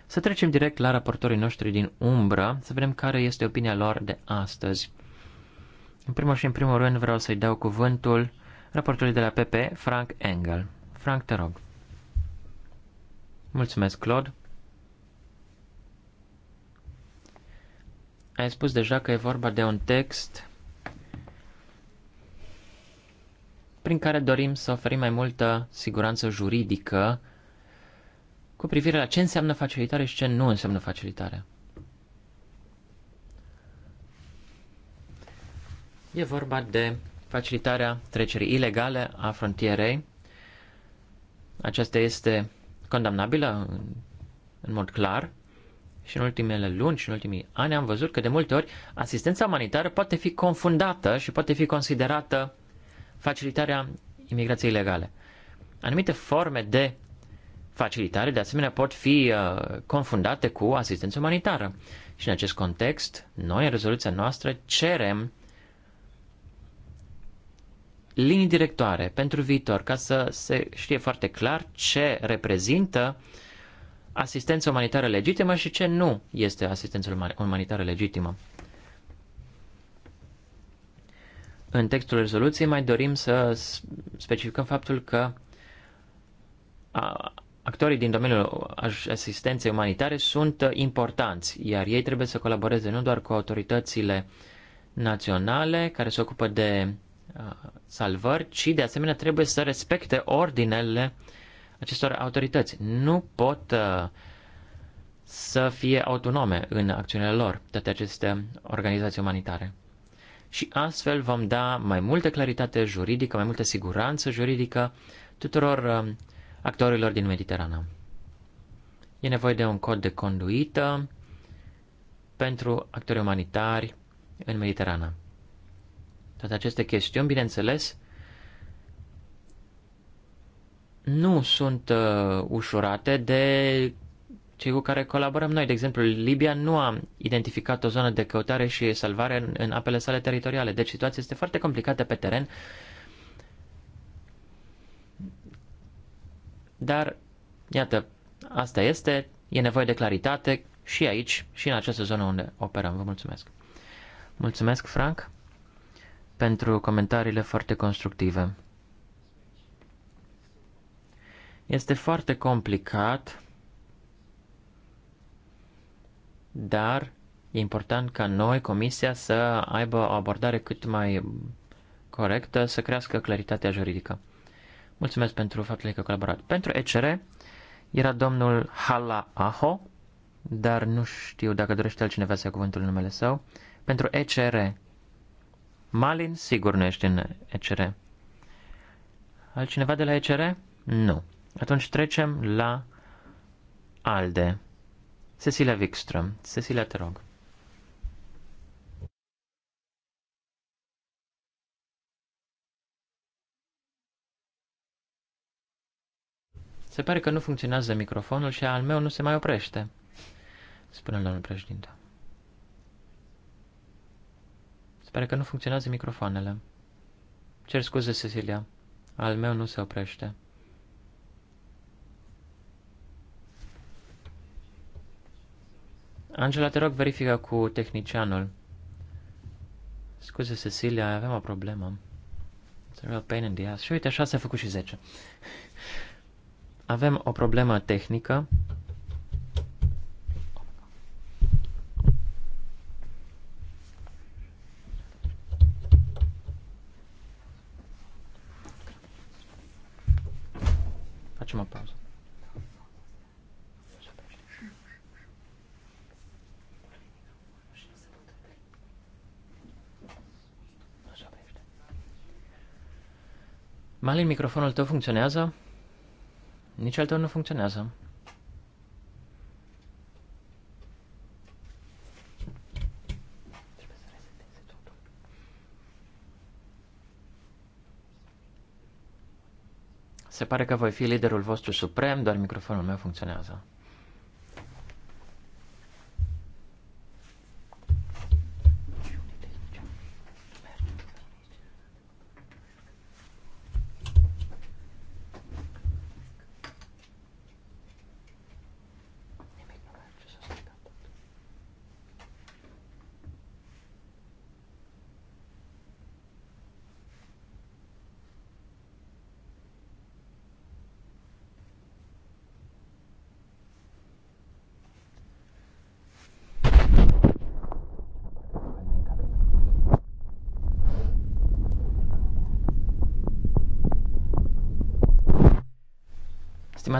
Să trecem direct la raportorii noștri din umbră, să vedem care este opinia lor de astăzi. În primul și în primul rând vreau să-i dau cuvântul raportului de la PP, Frank Engel. Frank, te rog. Mulțumesc, Claude. Ai spus deja că e vorba de un text prin care dorim să oferim mai multă siguranță juridică cu privire la ce înseamnă facilitare și ce nu înseamnă facilitare. E vorba de facilitarea trecerii ilegale a frontierei. Aceasta este condamnabilă în mod clar și în ultimele luni și în ultimii ani am văzut că de multe ori asistența umanitară poate fi confundată și poate fi considerată facilitarea imigrației ilegale. Anumite forme de facilitare, de asemenea, pot fi uh, confundate cu asistență umanitară. Și în acest context, noi, în rezoluția noastră, cerem linii directoare pentru viitor, ca să se știe foarte clar ce reprezintă asistență umanitară legitimă și ce nu este asistență umanitară legitimă. În textul rezoluției mai dorim să specificăm faptul că actorii din domeniul asistenței umanitare sunt importanți, iar ei trebuie să colaboreze nu doar cu autoritățile naționale care se ocupă de Uh, salvări, ci de asemenea trebuie să respecte ordinele acestor autorități. Nu pot uh, să fie autonome în acțiunile lor, toate aceste organizații umanitare. Și astfel vom da mai multă claritate juridică, mai multă siguranță juridică tuturor um, actorilor din Mediterana. E nevoie de un cod de conduită pentru actori umanitari în Mediterana. Toate aceste chestiuni, bineînțeles, nu sunt uh, ușurate de cei cu care colaborăm noi. De exemplu, Libia nu a identificat o zonă de căutare și salvare în, în apele sale teritoriale. Deci situația este foarte complicată pe teren. Dar, iată, asta este, e nevoie de claritate și aici, și în această zonă unde operăm. Vă mulțumesc. Mulțumesc, Frank pentru comentariile foarte constructive. Este foarte complicat, dar e important ca noi, Comisia, să aibă o abordare cât mai corectă, să crească claritatea juridică. Mulțumesc pentru faptul că a colaborat. Pentru ECR era domnul Hala Aho, dar nu știu dacă dorește altcineva să ia cuvântul numele său. Pentru ECR, Malin sigur nu ești în ECR. Altcineva de la ECR? Nu. Atunci trecem la ALDE. Cecilia Wikström. Cecilia, te rog. Se pare că nu funcționează microfonul și al meu nu se mai oprește, spune domnul președinte. Sper că nu funcționează microfoanele. Cer scuze, Cecilia. Al meu nu se oprește. Angela, te rog, verifică cu tehnicianul. Scuze, Cecilia, avem o problemă. It's a real pain in the ass. Și uite, așa s-a făcut și 10. Avem o problemă tehnică Malin, microfonul tău funcționează? Nici al tău nu funcționează. Se pare că voi fi liderul vostru suprem, doar microfonul meu funcționează.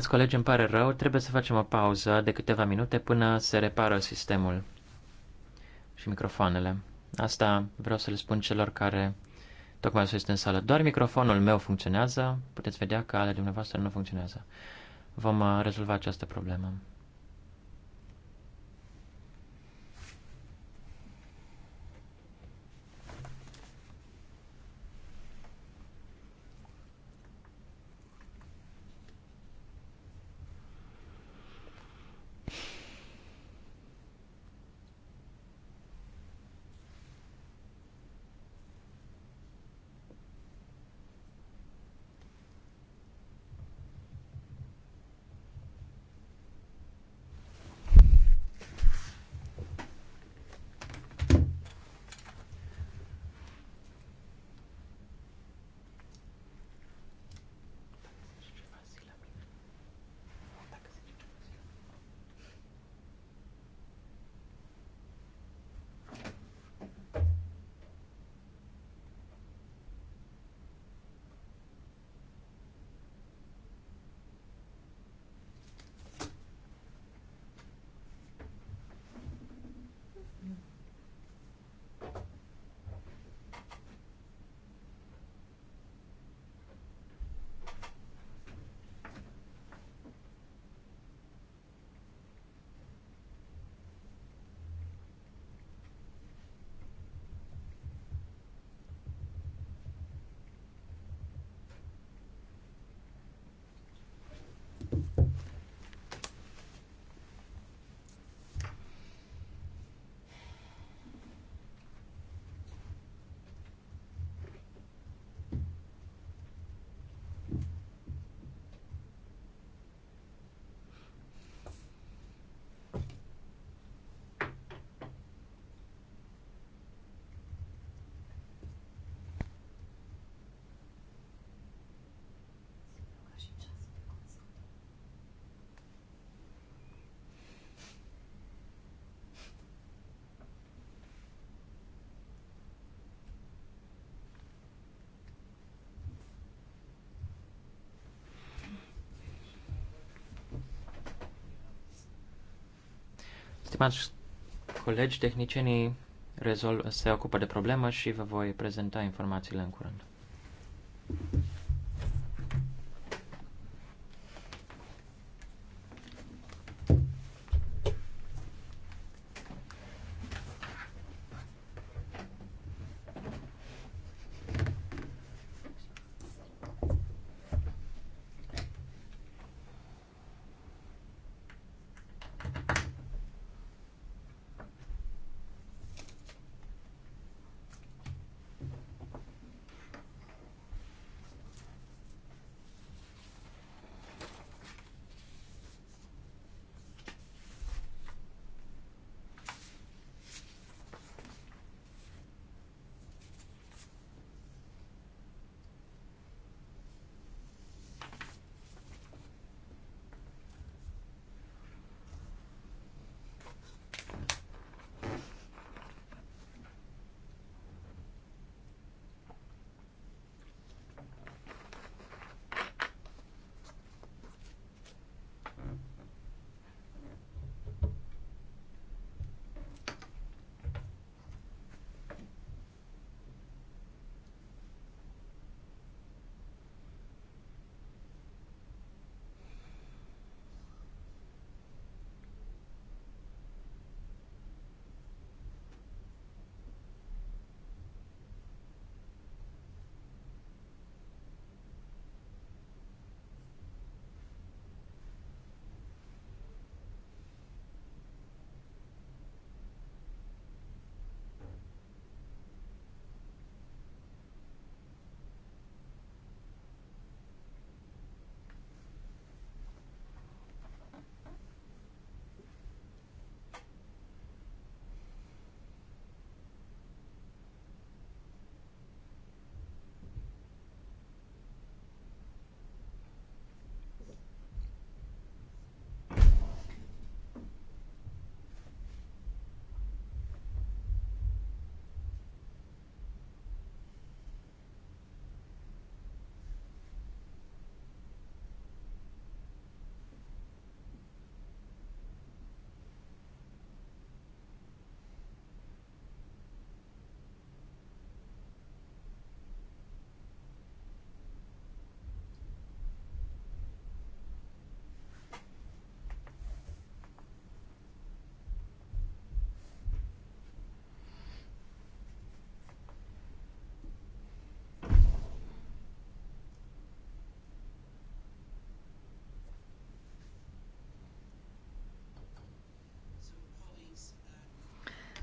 Stimați colegi, îmi pare rău, trebuie să facem o pauză de câteva minute până se repară sistemul și microfoanele. Asta vreau să le spun celor care tocmai sunt în sală. Doar microfonul meu funcționează, puteți vedea că ale dumneavoastră nu funcționează. Vom uh, rezolva această problemă. Stimați colegi, tehnicienii rezolv, se ocupă de problemă și vă voi prezenta informațiile în curând.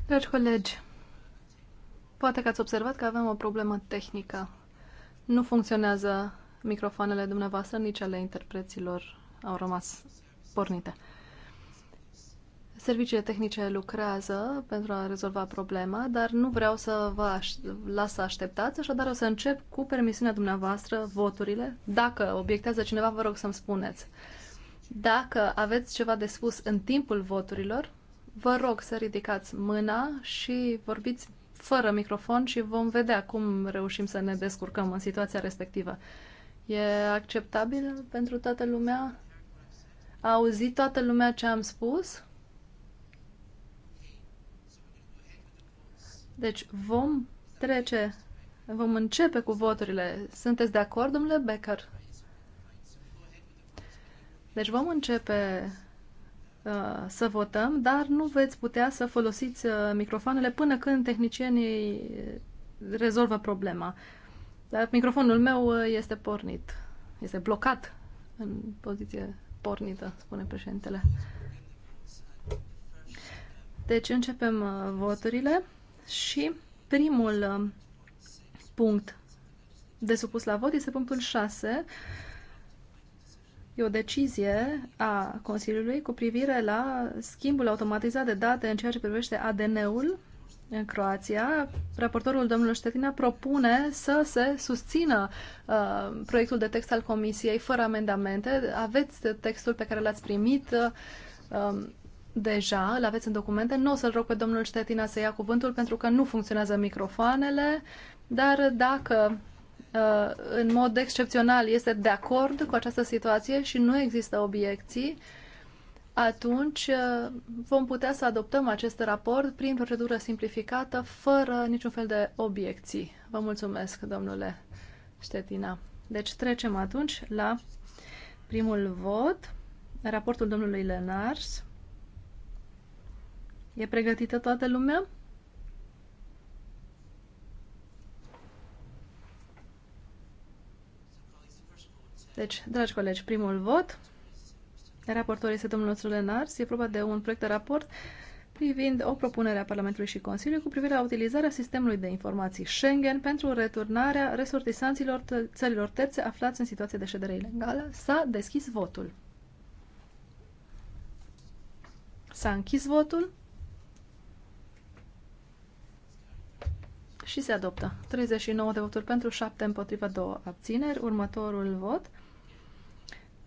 Dragi colegi, poate că ați observat că avem o problemă tehnică. Nu funcționează microfoanele dumneavoastră, nici ale interpreților au rămas pornite. Serviciile tehnice lucrează pentru a rezolva problema, dar nu vreau să vă las să așteptați, așadar o să încep cu permisiunea dumneavoastră voturile. Dacă obiectează cineva, vă rog să-mi spuneți. Dacă aveți ceva de spus în timpul voturilor, Vă rog să ridicați mâna și vorbiți fără microfon și vom vedea cum reușim să ne descurcăm în situația respectivă. E acceptabil pentru toată lumea? A auzit toată lumea ce am spus? Deci vom trece, vom începe cu voturile. Sunteți de acord, domnule Becker? Deci vom începe Uh, să votăm, dar nu veți putea să folosiți uh, microfoanele până când tehnicienii rezolvă problema. Dar microfonul meu uh, este pornit, este blocat în poziție pornită, spune președintele. Deci începem voturile și primul punct de supus la vot este punctul 6, E o decizie a Consiliului cu privire la schimbul automatizat de date în ceea ce privește ADN-ul în Croația. Raportorul domnul Ștetina propune să se susțină uh, proiectul de text al Comisiei fără amendamente. Aveți textul pe care l-ați primit uh, um, deja, îl aveți în documente. Nu o să-l rog pe domnul Ștetina să ia cuvântul pentru că nu funcționează microfoanele, dar dacă Uh, în mod excepțional este de acord cu această situație și nu există obiecții, atunci uh, vom putea să adoptăm acest raport prin procedură simplificată, fără niciun fel de obiecții. Vă mulțumesc, domnule Ștetina. Deci trecem atunci la primul vot, raportul domnului Lenars. E pregătită toată lumea? Deci, dragi colegi, primul vot. Raportorul este domnul nostru Lenars. E vorba de un proiect de raport privind o propunere a Parlamentului și Consiliului cu privire la utilizarea sistemului de informații Schengen pentru returnarea resortisanților țărilor terțe aflați în situație de ședere ilegală. S-a deschis votul. S-a închis votul și se adoptă. 39 de voturi pentru, 7 împotriva, 2 abțineri. Următorul vot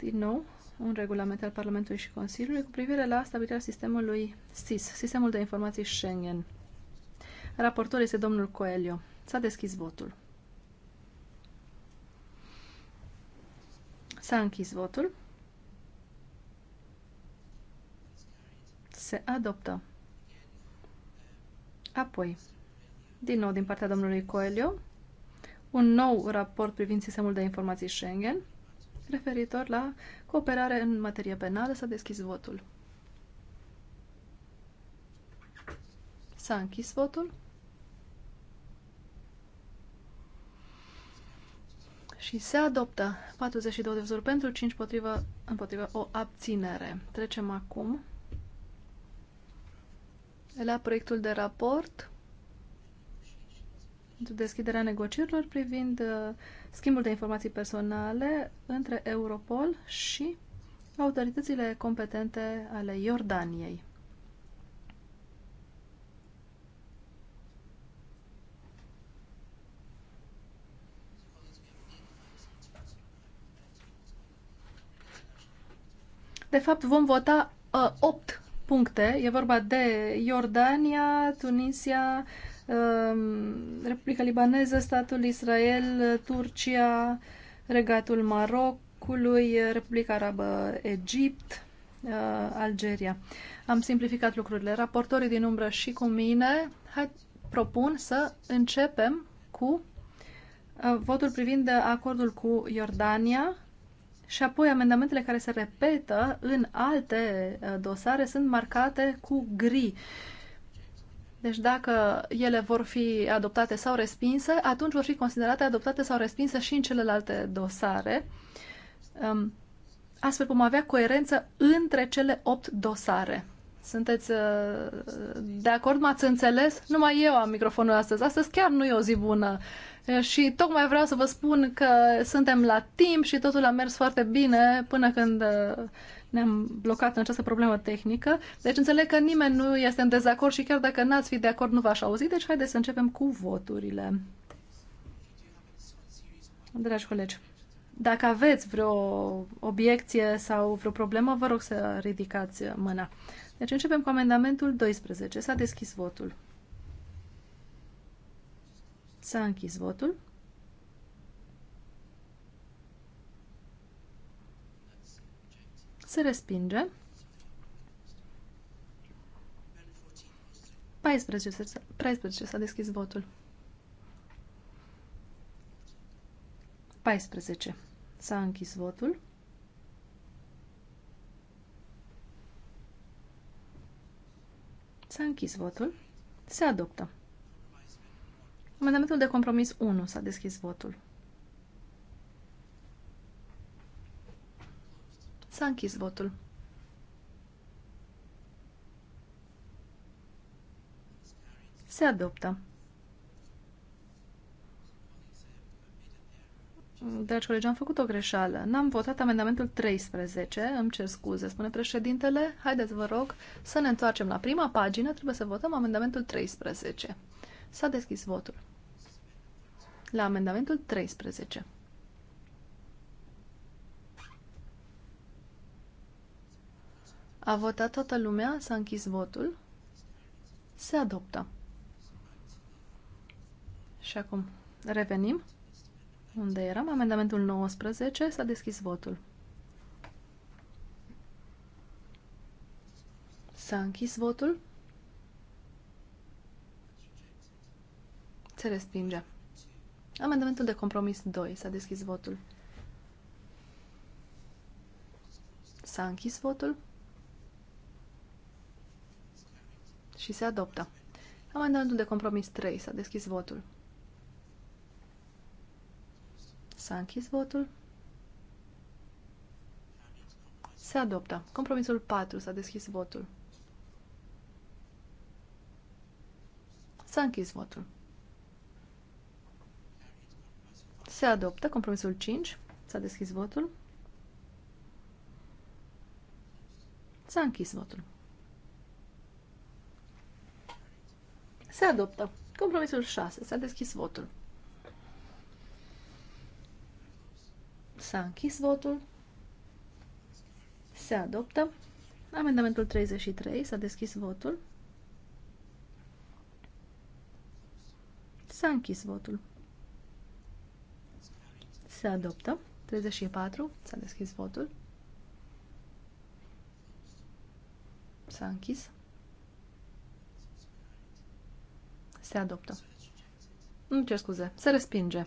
din nou, un regulament al Parlamentului și Consiliului cu privire la stabilirea sistemului SIS, Sistemul de Informații Schengen. Raportor este domnul Coelho. S-a deschis votul. S-a închis votul. Se adoptă. Apoi, din nou din partea domnului Coelho, un nou raport privind sistemul de informații Schengen referitor la cooperare în materie penală. S-a deschis votul. S-a închis votul. Și se adoptă 42 de vizuri pentru, 5 împotriva, împotriva o abținere. Trecem acum la proiectul de raport pentru deschiderea negocierilor privind uh, schimbul de informații personale între Europol și autoritățile competente ale Iordaniei. De fapt, vom vota uh, 8 puncte. E vorba de Iordania, Tunisia, uh, Ehm, Republica Libaneză, statul Israel, Turcia, Regatul Marocului, Republica Arabă Egipt, eh, Algeria. Am simplificat lucrurile. Raportorii din umbră și cu mine hai, propun să începem cu eh, votul privind acordul cu Iordania și apoi amendamentele care se repetă în alte eh, dosare sunt marcate cu gri deci dacă ele vor fi adoptate sau respinse, atunci vor fi considerate adoptate sau respinse și în celelalte dosare. Um, astfel vom avea coerență între cele opt dosare. Sunteți uh, de acord? M-ați înțeles? Numai eu am microfonul astăzi. Astăzi chiar nu e o zi bună. Și tocmai vreau să vă spun că suntem la timp și totul a mers foarte bine până când uh, ne-am blocat în această problemă tehnică. Deci înțeleg că nimeni nu este în dezacord și chiar dacă n-ați fi de acord, nu v-aș auzi. Deci haideți să începem cu voturile. Dragi colegi, dacă aveți vreo obiecție sau vreo problemă, vă rog să ridicați mâna. Deci începem cu amendamentul 12. S-a deschis votul. S-a închis votul. Se respinge. 14, s-a deschis votul. 14 s-a închis votul. S-a închis votul. Se adoptă. Amendamentul de compromis 1 s-a deschis votul. S-a închis votul. Se adoptă. Dragi colegi, am făcut o greșeală. N-am votat amendamentul 13. Îmi cer scuze, spune președintele. Haideți, vă rog, să ne întoarcem la prima pagină. Trebuie să votăm amendamentul 13. S-a deschis votul. La amendamentul 13. A votat toată lumea, s-a închis votul. Se adoptă. Și acum revenim. Unde eram? Amendamentul 19. S-a deschis votul. S-a închis votul. Se respinge. Amendamentul de compromis 2. S-a deschis votul. S-a închis votul. și se adoptă. Amendamentul de compromis 3. S-a deschis votul. S-a închis votul. Se adoptă. Compromisul 4. S-a deschis votul. S-a închis votul. Se adoptă. Compromisul 5. S-a deschis votul. S-a închis votul. Se adoptă. Compromisul 6. S-a deschis votul. S-a închis votul. Se adoptă. Amendamentul 33. S-a deschis votul. S-a închis votul. Se adoptă. 34. S-a deschis votul. S-a închis. Se adoptă. Nu cer scuze. Se respinge.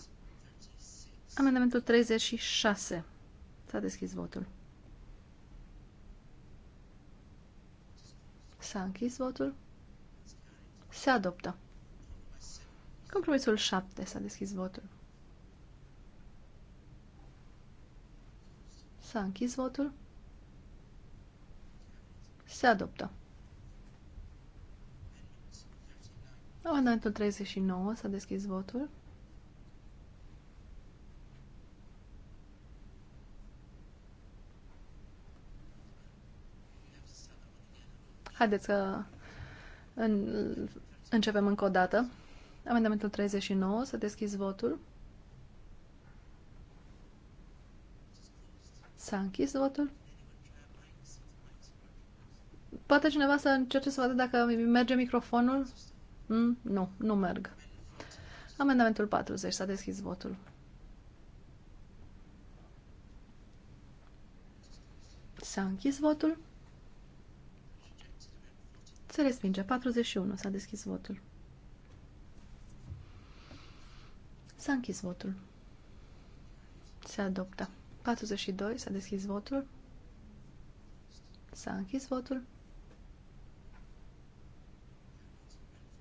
Amendamentul 36. S-a deschis votul. S-a închis votul. Se adoptă. Compromisul 7. S-a deschis votul. S-a închis votul. Se adoptă. Amendamentul 39, s-a deschis votul. Haideți să în, începem încă o dată. Amendamentul 39, să deschis votul. S-a închis votul. Poate cineva să încerce să vadă dacă merge microfonul? Mm, nu, nu merg. Amendamentul 40. S-a deschis votul. S-a închis votul. Se respinge. 41. S-a deschis votul. S-a închis votul. Se adoptă. 42. S-a deschis votul. S-a închis votul.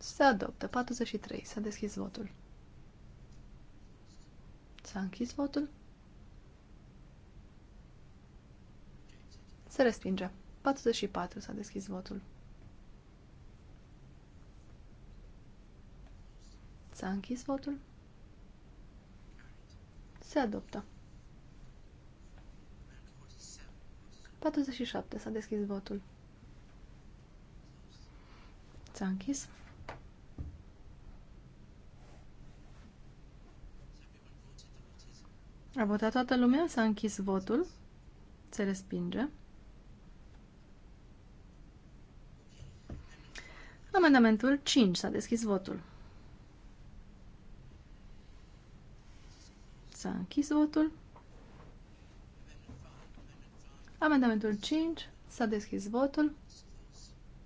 Se adoptă. 43. S-a deschis votul. S-a închis votul. Se respinge. 44. S-a deschis votul. S-a închis votul. Se adoptă. 47. S-a deschis votul. S-a închis. A votat toată lumea? S-a închis votul? Se respinge. Amendamentul 5. S-a deschis votul. S-a închis votul. Amendamentul 5. S-a deschis votul.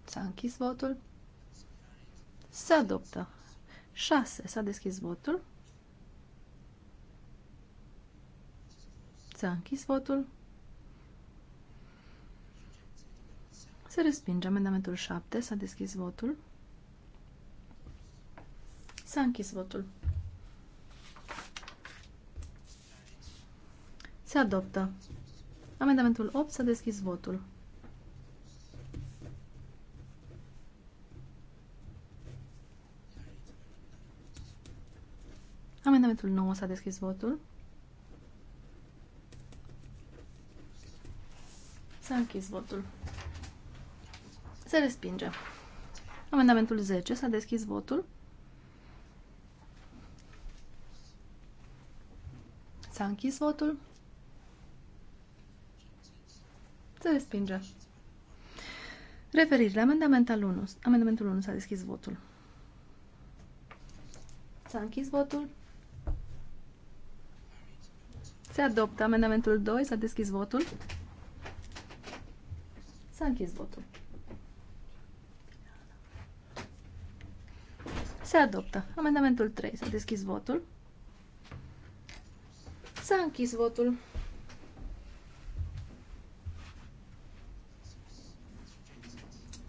S-a închis votul. Se adoptă. 6. S-a deschis votul. S-a închis votul. Se respinge amendamentul 7. S-a deschis votul. S-a închis votul. Se adoptă. Amendamentul 8. S-a deschis votul. Amendamentul 9. S-a deschis votul. S-a închis votul. Se respinge. Amendamentul 10. S-a deschis votul. S-a închis votul. Se respinge. Referire la amendamentul 1. Amendamentul 1 s-a deschis votul. S-a închis votul. Se adoptă amendamentul 2. S-a deschis votul. S-a închis votul. Se adoptă. Amendamentul 3. S-a deschis votul. S-a închis votul.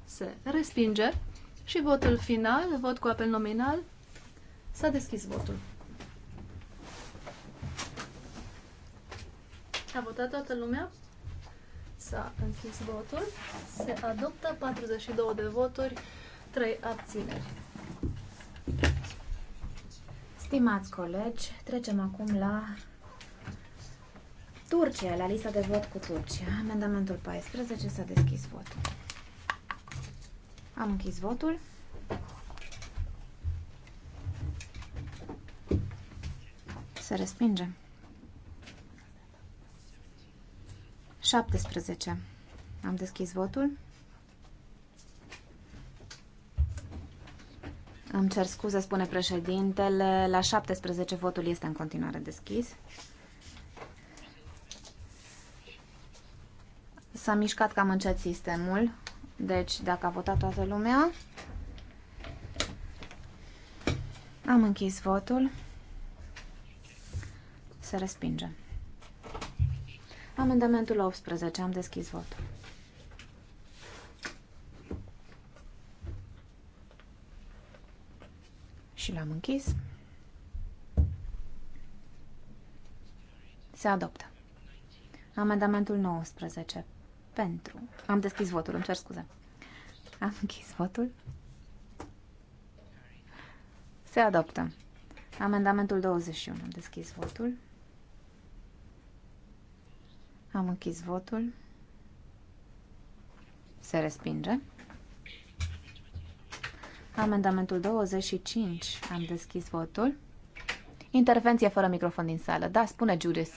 Se respinge. Și votul final, vot cu apel nominal, s-a deschis votul. A votat toată lumea? S-a închis votul. Se adoptă 42 de voturi, 3 abțineri. Stimați colegi, trecem acum la Turcia, la lista de vot cu Turcia. Amendamentul 14 s-a deschis votul. Am închis votul. Se respinge. 17. Am deschis votul. Îmi cer scuze, spune președintele. La 17 votul este în continuare deschis. S-a mișcat cam încet sistemul, deci dacă a votat toată lumea, am închis votul, se respinge. Amendamentul 18. Am deschis votul. Și l-am închis. Se adoptă. Amendamentul 19. Pentru. Am deschis votul, îmi cer scuze. Am închis votul. Se adoptă. Amendamentul 21. Am deschis votul. Am închis votul. Se respinge. Amendamentul 25. Am deschis votul. Intervenție fără microfon din sală. Da, spune Judith.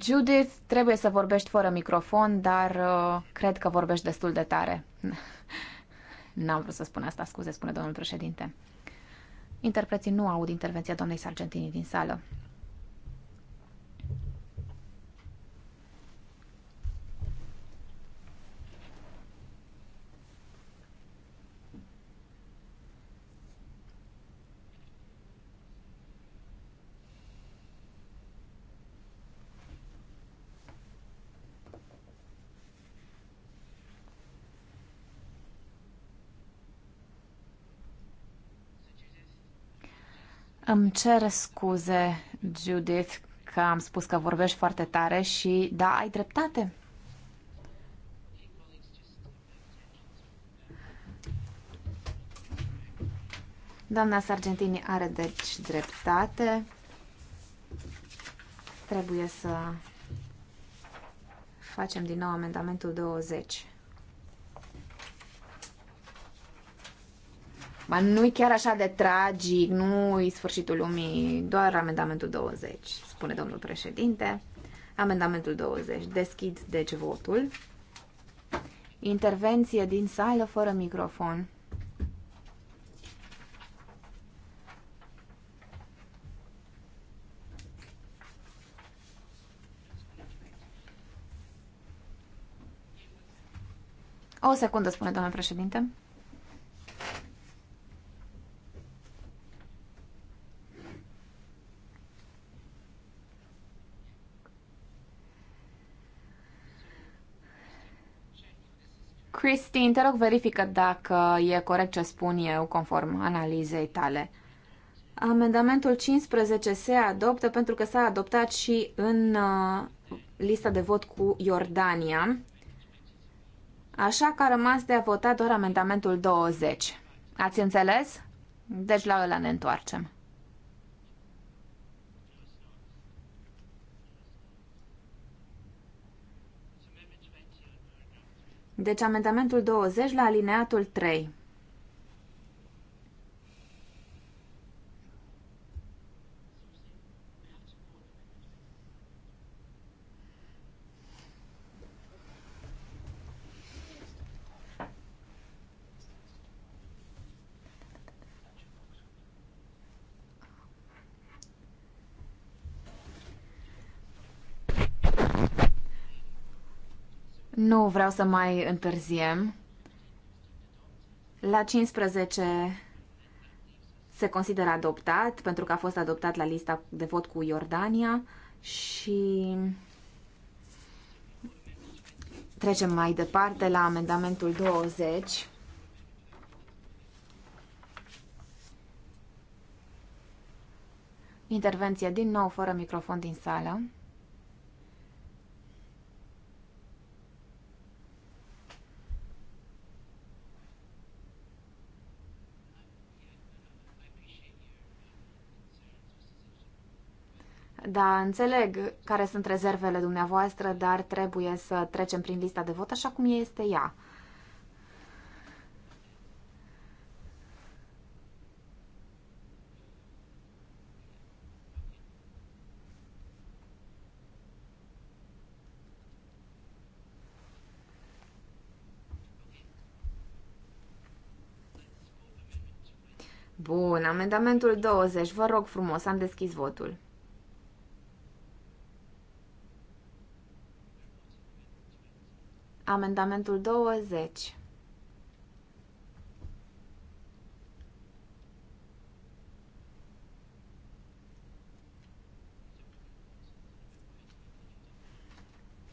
Judith, trebuie să vorbești fără microfon, dar uh, cred că vorbești destul de tare. (laughs) N-am vrut să spun asta, scuze, spune domnul președinte. Interpreții nu aud intervenția doamnei Sargentini din sală. Îmi cer scuze, Judith, că am spus că vorbești foarte tare și, da, ai dreptate. Doamna Sargentini are deci dreptate. Trebuie să facem din nou amendamentul 20. Ba nu-i chiar așa de tragic, nu-i sfârșitul lumii, doar amendamentul 20, spune domnul președinte. Amendamentul 20. Deschid, deci, votul. Intervenție din sală fără microfon. O secundă, spune domnul președinte. Christine, te rog verifică dacă e corect ce spun eu conform analizei tale. Amendamentul 15 se adoptă pentru că s-a adoptat și în uh, lista de vot cu Iordania, așa că a rămas de a votat doar amendamentul 20. Ați înțeles? Deci la ăla ne întoarcem. Deci amendamentul 20 la alineatul 3. Nu vreau să mai întârziem. La 15 se consideră adoptat, pentru că a fost adoptat la lista de vot cu Iordania și trecem mai departe la amendamentul 20. Intervenție din nou fără microfon din sală. Da, înțeleg care sunt rezervele dumneavoastră, dar trebuie să trecem prin lista de vot așa cum este ea. Bun, amendamentul 20. Vă rog frumos, am deschis votul. Amendamentul 20.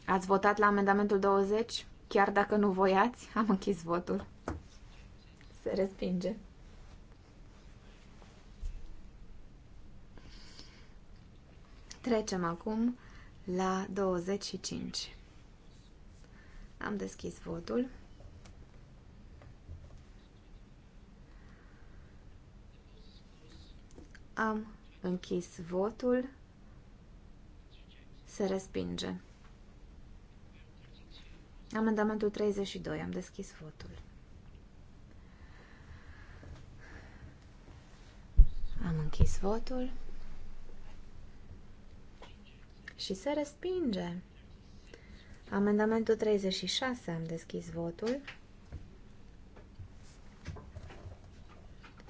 Ați votat la amendamentul 20? Chiar dacă nu voiați, am închis votul. Se respinge. Trecem acum la 25. Am deschis votul. Am închis votul. Se respinge. Amendamentul 32. Am deschis votul. Am închis votul. Și se respinge. Amendamentul 36 am deschis votul.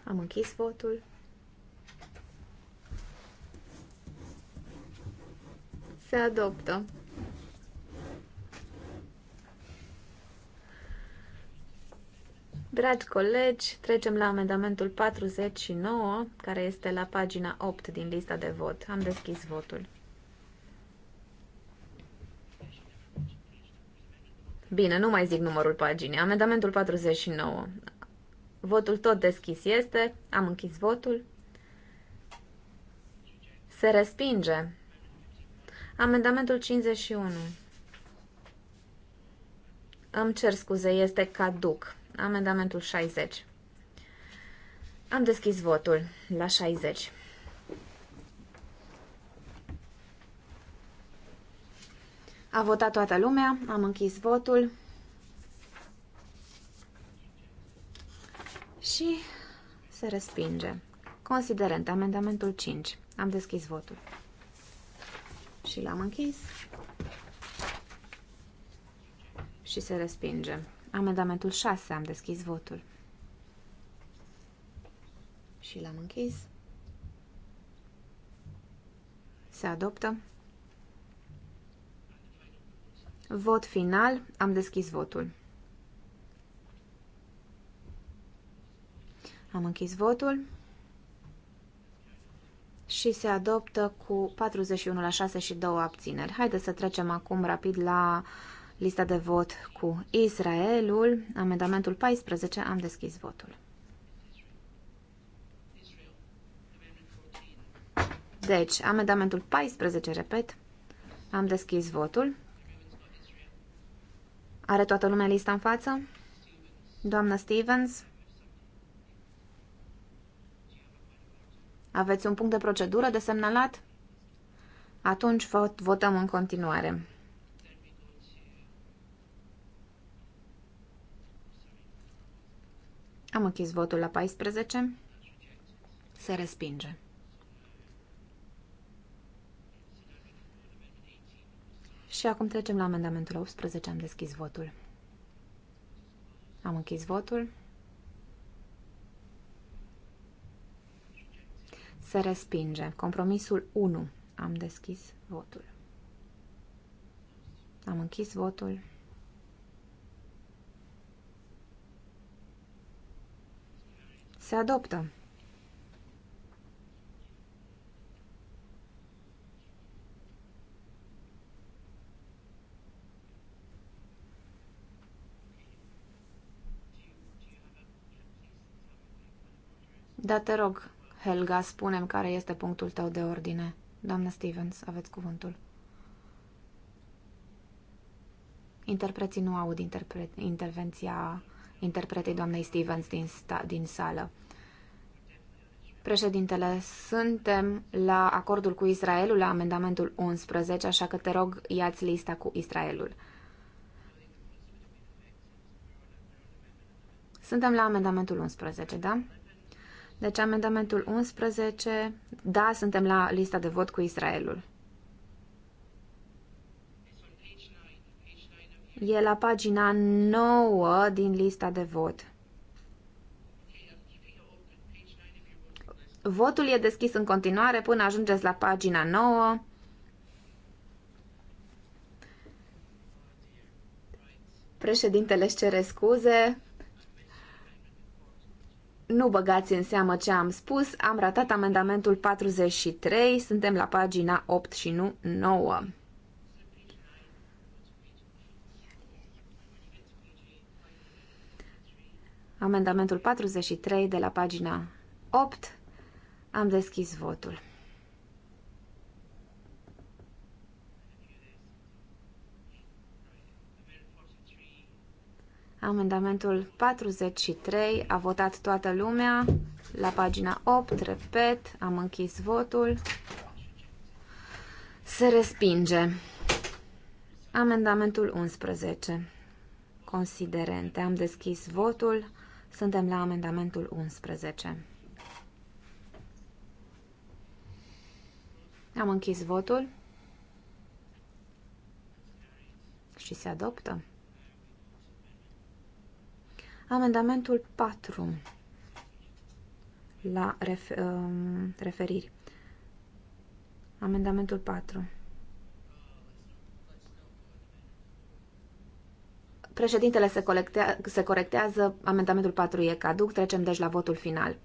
Am închis votul. Se adoptă. Dragi colegi, trecem la amendamentul 49, care este la pagina 8 din lista de vot. Am deschis votul. Bine, nu mai zic numărul paginii. Amendamentul 49. Votul tot deschis este. Am închis votul. Se respinge. Amendamentul 51. Îmi cer scuze, este caduc. Amendamentul 60. Am deschis votul la 60. A votat toată lumea, am închis votul și se respinge. Considerent, amendamentul 5. Am deschis votul și l-am închis și se respinge. Amendamentul 6. Am deschis votul și l-am închis. Se adoptă. Vot final. Am deschis votul. Am închis votul și se adoptă cu 41 la 6 și 2 abțineri. Haideți să trecem acum rapid la lista de vot cu Israelul. Amendamentul 14, am deschis votul. Deci, amendamentul 14, repet, am deschis votul. Are toată lumea lista în față? Doamna Stevens? Aveți un punct de procedură de semnalat? Atunci vot, votăm în continuare. Am închis votul la 14. Se respinge. Și acum trecem la amendamentul 18. Am deschis votul. Am închis votul. Se respinge. Compromisul 1. Am deschis votul. Am închis votul. Se adoptă. Dar te rog, Helga, spunem care este punctul tău de ordine. Doamna Stevens, aveți cuvântul. Interpreții nu aud interpre- intervenția interpretei doamnei Stevens din, sta- din sală. Președintele, suntem la acordul cu Israelul, la amendamentul 11, așa că te rog, iați lista cu Israelul. Suntem la amendamentul 11, da? Deci amendamentul 11, da, suntem la lista de vot cu Israelul. E la pagina 9 din lista de vot. Votul e deschis în continuare până ajungeți la pagina 9. Președintele își cere scuze. Nu băgați în seamă ce am spus, am ratat amendamentul 43, suntem la pagina 8 și nu 9. Amendamentul 43 de la pagina 8, am deschis votul. Amendamentul 43, a votat toată lumea. La pagina 8, repet, am închis votul. Se respinge. Amendamentul 11. Considerente. Am deschis votul. Suntem la amendamentul 11. Am închis votul și se adoptă. Amendamentul 4 la refer, um, referiri. Amendamentul 4. Președintele se, colectea, se corectează, amendamentul 4 e caduc, trecem deci la votul final.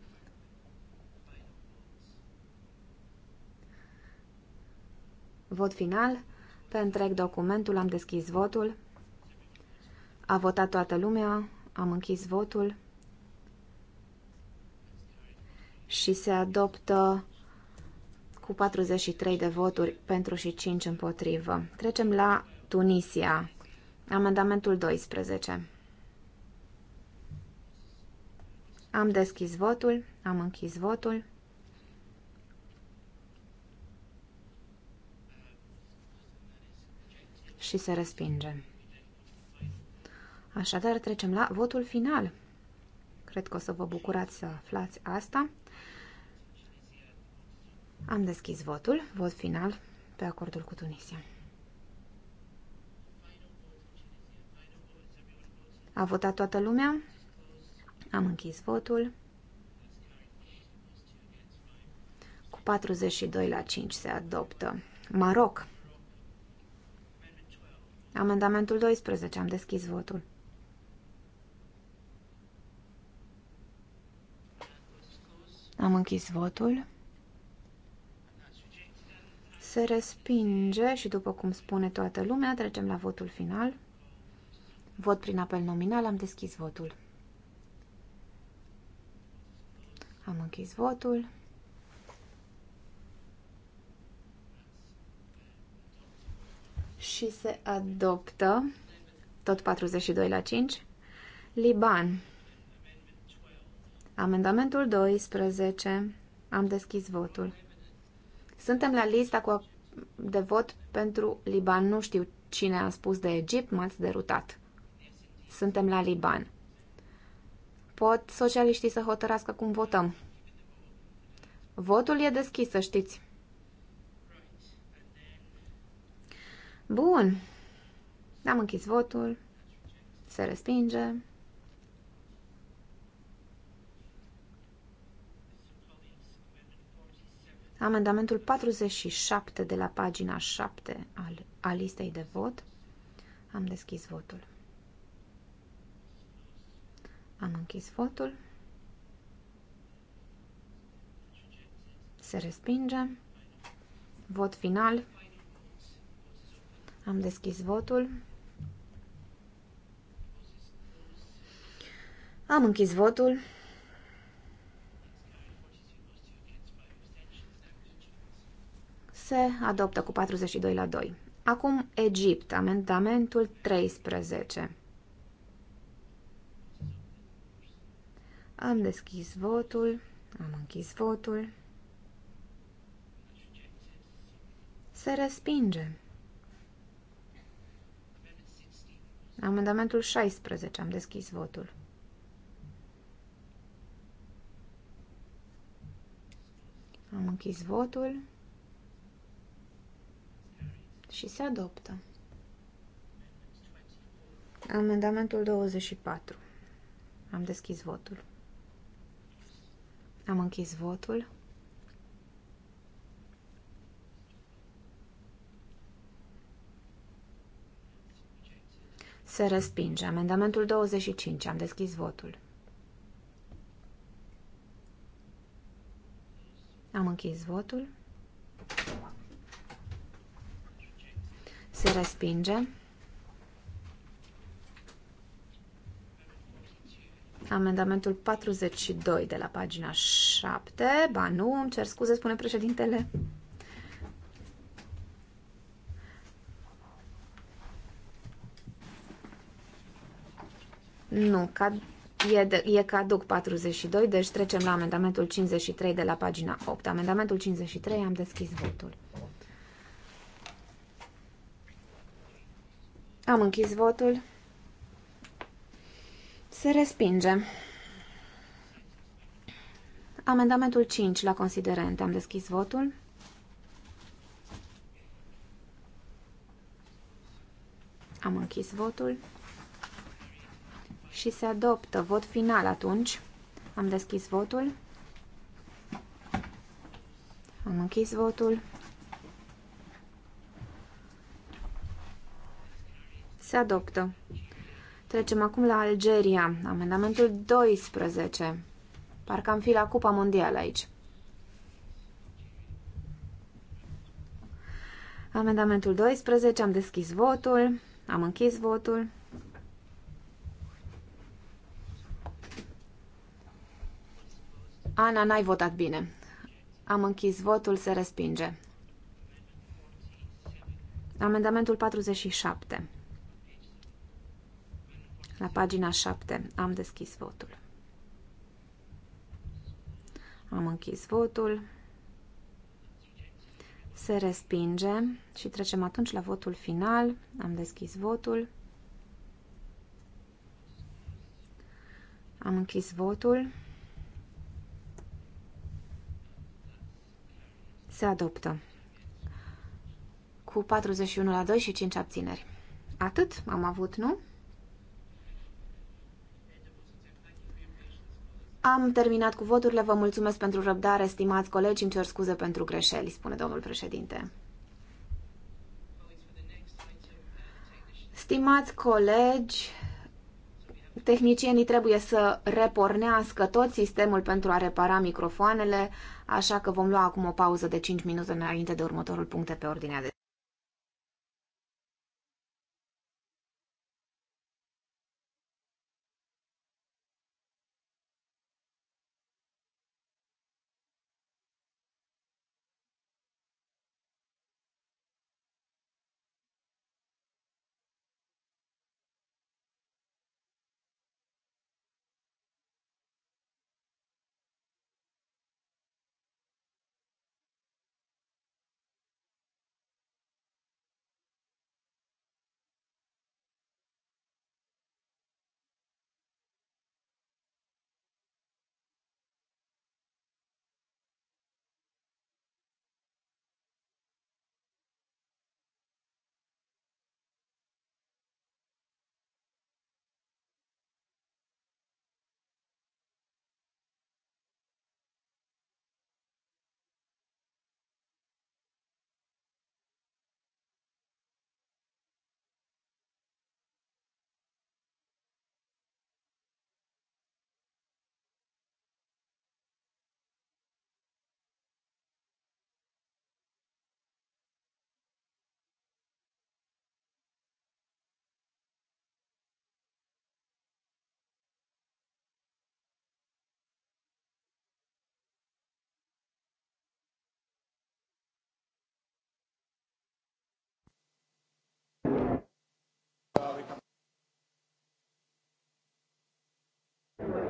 Vot final. Pe întreg documentul am deschis votul. A votat toată lumea. Am închis votul și se adoptă cu 43 de voturi pentru și 5 împotrivă. Trecem la Tunisia. Amendamentul 12. Am deschis votul, am închis votul. Și se respinge. Așadar, trecem la votul final. Cred că o să vă bucurați să aflați asta. Am deschis votul, vot final, pe acordul cu Tunisia. A votat toată lumea? Am închis votul. Cu 42 la 5 se adoptă. Maroc. Amendamentul 12. Am deschis votul. Am închis votul. Se respinge și după cum spune toată lumea, trecem la votul final. Vot prin apel nominal, am deschis votul. Am închis votul. Și se adoptă tot 42 la 5. Liban. Amendamentul 12. Am deschis votul. Suntem la lista cu de vot pentru Liban. Nu știu cine a spus de Egipt, m-ați derutat. Suntem la Liban. Pot socialiștii să hotărască cum votăm. Votul e deschis, să știți. Bun. Am închis votul. Se respinge. Amendamentul 47 de la pagina 7 al, a listei de vot. Am deschis votul. Am închis votul. Se respinge. Vot final. Am deschis votul. Am închis votul. se adoptă cu 42 la 2. Acum Egipt, amendamentul 13. Am deschis votul, am închis votul. Se respinge. Amendamentul 16, am deschis votul. Am închis votul și se adoptă. Amendamentul 24. Am deschis votul. Am închis votul. Se respinge. Amendamentul 25. Am deschis votul. Am închis votul. Se respinge. Amendamentul 42 de la pagina 7. Ba nu, îmi cer scuze, spune președintele. Nu, cad, e, de, e caduc 42, deci trecem la amendamentul 53 de la pagina 8. Amendamentul 53, am deschis votul. Am închis votul. Se respinge. Amendamentul 5 la considerent. Am deschis votul. Am închis votul. Și se adoptă vot final atunci. Am deschis votul. Am închis votul. Se adoptă. Trecem acum la Algeria. Amendamentul 12. Parcă am fi la Cupa Mondială aici. Amendamentul 12. Am deschis votul. Am închis votul. Ana, n-ai votat bine. Am închis votul, se respinge. Amendamentul 47. La pagina 7 am deschis votul. Am închis votul. Se respinge și trecem atunci la votul final. Am deschis votul. Am închis votul. Se adoptă. Cu 41 la 2 și 5 abțineri. Atât am avut, nu? Am terminat cu voturile, vă mulțumesc pentru răbdare, stimați colegi, îmi cer scuze pentru greșeli, spune domnul președinte. Stimați colegi, tehnicienii trebuie să repornească tot sistemul pentru a repara microfoanele, așa că vom lua acum o pauză de 5 minute înainte de următorul punct pe ordinea de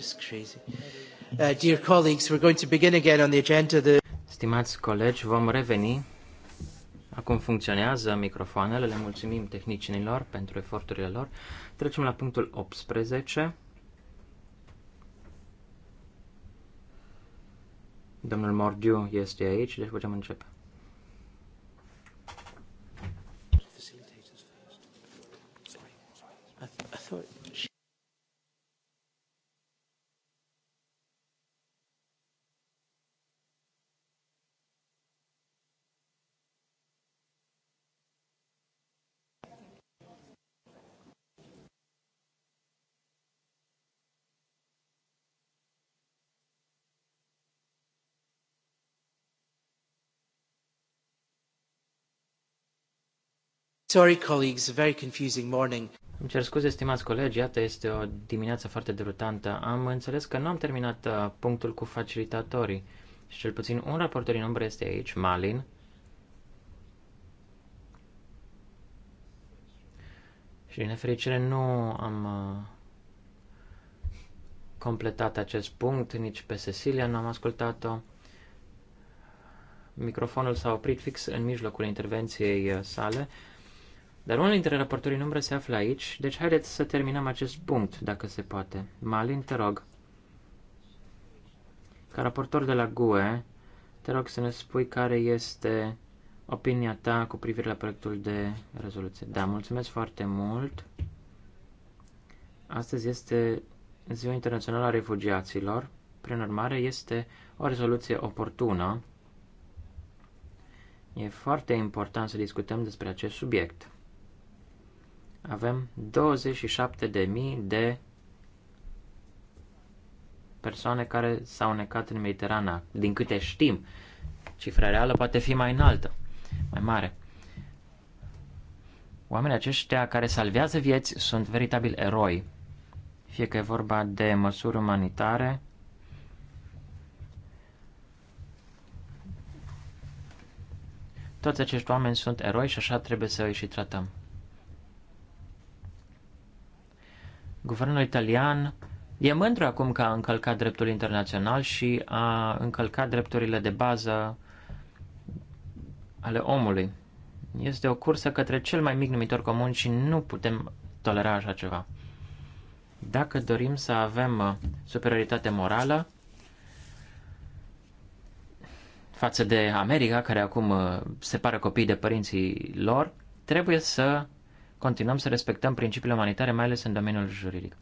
Just crazy. Uh, dear colleagues, we're going to begin again on the agenda. The... Stimați colegi, vom reveni. Acum funcționează microfoanele, le mulțumim tehnicienilor pentru eforturile lor. Trecem la punctul 18. Domnul Mordiu este aici, deci putem începe. Sorry, colleagues, a very confusing morning. Îmi cer scuze, stimați colegi, iată, este o dimineață foarte derutantă. Am înțeles că nu am terminat uh, punctul cu facilitatorii și cel puțin un raportor din umbră este aici, Malin. Și din nefericire nu am uh, completat acest punct, nici pe Cecilia nu am ascultat-o. Microfonul s-a oprit fix în mijlocul intervenției uh, sale. Dar unul dintre raportorii în umbră se află aici, deci haideți să terminăm acest punct, dacă se poate. Malin, te rog. Ca raportor de la GUE, te rog să ne spui care este opinia ta cu privire la proiectul de rezoluție. Da, mulțumesc foarte mult. Astăzi este Ziua Internațională a Refugiaților. Prin urmare, este o rezoluție oportună. E foarte important să discutăm despre acest subiect avem 27.000 de persoane care s-au necat în Mediterana. Din câte știm, cifra reală poate fi mai înaltă, mai mare. Oamenii aceștia care salvează vieți sunt veritabil eroi. Fie că e vorba de măsuri umanitare, toți acești oameni sunt eroi și așa trebuie să îi și tratăm. Guvernul italian e mândru acum că a încălcat dreptul internațional și a încălcat drepturile de bază ale omului. Este o cursă către cel mai mic numitor comun și nu putem tolera așa ceva. Dacă dorim să avem uh, superioritate morală față de America, care acum uh, separă copiii de părinții lor, trebuie să continuăm să respectăm principiile umanitare, mai ales în domeniul juridic.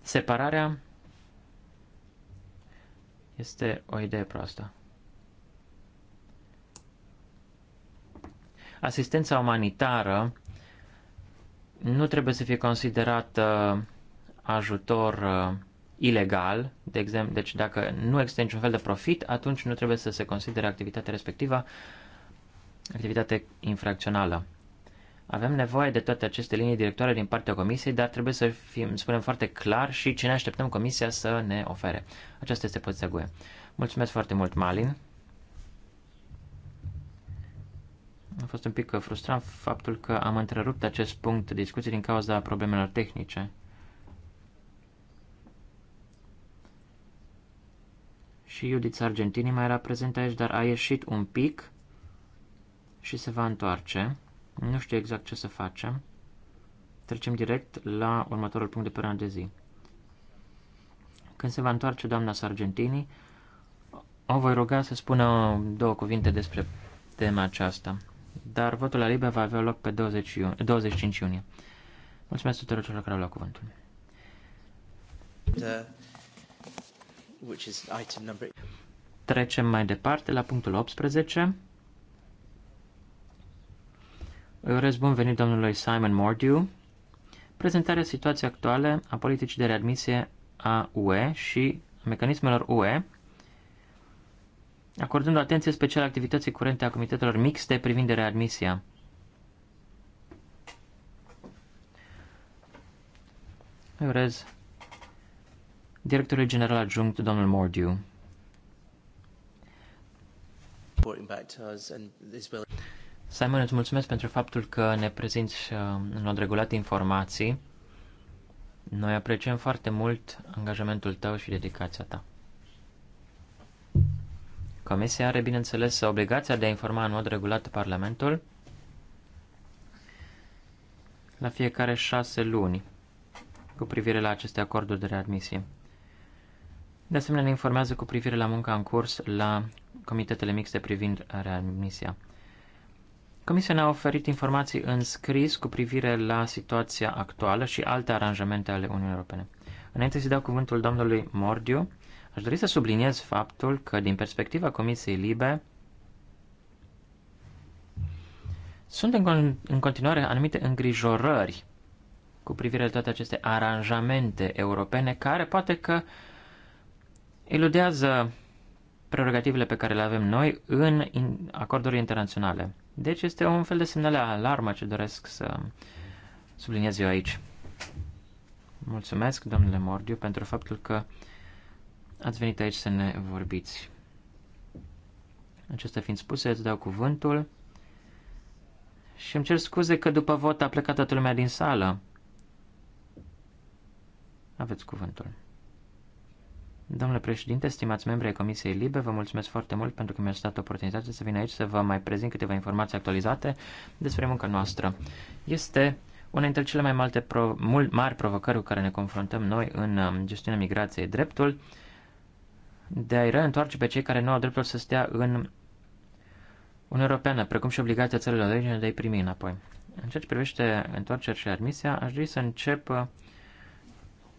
Separarea este o idee proastă. Asistența umanitară nu trebuie să fie considerată ajutor uh, ilegal, de exemplu, deci dacă nu există niciun fel de profit, atunci nu trebuie să se considere activitatea respectivă activitate infracțională. Avem nevoie de toate aceste linii directoare din partea Comisiei, dar trebuie să fim, spunem foarte clar și ce ne așteptăm Comisia să ne ofere. Aceasta este poziția GUE. Mulțumesc foarte mult, Malin. A fost un pic frustrant faptul că am întrerupt acest punct de discuție din cauza problemelor tehnice. Și Judith Argentini mai era prezent aici, dar a ieșit un pic și se va întoarce. Nu știu exact ce să facem. Trecem direct la următorul punct de pe zi. Când se va întoarce doamna Sargentini, o voi ruga să spună două cuvinte despre tema aceasta. Dar votul la Libia va avea loc pe 20 iunie, 25 iunie. Mulțumesc tuturor celor care au luat cuvântul. Trecem mai departe la punctul 18. Îi urez bun venit domnului Simon Mordiu. Prezentarea situației actuale a politicii de readmisie a UE și a mecanismelor UE, acordând o atenție specială activității curente a comitetelor mixte privind de readmisia. Îi urez directorul general adjunct, domnul Mordew Simon, îți mulțumesc pentru faptul că ne prezinți uh, în mod regulat informații. Noi apreciem foarte mult angajamentul tău și dedicația ta. Comisia are, bineînțeles, obligația de a informa în mod regulat Parlamentul la fiecare șase luni cu privire la aceste acorduri de readmisie. De asemenea, ne informează cu privire la munca în curs la comitetele mixte privind readmisia. Comisia ne-a oferit informații în scris cu privire la situația actuală și alte aranjamente ale Uniunii Europene. Înainte să dau cuvântul domnului Mordiu, aș dori să subliniez faptul că, din perspectiva Comisiei Libe, sunt în, în continuare anumite îngrijorări cu privire la toate aceste aranjamente europene care poate că eludează prerogativele pe care le avem noi în acorduri internaționale. Deci este un fel de semnale alarmă ce doresc să subliniez eu aici. Mulțumesc, domnule Mordiu, pentru faptul că ați venit aici să ne vorbiți. Acestea fiind spuse, îți dau cuvântul și îmi cer scuze că după vot a plecat toată lumea din sală. Aveți cuvântul. Domnule președinte, stimați membri ai Comisiei Libe, vă mulțumesc foarte mult pentru că mi-ați dat oportunitatea să vin aici să vă mai prezint câteva informații actualizate despre munca noastră. Este una dintre cele mai multe pro- mult mari provocări cu care ne confruntăm noi în um, gestiunea migrației, dreptul de a-i reîntoarce pe cei care nu au dreptul să stea în Uniunea Europeană, precum și obligația țărilor de origine de a-i primi înapoi. În ceea ce privește întoarcerea și admisia, aș dori să încep uh,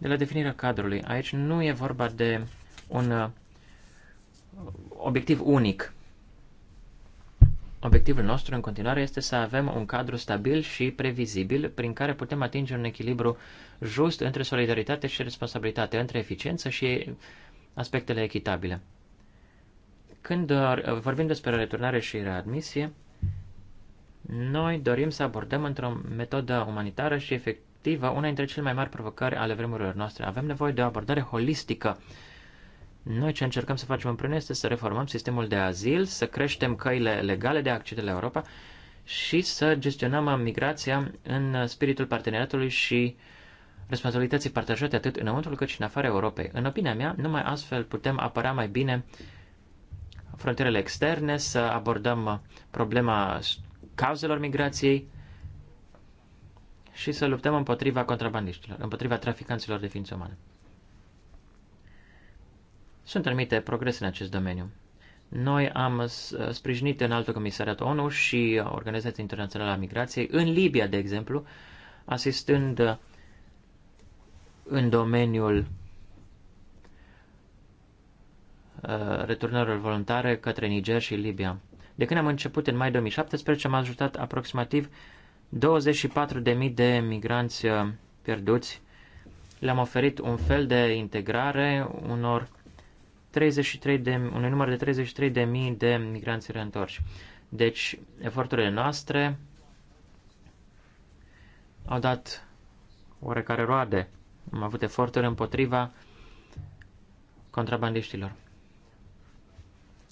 de la definirea cadrului. Aici nu e vorba de un uh, obiectiv unic. Obiectivul nostru în continuare este să avem un cadru stabil și previzibil prin care putem atinge un echilibru just între solidaritate și responsabilitate, între eficiență și aspectele echitabile. Când uh, vorbim despre returnare și readmisie, noi dorim să abordăm într-o metodă umanitară și efectivă perspectivă una dintre cele mai mari provocări ale vremurilor noastre. Avem nevoie de o abordare holistică. Noi ce încercăm să facem împreună este să reformăm sistemul de azil, să creștem căile legale de accedere la Europa și să gestionăm migrația în spiritul parteneriatului și responsabilității partajate atât înăuntru cât și în afara Europei. În opinia mea, numai astfel putem apăra mai bine frontierele externe, să abordăm problema cauzelor migrației, și să luptăm împotriva contrabandiștilor, împotriva traficanților de ființe umane. Sunt anumite progrese în acest domeniu. Noi am uh, sprijinit în altul comisariat ONU și Organizația Internațională a Migrației în Libia, de exemplu, asistând uh, în domeniul uh, returnărilor voluntare către Niger și Libia. De când am început în mai 2017, am ajutat aproximativ 24.000 de migranți uh, pierduți. Le-am oferit un fel de integrare unor 33 de, unui număr de 33.000 de de migranți reîntorși. Deci, eforturile noastre au dat oarecare roade. Am avut eforturi împotriva contrabandiștilor.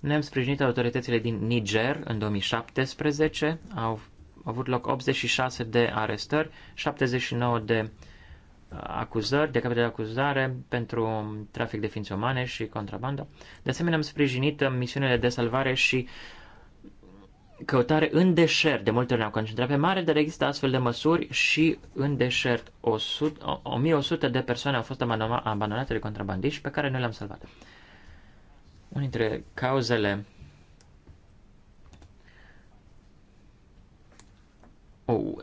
Ne-am sprijinit autoritățile din Niger în 2017, au avut loc 86 de arestări, 79 de uh, acuzări, de capete de acuzare pentru trafic de ființe umane și contrabandă. De asemenea, am sprijinit misiunile de salvare și căutare în deșert. De multe ori ne-am concentrat pe mare, dar există astfel de măsuri și în deșert. 100, 1100 de persoane au fost abandonate de contrabandiști pe care noi le-am salvat. Una dintre cauzele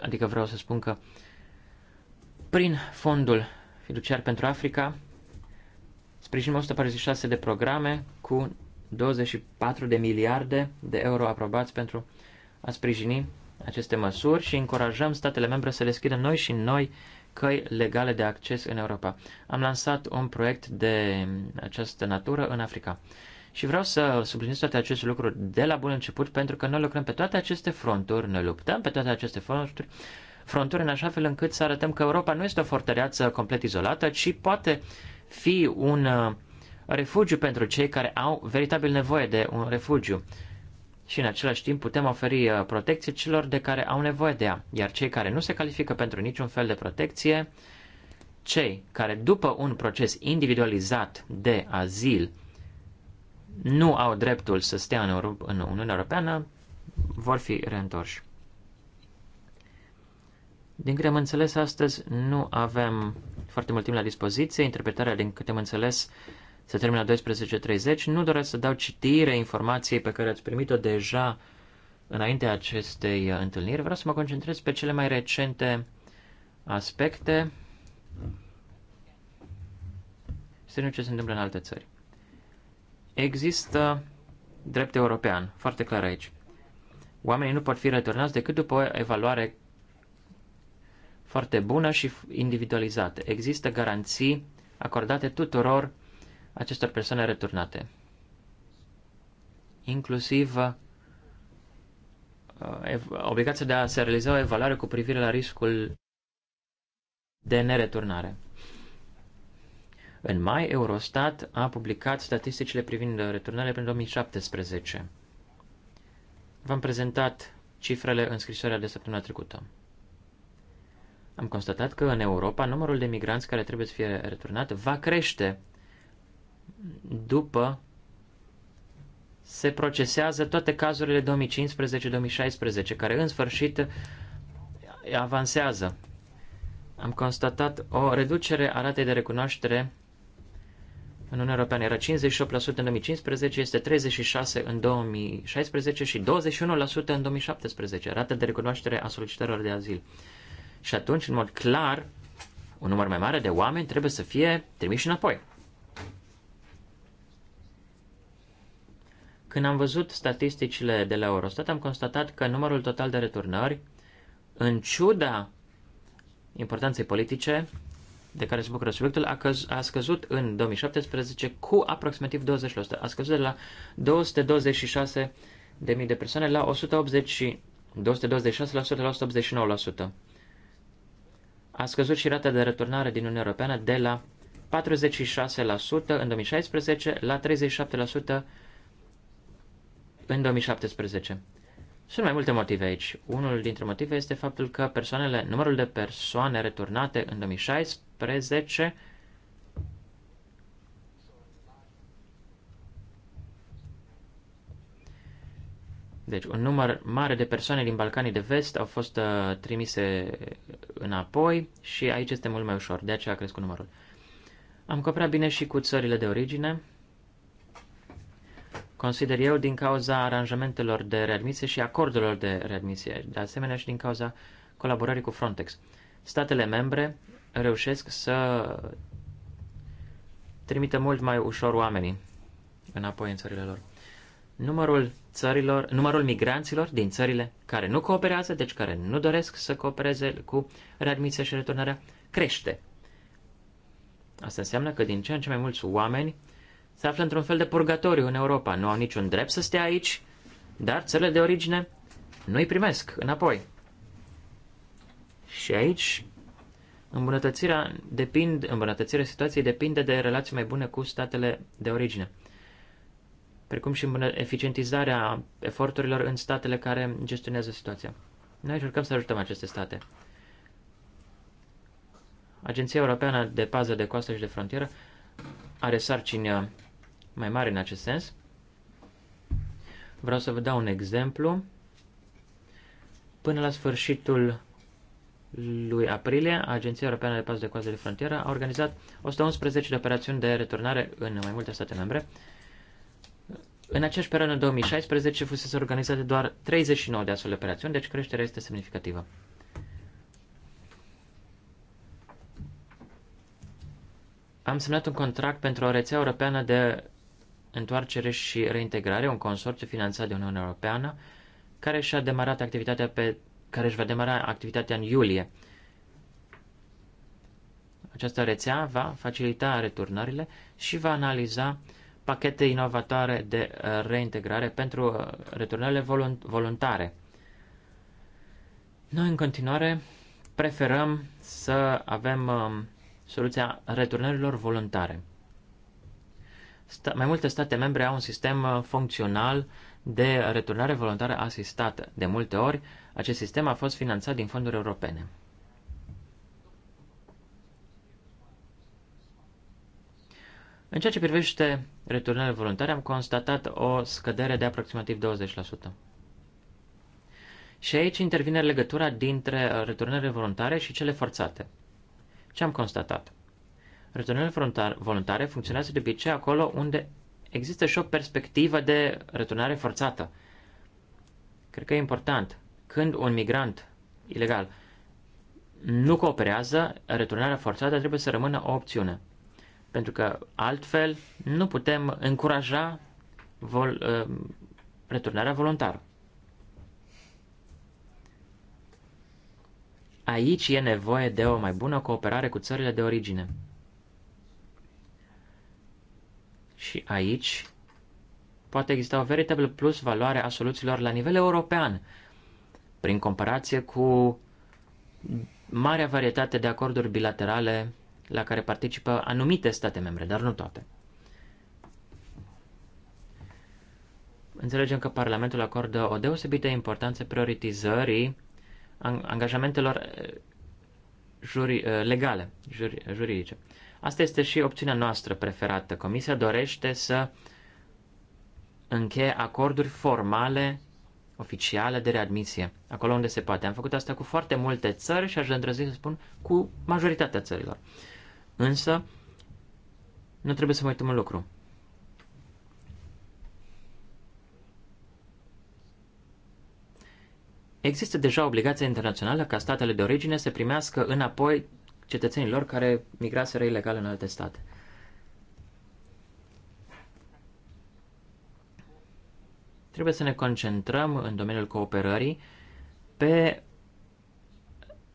adică vreau să spun că prin fondul fiduciar pentru Africa sprijinim 146 de programe cu 24 de miliarde de euro aprobați pentru a sprijini aceste măsuri și încurajăm statele membre să deschidă noi și noi căi legale de acces în Europa. Am lansat un proiect de această natură în Africa. Și vreau să subliniez toate aceste lucruri de la bun început, pentru că noi lucrăm pe toate aceste fronturi, ne luptăm pe toate aceste fronturi, fronturi în așa fel încât să arătăm că Europa nu este o fortăreață complet izolată, ci poate fi un uh, refugiu pentru cei care au veritabil nevoie de un refugiu. Și în același timp putem oferi uh, protecție celor de care au nevoie de ea, iar cei care nu se califică pentru niciun fel de protecție, cei care după un proces individualizat de azil nu au dreptul să stea în, Europa, în Uniunea Europeană vor fi reîntorși. Din câte am înțeles astăzi, nu avem foarte mult timp la dispoziție. Interpretarea, din câte am înțeles, se termină la 12.30. Nu doresc să dau citire informației pe care ați primit-o deja înaintea acestei întâlniri. Vreau să mă concentrez pe cele mai recente aspecte. Să nu ce se întâmplă în alte țări. Există drept european, foarte clar aici. Oamenii nu pot fi returnați decât după o evaluare foarte bună și individualizată. Există garanții acordate tuturor acestor persoane returnate. Inclusiv uh, obligația de a se realiza o evaluare cu privire la riscul de nereturnare. În mai, Eurostat a publicat statisticile privind returnarea pentru 2017. V-am prezentat cifrele în scrisoarea de săptămâna trecută. Am constatat că în Europa numărul de migranți care trebuie să fie returnat va crește după se procesează toate cazurile 2015-2016, care în sfârșit avansează. Am constatat o reducere a ratei de recunoaștere în Uniunea Europeană era 58% în 2015, este 36% în 2016 și 21% în 2017, rată de recunoaștere a solicitărilor de azil. Și atunci, în mod clar, un număr mai mare de oameni trebuie să fie trimiși înapoi. Când am văzut statisticile de la Eurostat, am constatat că numărul total de returnări, în ciuda importanței politice, de care se bucură subiectul a, căz, a scăzut în 2017 cu aproximativ 20%. A scăzut de la 226 de mii de persoane la 180, 226% la 189%. A scăzut și rata de returnare din Uniunea Europeană de la 46% în 2016 la 37% în 2017. Sunt mai multe motive aici. Unul dintre motive este faptul că persoanele, numărul de persoane returnate în 2016 2018 Deci un număr mare de persoane din Balcanii de Vest au fost uh, trimise înapoi și aici este mult mai ușor, de aceea a crescut numărul. Am coprat bine și cu țările de origine. Consider eu din cauza aranjamentelor de readmisie și acordurilor de readmisie, de asemenea și din cauza colaborării cu Frontex. Statele membre reușesc să trimită mult mai ușor oamenii înapoi în țările lor. Numărul, țărilor, numărul migranților din țările care nu cooperează, deci care nu doresc să coopereze cu readmisia și returnarea, crește. Asta înseamnă că din ce în ce mai mulți oameni se află într-un fel de purgatoriu în Europa. Nu au niciun drept să stea aici, dar țările de origine nu îi primesc înapoi. Și aici Îmbunătățirea, depind, îmbunătățirea situației depinde de relații mai bune cu statele de origine, precum și eficientizarea eforturilor în statele care gestionează situația. Noi încercăm să ajutăm aceste state. Agenția Europeană de Pază de Coastă și de Frontieră are sarcini mai mari în acest sens. Vreau să vă dau un exemplu. Până la sfârșitul lui aprilie, Agenția Europeană de Pas de Coază de Frontieră a organizat 111 de operațiuni de returnare în mai multe state membre. În aceeași perioadă, în 2016, fusese organizate doar 39 de astfel de operațiuni, deci creșterea este semnificativă. Am semnat un contract pentru o rețea europeană de întoarcere și reintegrare, un consorțiu finanțat de Uniunea Europeană, care și-a demarat activitatea pe care își va demara activitatea în iulie. Această rețea va facilita returnările și va analiza pachete inovatoare de uh, reintegrare pentru uh, returnările voluntare. Noi, în continuare, preferăm să avem um, soluția returnărilor voluntare. mai multe state membre au un sistem uh, funcțional de returnare voluntară asistată. De multe ori, acest sistem a fost finanțat din fonduri europene. În ceea ce privește returnările voluntare, am constatat o scădere de aproximativ 20%. Și aici intervine legătura dintre returnările voluntare și cele forțate. Ce am constatat? Returnările voluntare funcționează de obicei acolo unde există și o perspectivă de returnare forțată. Cred că e important. Când un migrant ilegal nu cooperează, returnarea forțată trebuie să rămână o opțiune. Pentru că altfel nu putem încuraja vol, uh, returnarea voluntară. Aici e nevoie de o mai bună cooperare cu țările de origine. Și aici poate exista o veritabilă plus valoare a soluțiilor la nivel european prin comparație cu marea varietate de acorduri bilaterale la care participă anumite state membre, dar nu toate. Înțelegem că Parlamentul acordă o deosebită importanță prioritizării angajamentelor eh, juri, eh, legale, juri, juridice. Asta este și opțiunea noastră preferată. Comisia dorește să încheie acorduri formale oficială de readmisie, acolo unde se poate. Am făcut asta cu foarte multe țări și aș îndrăzi să spun cu majoritatea țărilor. Însă, nu trebuie să mai uităm un lucru. Există deja obligația internațională ca statele de origine să primească înapoi cetățenilor care migraseră ilegal în alte state. Trebuie să ne concentrăm în domeniul cooperării pe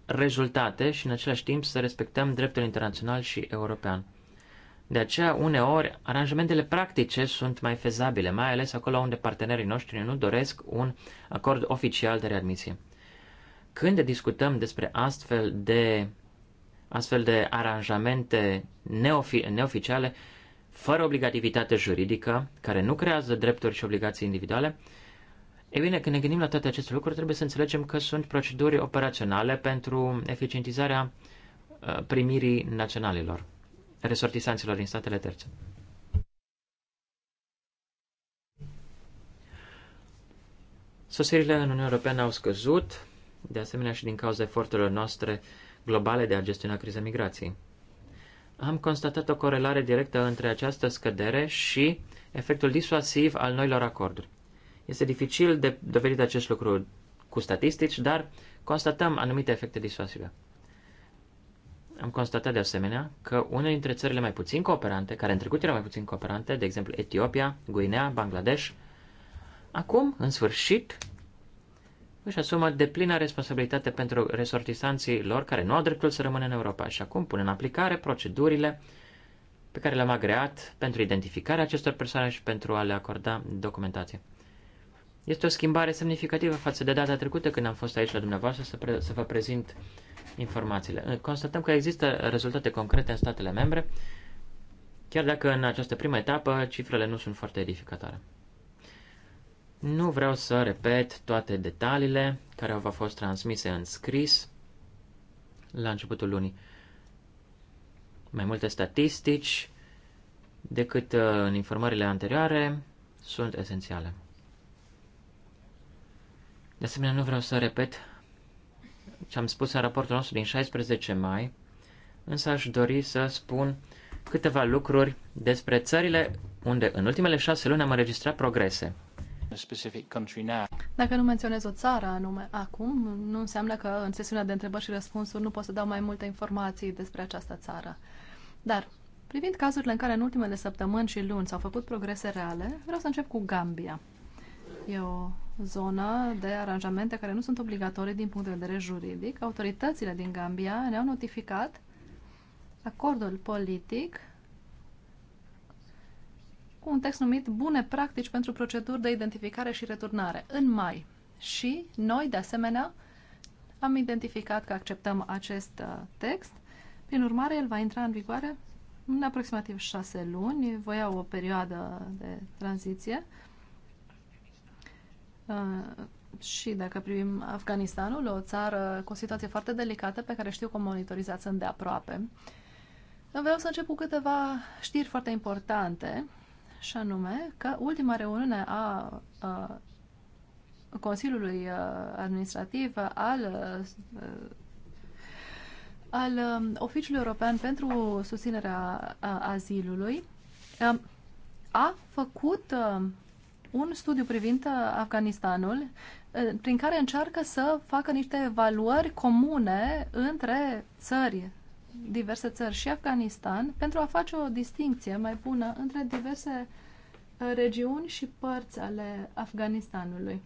rezultate și în același timp să respectăm dreptul internațional și european. De aceea, uneori, aranjamentele practice sunt mai fezabile, mai ales acolo unde partenerii noștri nu doresc un acord oficial de readmisie. Când discutăm despre astfel de, astfel de aranjamente neofi, neoficiale, fără obligativitate juridică, care nu creează drepturi și obligații individuale, e bine, când ne gândim la toate aceste lucruri, trebuie să înțelegem că sunt proceduri operaționale pentru eficientizarea uh, primirii naționalilor, resortisanților din statele terțe. Sosirile în Uniunea Europeană au scăzut, de asemenea și din cauza eforturilor noastre globale de a gestiona criza migrației am constatat o corelare directă între această scădere și efectul disuasiv al noilor acorduri. Este dificil de dovedit acest lucru cu statistici, dar constatăm anumite efecte disuasive. Am constatat de asemenea că unele dintre țările mai puțin cooperante, care în trecut erau mai puțin cooperante, de exemplu Etiopia, Guinea, Bangladesh, acum, în sfârșit, își asumă plină responsabilitate pentru resortisanții lor care nu au dreptul să rămână în Europa și acum pun în aplicare procedurile pe care le-am agreat pentru identificarea acestor persoane și pentru a le acorda documentație. Este o schimbare semnificativă față de data trecută când am fost aici la dumneavoastră să, pre- să vă prezint informațiile. Constatăm că există rezultate concrete în statele membre, chiar dacă în această primă etapă cifrele nu sunt foarte edificatoare. Nu vreau să repet toate detaliile care au fost transmise în scris la începutul lunii. Mai multe statistici decât uh, în informările anterioare sunt esențiale. De asemenea, nu vreau să repet ce am spus în raportul nostru din 16 mai, însă aș dori să spun câteva lucruri despre țările unde în ultimele șase luni am înregistrat progrese. Dacă nu menționez o țară anume acum, nu înseamnă că în sesiunea de întrebări și răspunsuri nu pot să dau mai multe informații despre această țară. Dar, privind cazurile în care în ultimele săptămâni și luni s-au făcut progrese reale, vreau să încep cu Gambia. E o zonă de aranjamente care nu sunt obligatorii din punct de vedere juridic. Autoritățile din Gambia ne-au notificat acordul politic cu un text numit Bune practici pentru proceduri de identificare și returnare în mai. Și noi, de asemenea, am identificat că acceptăm acest uh, text. Prin urmare, el va intra în vigoare în aproximativ șase luni. Voi Voiau o perioadă de tranziție. Uh, și dacă privim Afganistanul, o țară cu o situație foarte delicată pe care știu că o monitorizați îndeaproape, vreau să încep cu câteva știri foarte importante și anume că ultima reuniune a, a Consiliului Administrativ al al Oficiului European pentru susținerea azilului a făcut un studiu privind Afganistanul prin care încearcă să facă niște evaluări comune între țări diverse țări și Afganistan pentru a face o distinție mai bună între diverse uh, regiuni și părți ale Afganistanului.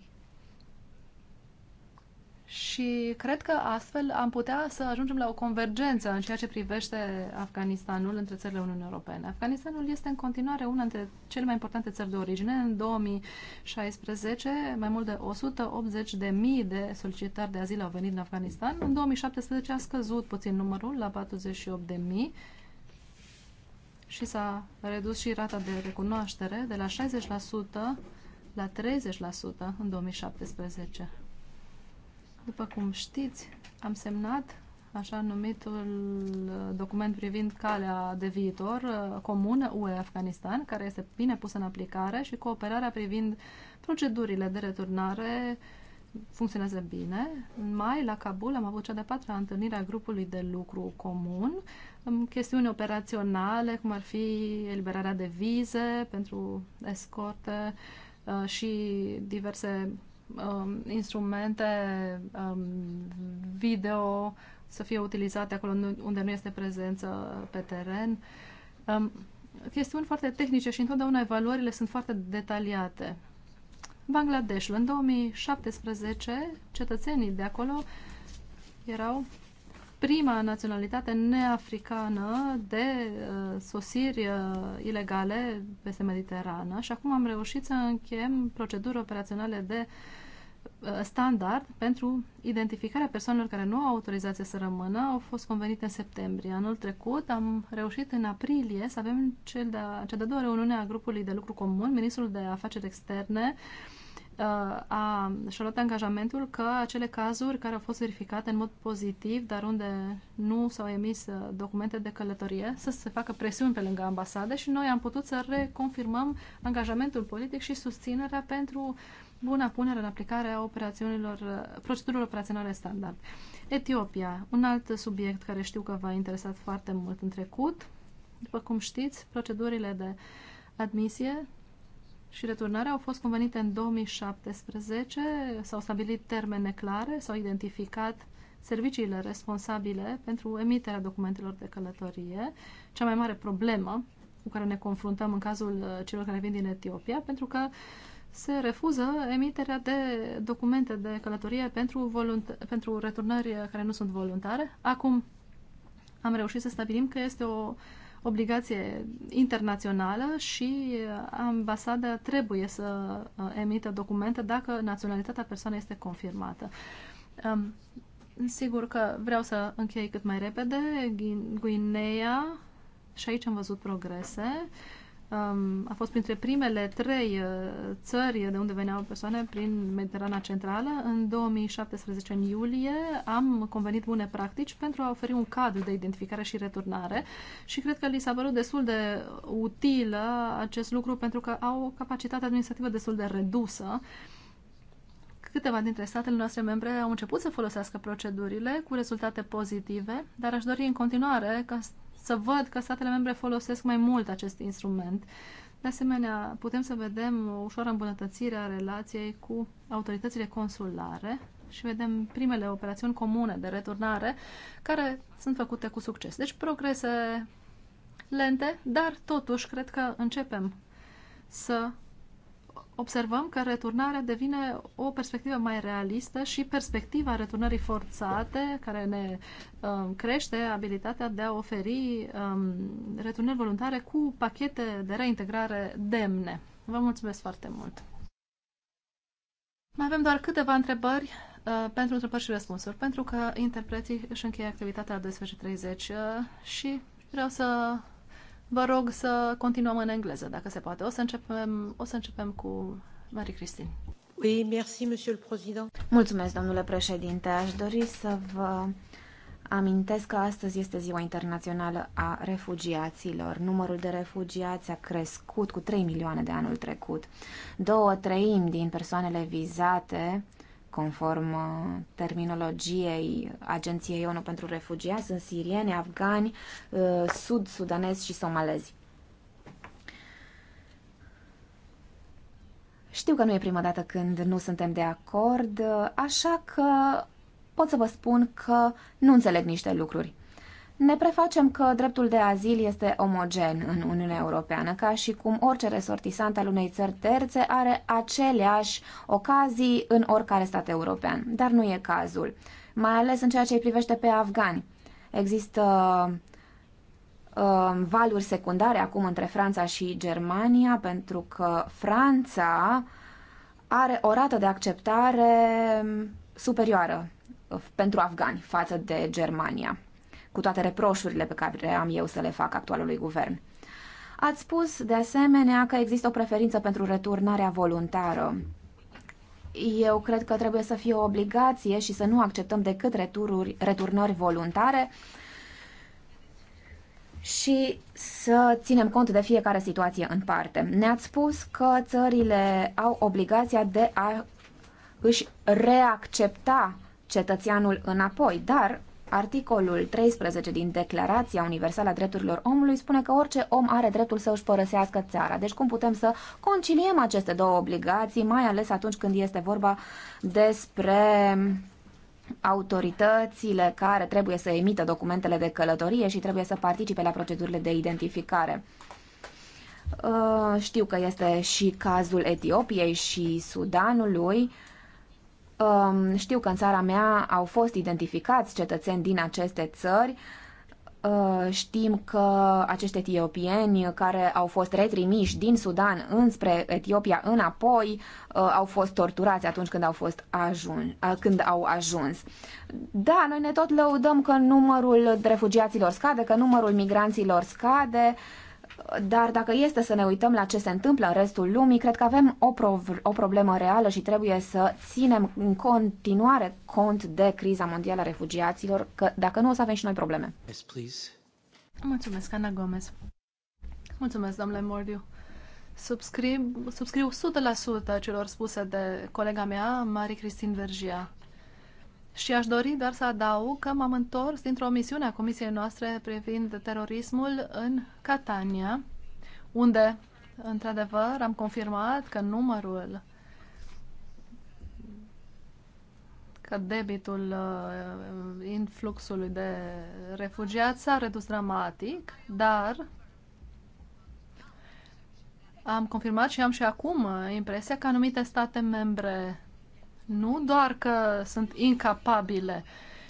Și cred că astfel am putea să ajungem la o convergență în ceea ce privește Afganistanul între țările Uniunii Europene. Afganistanul este în continuare una dintre cele mai importante țări de origine. În 2016, mai mult de 180 de mii de solicitari de azil au venit în Afganistan. În 2017 a scăzut puțin numărul la 48 de mii și s-a redus și rata de recunoaștere de la 60% la 30% în 2017. După cum știți, am semnat așa numitul uh, document privind calea de viitor uh, comună UE-Afganistan, care este bine pus în aplicare și cooperarea privind procedurile de returnare funcționează bine. În mai, la Kabul, am avut cea de patra întâlnire a grupului de lucru comun, chestiuni operaționale, cum ar fi eliberarea de vize pentru escorte uh, și diverse um, instrumente um, video să fie utilizate acolo unde nu este prezență pe teren. Um, chestiuni foarte tehnice și întotdeauna evaluările sunt foarte detaliate. Bangladeshul. În 2017, cetățenii de acolo erau prima naționalitate neafricană de uh, sosiri uh, ilegale peste Mediterană și acum am reușit să încheiem proceduri operaționale de uh, standard pentru identificarea persoanelor care nu au autorizație să rămână au fost convenite în septembrie. Anul trecut am reușit în aprilie să avem cel de cea de-a doua reuniune a grupului de lucru comun, ministrul de afaceri externe uh, Uh, a, și-a luat angajamentul că acele cazuri care au fost verificate în mod pozitiv, dar unde nu s-au emis uh, documente de călătorie, să se facă presiuni pe lângă ambasade și noi am putut să reconfirmăm angajamentul politic și susținerea pentru buna punere în aplicare a operațiunilor, uh, procedurilor operaționale standard. Etiopia, un alt subiect care știu că v-a interesat foarte mult în trecut. După cum știți, procedurile de admisie și returnarea au fost convenite în 2017, s-au stabilit termene clare, s-au identificat serviciile responsabile pentru emiterea documentelor de călătorie, cea mai mare problemă cu care ne confruntăm în cazul uh, celor care vin din Etiopia, pentru că se refuză emiterea de documente de călătorie pentru, pentru returnări care nu sunt voluntare. Acum am reușit să stabilim că este o uh, obligație internațională și ambasada trebuie să uh, emită documente dacă naționalitatea persoanei este confirmată. Um, sigur că vreau să închei cât mai repede. Guinea, și aici am văzut progrese. Um, a fost printre primele trei uh, țări de unde veneau persoane prin Mediterana Centrală. În 2017, în iulie, am convenit bune practici pentru a oferi un cadru de identificare și returnare și cred că li s-a părut destul de util acest lucru pentru că au o capacitate administrativă destul de redusă. Câteva dintre statele noastre membre au început să folosească procedurile cu rezultate pozitive, dar aș dori în continuare ca să văd că statele membre folosesc mai mult acest instrument. De asemenea, putem să vedem o ușoară îmbunătățire a relației cu autoritățile consulare și vedem primele operațiuni comune de returnare care sunt făcute cu succes. Deci progrese lente, dar totuși cred că începem să observăm că returnarea devine o perspectivă mai realistă și perspectiva returnării forțate, care ne um, crește abilitatea de a oferi um, returnări voluntare cu pachete de reintegrare demne. Vă mulțumesc foarte mult! Mai avem doar câteva întrebări uh, pentru întrebări și răspunsuri, pentru că interpreții își încheie activitatea la 12.30 uh, și vreau să Vă rog să continuăm în engleză, dacă se poate. O să începem, o să începem cu Marie Christine. Oui, merci, monsieur le président. Mulțumesc, domnule președinte. Aș dori să vă amintesc că astăzi este Ziua Internațională a Refugiaților. Numărul de refugiați a crescut cu 3 milioane de anul trecut. Două treimi din persoanele vizate conform uh, terminologiei Agenției ONU pentru Refugiați, sunt sirieni, afgani, uh, sud-sudanezi și somalezi. Știu că nu e prima dată când nu suntem de acord, uh, așa că pot să vă spun că nu înțeleg niște lucruri. Ne prefacem că dreptul de azil este omogen în Uniunea Europeană, ca și cum orice resortisant al unei țări terțe are aceleași ocazii în oricare stat european. Dar nu e cazul, mai ales în ceea ce îi privește pe afgani. Există uh, valuri secundare acum între Franța și Germania, pentru că Franța are o rată de acceptare superioară uh, pentru afgani față de Germania cu toate reproșurile pe care am eu să le fac actualului guvern. Ați spus, de asemenea, că există o preferință pentru returnarea voluntară. Eu cred că trebuie să fie o obligație și să nu acceptăm decât retururi, returnări voluntare și să ținem cont de fiecare situație în parte. Ne-ați spus că țările au obligația de a își reaccepta cetățeanul înapoi, dar Articolul 13 din Declarația Universală a Drepturilor Omului spune că orice om are dreptul să își părăsească țara. Deci cum putem să conciliem aceste două obligații, mai ales atunci când este vorba despre autoritățile care trebuie să emită documentele de călătorie și trebuie să participe la procedurile de identificare. Uh, știu că este și cazul Etiopiei și Sudanului, Um, știu că în țara mea au fost identificați cetățeni din aceste țări. Uh, știm că acești etiopieni care au fost retrimiși din Sudan înspre Etiopia înapoi uh, au fost torturați atunci când au, fost ajun, uh, când au ajuns. Da, noi ne tot lăudăm că numărul refugiaților scade, că numărul migranților scade, uh, dar dacă este să ne uităm la ce se întâmplă în restul lumii, cred că avem o, pro o problemă reală și trebuie să ținem în continuare cont de criza mondială a refugiaților, că dacă nu o să avem și noi probleme. Yes, Mulțumesc, Ana Gomez. Mulțumesc, domnule Mordiu. Subscriu, subscriu 100% celor spuse de colega mea, Marie Cristin Vergia. Și aș dori doar să adaug că m-am întors dintr-o misiune a comisiei noastre privind terorismul în Catania, unde, într-adevăr, am confirmat că numărul că debitul uh, influxului de refugiați s-a redus dramatic, dar am confirmat și am și acum impresia că anumite state membre nu doar că sunt incapabile,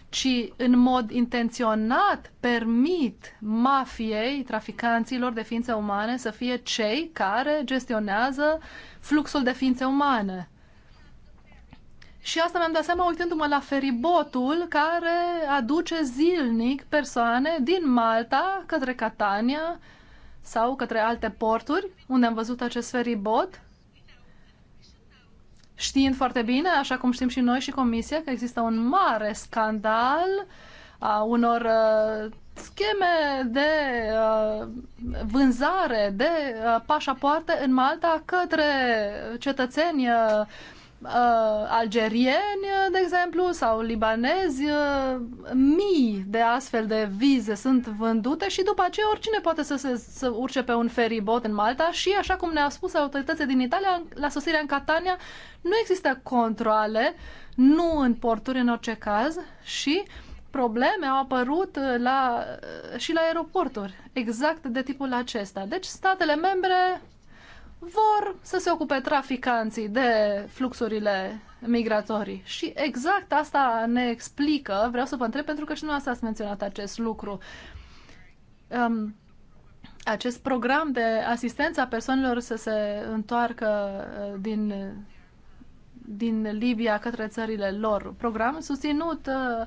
ci în mod intenționat permit mafiei, traficanților de ființe umane să fie cei care gestionează fluxul de ființe umane. Și asta mi-am dat seama uitându-mă la feribotul care aduce zilnic persoane din Malta către Catania sau către alte porturi, unde am văzut acest feribot știind foarte bine, așa cum știm și noi și Comisia, că există un mare scandal a unor uh, scheme de uh, vânzare de uh, pașapoarte în Malta către cetățeni uh, Uh, algerieni, uh, de exemplu, sau libanezi, uh, mii de astfel de vize sunt vândute și după aceea oricine poate să se să urce pe un feribot în Malta și, așa cum ne-au spus autoritățile din Italia, la sosirea în Catania nu există controle, nu în porturi în orice caz și probleme au apărut la, și la aeroporturi, exact de tipul acesta. Deci statele membre vor să se ocupe traficanții de fluxurile migratorii. Și exact asta ne explică, vreau să vă întreb, pentru că și nu asta ați menționat acest lucru. Um, acest program de asistență a persoanelor să se întoarcă uh, din, din Libia către țările lor, program susținut uh,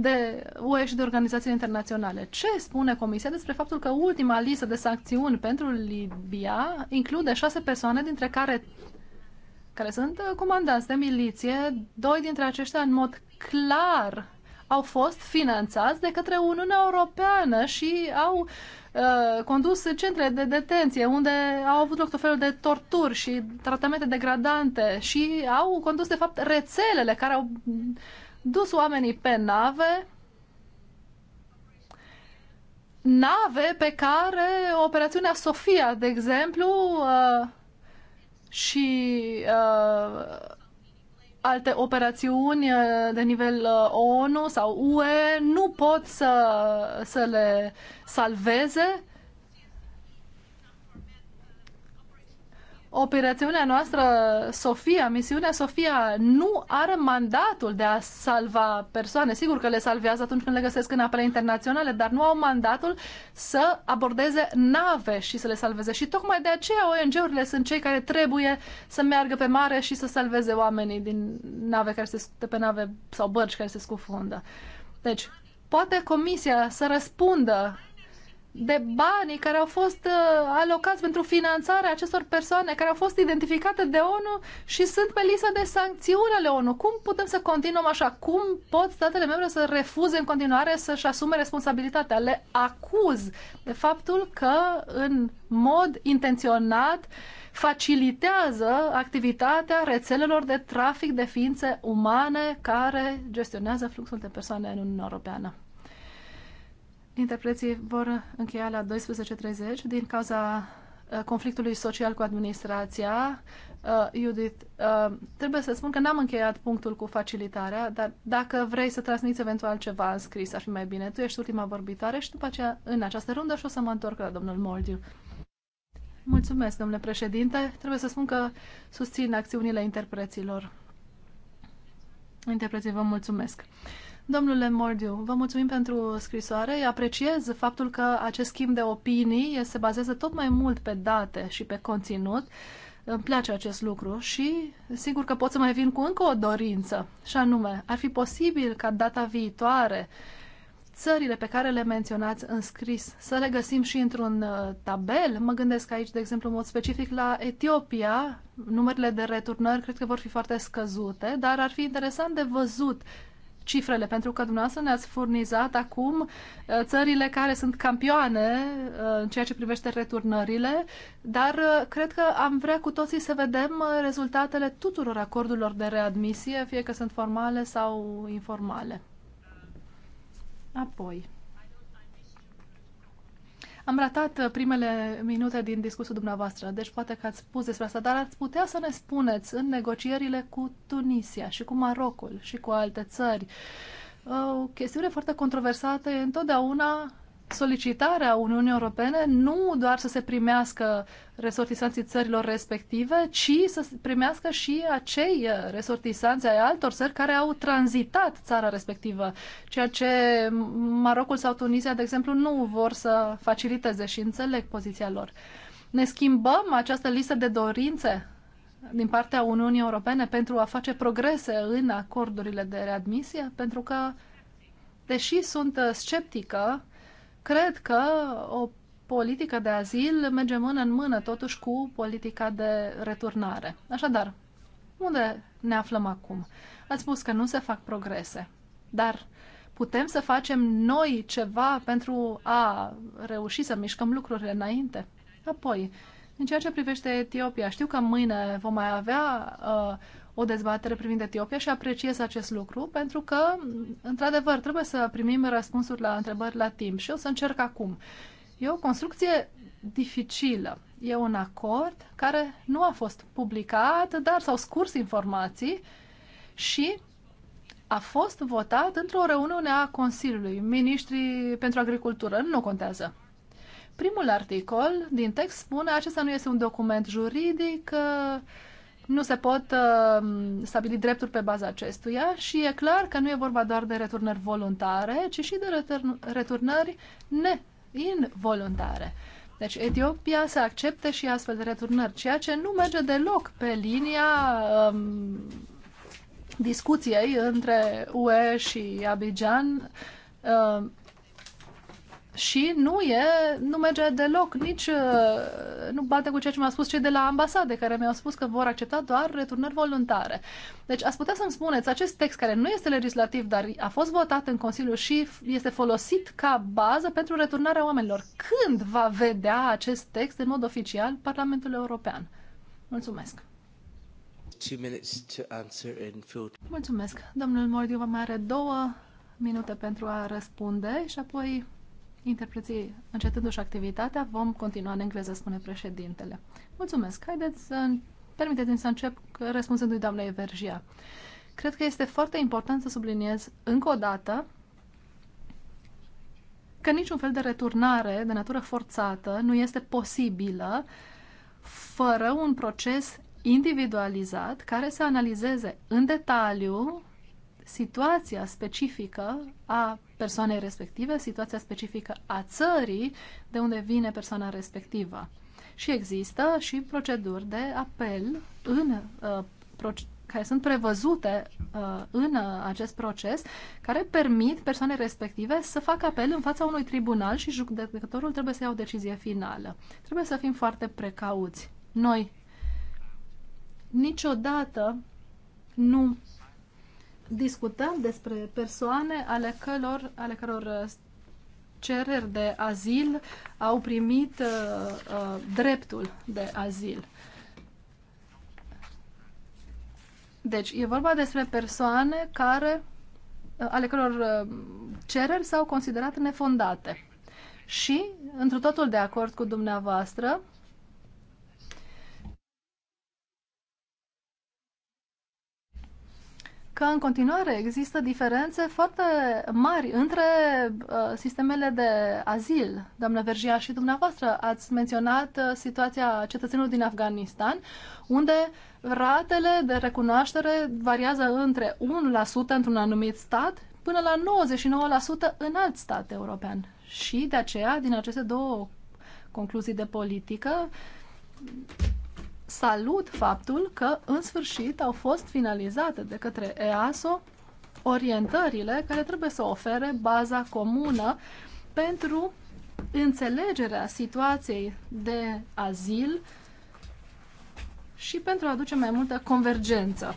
de UE și de organizații internaționale. Ce spune Comisia despre faptul că ultima listă de sancțiuni pentru Libia include șase persoane, dintre care, care sunt uh, comandanți de miliție, doi dintre aceștia în mod clar au fost finanțați de către Uniunea Europeană și au uh, condus centre de detenție unde au avut loc tot felul de torturi și tratamente degradante și au condus, de fapt, rețelele care au dus oamenii pe nave nave pe care operațiunea Sofia, de exemplu, uh, și uh, alte operațiuni uh, de nivel ONU sau UE nu pot să, să le salveze operațiunea noastră Sofia, misiunea Sofia, nu are mandatul de a salva persoane. Sigur că le salvează atunci când le găsesc în apele internaționale, dar nu au mandatul să abordeze nave și să le salveze. Și tocmai de aceea ONG-urile sunt cei care trebuie să meargă pe mare și să salveze oamenii din nave care se, de pe nave sau bărci care se scufundă. Deci, poate comisia să răspundă de banii care au fost uh, alocați pentru finanțarea acestor persoane care au fost identificate de ONU și sunt pe lista de sancțiuni ale ONU. Cum putem să continuăm așa? Cum pot statele membre să refuze în continuare să-și asume responsabilitatea? Le acuz de faptul că în mod intenționat facilitează activitatea rețelelor de trafic de ființe umane care gestionează fluxul de persoane în Uniunea Europeană. Interpreții vor încheia la 12.30 din cauza uh, conflictului social cu administrația. Uh, Judith, uh, trebuie să spun că n-am încheiat punctul cu facilitarea, dar dacă vrei să transmiți eventual ceva în scris, ar fi mai bine. Tu ești ultima vorbitoare și după aceea în această rundă și o să mă întorc la domnul Moldiu. Mulțumesc, domnule președinte. Trebuie să spun că susțin acțiunile interpreților. Interpreții, vă mulțumesc. Domnule Mordiu, vă mulțumim pentru scrisoare. Apreciez faptul că acest schimb de opinii se bazează tot mai mult pe date și pe conținut. Îmi place acest lucru și sigur că pot să mai vin cu încă o dorință, și anume, ar fi posibil ca data viitoare țările pe care le menționați în scris să le găsim și într-un uh, tabel. Mă gândesc aici, de exemplu, în mod specific la Etiopia. Numerele de returnări cred că vor fi foarte scăzute, dar ar fi interesant de văzut cifrele, pentru că dumneavoastră ne-ați furnizat acum uh, țările care sunt campioane uh, în ceea ce privește returnările, dar uh, cred că am vrea cu toții să vedem rezultatele tuturor acordurilor de readmisie, fie că sunt formale sau informale. Apoi. Am ratat uh, primele minute din discursul dumneavoastră, deci poate că ați spus despre asta, dar ați putea să ne spuneți în negocierile cu Tunisia și cu Marocul și cu alte țări. Uh, o chestiune foarte controversată e întotdeauna solicitarea Uniunii Europene nu doar să se primească resortisanții țărilor respective, ci să se primească și acei resortisanți ai altor țări care au tranzitat țara respectivă, ceea ce Marocul sau Tunisia, de exemplu, nu vor să faciliteze și înțeleg poziția lor. Ne schimbăm această listă de dorințe din partea Uniunii Europene pentru a face progrese în acordurile de readmisie, pentru că, deși sunt sceptică Cred că o politică de azil merge mână în mână totuși cu politica de returnare. Așadar, unde ne aflăm acum? Ați spus că nu se fac progrese, dar putem să facem noi ceva pentru a reuși să mișcăm lucrurile înainte? Apoi, în ceea ce privește Etiopia, știu că mâine vom mai avea uh, o dezbatere privind Etiopia și apreciez acest lucru pentru că, într-adevăr, trebuie să primim răspunsuri la întrebări la timp și o să încerc acum. E o construcție dificilă. E un acord care nu a fost publicat, dar s-au scurs informații și a fost votat într-o reuniune a Consiliului. Ministrii pentru Agricultură nu contează. Primul articol din text spune acesta nu este un document juridic, nu se pot uh, stabili drepturi pe baza acestuia și e clar că nu e vorba doar de returnări voluntare, ci și de returnări neinvoluntare. Deci Etiopia să accepte și astfel de returnări, ceea ce nu merge deloc pe linia um, discuției între UE și Abidjan um, și nu e, nu merge deloc, nici uh, nu bate cu ceea ce mi-au spus cei de la ambasade, care mi-au spus că vor accepta doar returnări voluntare. Deci ați putea să-mi spuneți, acest text care nu este legislativ, dar a fost votat în Consiliu și este folosit ca bază pentru returnarea oamenilor. Când va vedea acest text în mod oficial Parlamentul European? Mulțumesc! Mulțumesc. Domnul Mordiu mai are două minute pentru a răspunde și apoi interpreții încetându-și activitatea, vom continua în engleză, spune președintele. Mulțumesc. Haideți să permiteți-mi să încep răspunsându-i doamnei Vergia. Cred că este foarte important să subliniez încă o dată că niciun fel de returnare de natură forțată nu este posibilă fără un proces individualizat care să analizeze în detaliu situația specifică a persoanei respective, situația specifică a țării de unde vine persoana respectivă. Și există și proceduri de apel în, uh, care sunt prevăzute uh, în uh, acest proces, care permit persoanei respective să facă apel în fața unui tribunal și judecătorul trebuie să ia o decizie finală. Trebuie să fim foarte precauți. Noi niciodată nu discutăm despre persoane ale căror, ale căror uh, cereri de azil au primit uh, uh, dreptul de azil. Deci, e vorba despre persoane care, uh, ale căror uh, cereri s-au considerat nefondate. Și, într totul de acord cu dumneavoastră, că în continuare există diferențe foarte mari între uh, sistemele de azil. Doamna Vergia și dumneavoastră ați menționat uh, situația cetățenilor din Afganistan, unde ratele de recunoaștere variază între 1% într-un anumit stat până la 99% în alt stat european. Și de aceea, din aceste două concluzii de politică, salut faptul că în sfârșit au fost finalizate de către EASO orientările care trebuie să ofere baza comună pentru înțelegerea situației de azil și pentru a aduce mai multă convergență.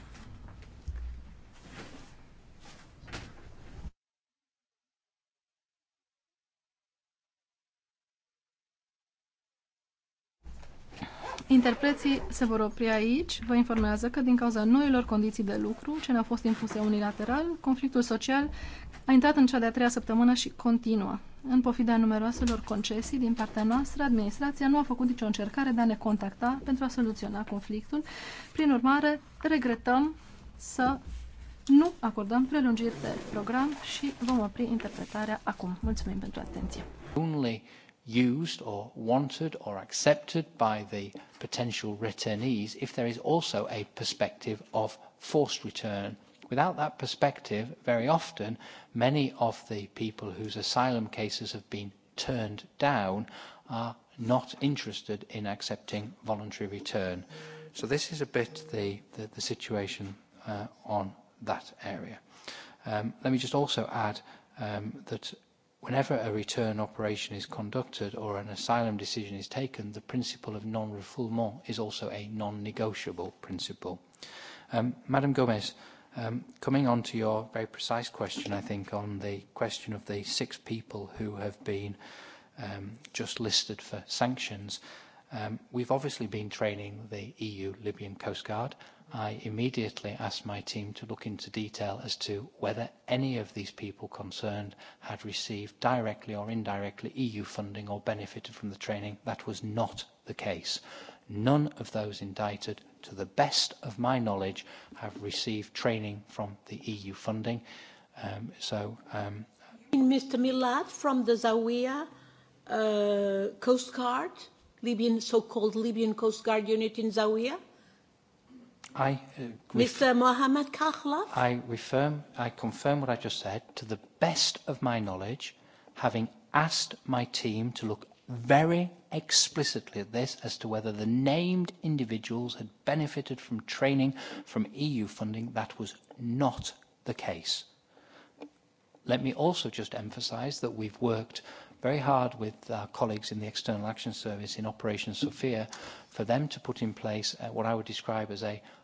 Interpreții se vor opri aici. Vă informează că din cauza noilor condiții de lucru, ce ne-au fost impuse unilateral, conflictul social a intrat în cea de-a treia săptămână și continuă. În pofida numeroaselor concesii din partea noastră, administrația nu a făcut nicio încercare de a ne contacta pentru a soluționa conflictul. Prin urmare, regretăm să nu acordăm prelungiri de program și vom opri interpretarea acum. Mulțumim pentru atenție! Only used or wanted or accepted by the potential returnees if there is also a perspective of forced return. Without that perspective, very often, many of the people whose asylum cases have been turned down are not interested in accepting voluntary return. So this is a bit the, the, the situation uh, on that area. Um, let me just also add um, that Whenever a return operation is conducted or an asylum decision is taken, the principle of non-refoulement is also a non-negotiable principle. Um, Madam Gomez, um, coming on to your very precise question, I think, on the question of the six people who have been um, just listed for sanctions, um, we've obviously been training the EU Libyan Coast Guard. I immediately asked my team to look into detail as to whether any of these people concerned had received directly or indirectly EU funding or benefited from the training. That was not the case. None of those indicted, to the best of my knowledge, have received training from the EU funding. Um, so, um, Mr. Milad from the Zawiya uh, Coast Guard, Libyan so-called Libyan Coast Guard unit in Zawiya. I, uh, Mr. Mohamed Kahla? I, refirm, I confirm what I just said. To the best of my knowledge, having asked my team to look very explicitly at this as to whether the named individuals had benefited from training from EU funding, that was not the case. Let me also just emphasise that we've worked very hard with our colleagues in the External Action Service in Operation Sophia for them to put in place uh, what I would describe as a